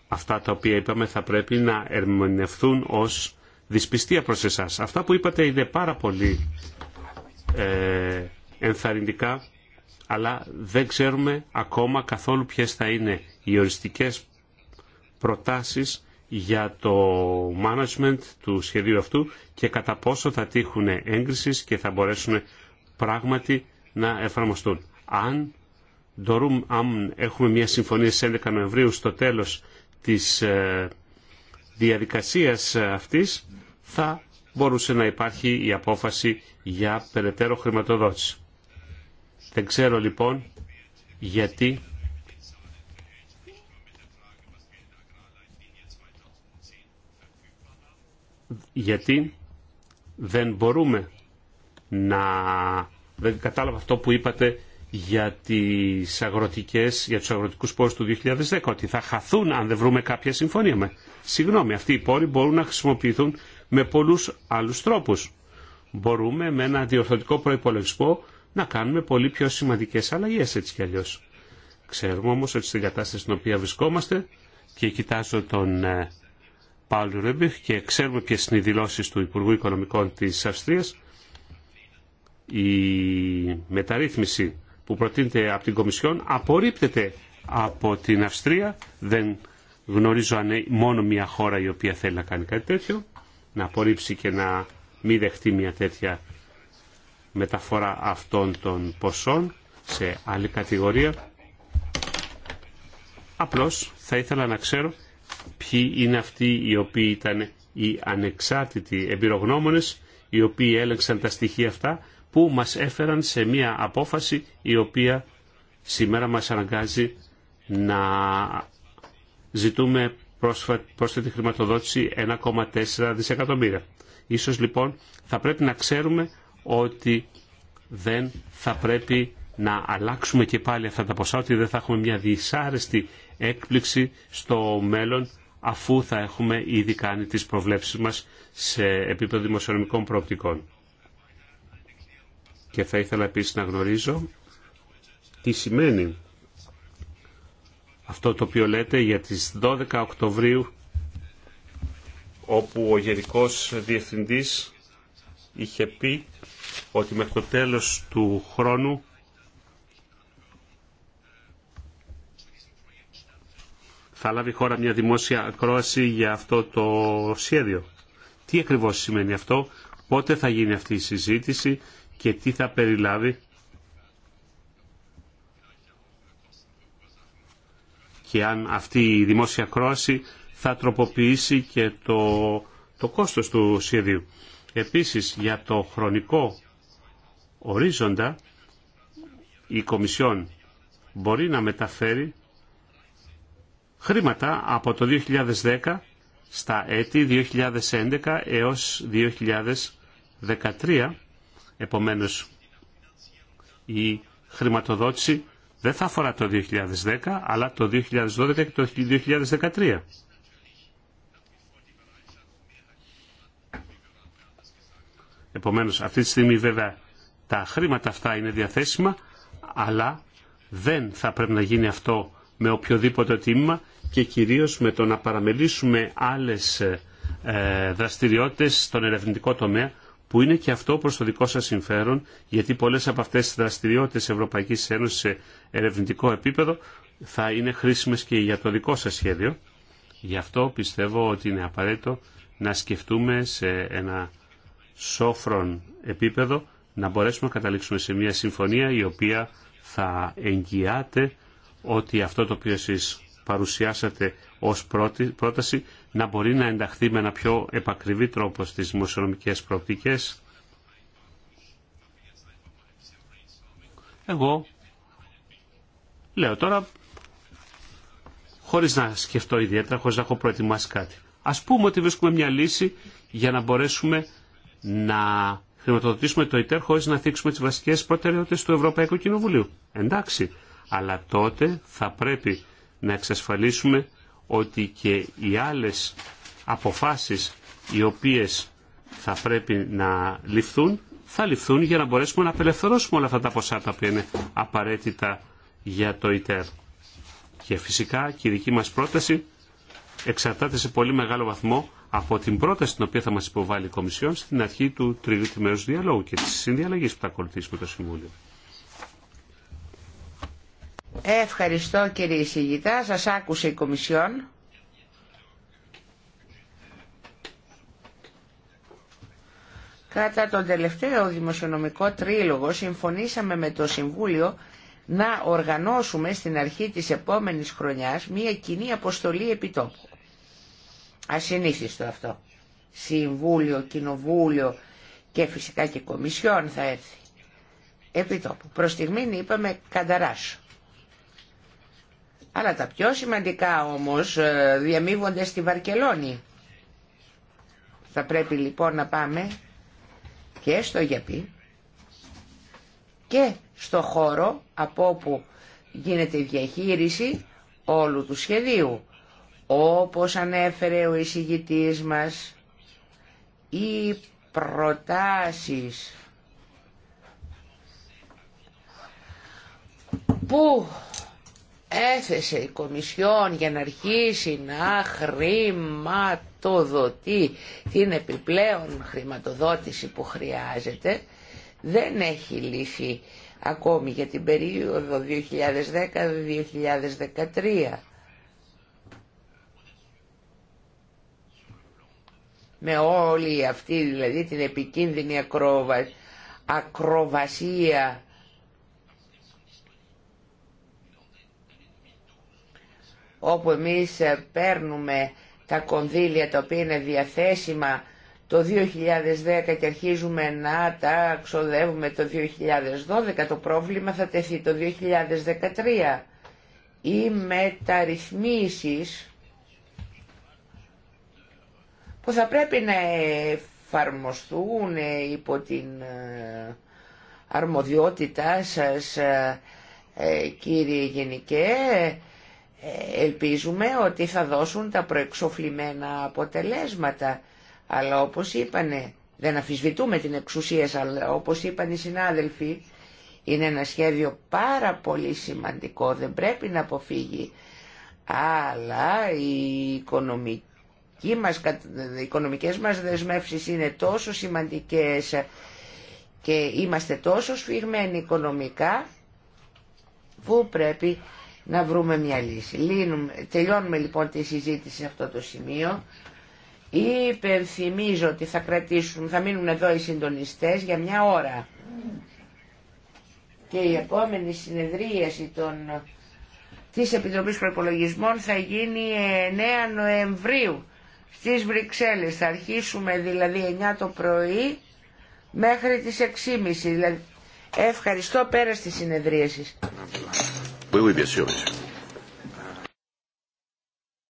αυτά τα οποία είπαμε θα πρέπει να ερμηνευθούν ως δυσπιστία προς εσάς. Αυτά που είπατε είναι πάρα πολύ ε, ενθαρρυντικά, αλλά δεν ξέρουμε ακόμα καθόλου ποιες θα είναι οι οριστικές προτάσεις για το management του σχεδίου αυτού και κατά πόσο θα τύχουν έγκρισης και θα μπορέσουν πράγματι να εφαρμοστούν. Αν αν έχουμε μια συμφωνία στις 11 Νοεμβρίου στο τέλος της ε, διαδικασίας ε, αυτής θα μπορούσε να υπάρχει η απόφαση για περαιτέρω χρηματοδότηση. Δεν ξέρω λοιπόν γιατί γιατί δεν μπορούμε να δεν κατάλαβα αυτό που είπατε για, τις αγροτικές, για τους αγροτικούς πόρους του 2010, ότι θα χαθούν αν δεν βρούμε κάποια συμφωνία. Με. Συγγνώμη, αυτοί οι πόροι μπορούν να χρησιμοποιηθούν με πολλούς άλλους τρόπους. Μπορούμε με ένα διορθωτικό προϋπολογισμό να κάνουμε πολύ πιο σημαντικές αλλαγές έτσι κι αλλιώς. Ξέρουμε όμως ότι στην κατάσταση στην οποία βρισκόμαστε και κοιτάζω τον ε, Παύλου Ρέμπιχ και ξέρουμε ποιες είναι οι δηλώσεις του Υπουργού Οικονομικών της Αυστρίας, η μεταρρύθμιση που προτείνεται από την Κομισιόν απορρίπτεται από την Αυστρία. Δεν γνωρίζω αν μόνο μια χώρα η οποία θέλει να κάνει κάτι τέτοιο, να απορρίψει και να μην δεχτεί μια τέτοια μεταφορά αυτών των ποσών σε άλλη κατηγορία. Απλώς θα ήθελα να ξέρω ποιοι είναι αυτοί οι οποίοι ήταν οι ανεξάρτητοι εμπειρογνώμονες οι οποίοι έλεγξαν τα στοιχεία αυτά που μας έφεραν σε μια απόφαση η οποία σήμερα μας αναγκάζει να ζητούμε πρόσθετη χρηματοδότηση 1,4 δισεκατομμύρια. Ίσως λοιπόν θα πρέπει να ξέρουμε ότι δεν θα πρέπει να αλλάξουμε και πάλι αυτά τα ποσά, ότι δεν θα έχουμε μια δυσάρεστη έκπληξη στο μέλλον αφού θα έχουμε ήδη κάνει τις προβλέψεις μας σε επίπεδο δημοσιονομικών προοπτικών και θα ήθελα επίσης να γνωρίζω τι σημαίνει αυτό το οποίο λέτε για τις 12 Οκτωβρίου όπου ο Γενικός Διευθυντής είχε πει ότι με το τέλος του χρόνου θα λάβει η χώρα μια δημόσια ακρόαση για αυτό το σχέδιο. Τι ακριβώς σημαίνει αυτό, πότε θα γίνει αυτή η συζήτηση, και τι θα περιλάβει και αν αυτή η δημόσια κρόση θα τροποποιήσει και το, το κόστος του σχεδίου. Επίσης για το χρονικό ορίζοντα η Κομισιόν μπορεί να μεταφέρει χρήματα από το 2010 στα έτη 2011 έως 2013 Επομένως, η χρηματοδότηση δεν θα αφορά το 2010, αλλά το 2012 και το 2013. Επομένως, αυτή τη στιγμή βέβαια τα χρήματα αυτά είναι διαθέσιμα, αλλά δεν θα πρέπει να γίνει αυτό με οποιοδήποτε τίμημα και κυρίως με το να παραμελήσουμε άλλες ε, δραστηριότητες στον ερευνητικό τομέα που είναι και αυτό προς το δικό σας συμφέρον, γιατί πολλές από αυτές τις δραστηριότητες Ευρωπαϊκής Ένωσης σε ερευνητικό επίπεδο θα είναι χρήσιμες και για το δικό σας σχέδιο. Γι' αυτό πιστεύω ότι είναι απαραίτητο να σκεφτούμε σε ένα σόφρον επίπεδο να μπορέσουμε να καταλήξουμε σε μια συμφωνία η οποία θα εγγυάται ότι αυτό το οποίο εσείς παρουσιάσατε ως πρόταση να μπορεί να ενταχθεί με ένα πιο επακριβή τρόπο στις δημοσιονομικές προοπτικές. Εγώ λέω τώρα, χωρίς να σκεφτώ ιδιαίτερα, χωρίς να έχω προετοιμάσει κάτι. Ας πούμε ότι βρίσκουμε μια λύση για να μπορέσουμε να χρηματοδοτήσουμε το ΙΤΕΡ χωρίς να θίξουμε τις βασικές προτεραιότητες του Ευρωπαϊκού Κοινοβουλίου. Εντάξει, αλλά τότε θα πρέπει να εξασφαλίσουμε ότι και οι άλλες αποφάσεις οι οποίες θα πρέπει να ληφθούν, θα ληφθούν για να μπορέσουμε να απελευθερώσουμε όλα αυτά τα ποσά τα οποία είναι απαραίτητα για το ΙΤΕΡ. Και φυσικά και η δική μας πρόταση εξαρτάται σε πολύ μεγάλο βαθμό από την πρόταση την οποία θα μας υποβάλει η Κομισιόν στην αρχή του τρίτου μέρους διαλόγου και της συνδιαλλαγής που θα ακολουθήσουμε το Συμβούλιο. Ευχαριστώ κύριε Ισηγητά, σας άκουσε η Κομισιόν. Κατά τον τελευταίο δημοσιονομικό τρίλογο συμφωνήσαμε με το Συμβούλιο να οργανώσουμε στην αρχή της επόμενης χρονιάς μία κοινή αποστολή επιτόπου. Ασυνήθιστο αυτό. Συμβούλιο, Κοινοβούλιο και φυσικά και Κομισιόν θα έρθει. Επιτόπου. Προς στιγμήν είπαμε Κανταράσο. Αλλά τα πιο σημαντικά όμως ε, διαμείβονται στη Βαρκελόνη. Θα πρέπει λοιπόν να πάμε και στο γιαπί και στο χώρο από όπου γίνεται η διαχείριση όλου του σχεδίου. Όπως ανέφερε ο εισηγητής μας, οι προτάσεις που έθεσε η Κομισιόν για να αρχίσει να χρηματοδοτεί την επιπλέον χρηματοδότηση που χρειάζεται δεν έχει λυθεί ακόμη για την περίοδο 2010-2013. Με όλη αυτή δηλαδή την επικίνδυνη ακροβασία όπου εμείς ε, παίρνουμε τα κονδύλια τα οποία είναι διαθέσιμα το 2010 και αρχίζουμε να τα ξοδεύουμε το 2012, το πρόβλημα θα τεθεί το 2013. Οι μεταρρυθμίσεις που θα πρέπει να εφαρμοστούν ε, υπό την ε, αρμοδιότητά σας κύριε Γενικέ, ελπίζουμε ότι θα δώσουν τα προεξοφλημένα αποτελέσματα. Αλλά όπως είπανε, δεν αφισβητούμε την εξουσία, αλλά όπως είπαν οι συνάδελφοι, είναι ένα σχέδιο πάρα πολύ σημαντικό, δεν πρέπει να αποφύγει. Αλλά οι οικονομικοί μας, οι οικονομικές μας δεσμεύσεις είναι τόσο σημαντικές και είμαστε τόσο σφιγμένοι οικονομικά που πρέπει να βρούμε μια λύση. Λύνουμε, τελειώνουμε λοιπόν τη συζήτηση σε αυτό το σημείο. Υπενθυμίζω ότι θα κρατήσουν, θα μείνουν εδώ οι συντονιστές για μια ώρα. Και η επόμενη συνεδρίαση των, της Επιτροπής Προπολογισμών θα γίνει 9 Νοεμβρίου στις Βρυξέλλες. Θα αρχίσουμε δηλαδή 9 το πρωί μέχρι τις 6.30. Δηλαδή, ευχαριστώ πέρα στη συνεδρίαση. Oui, oui, bien sûr, bien sûr.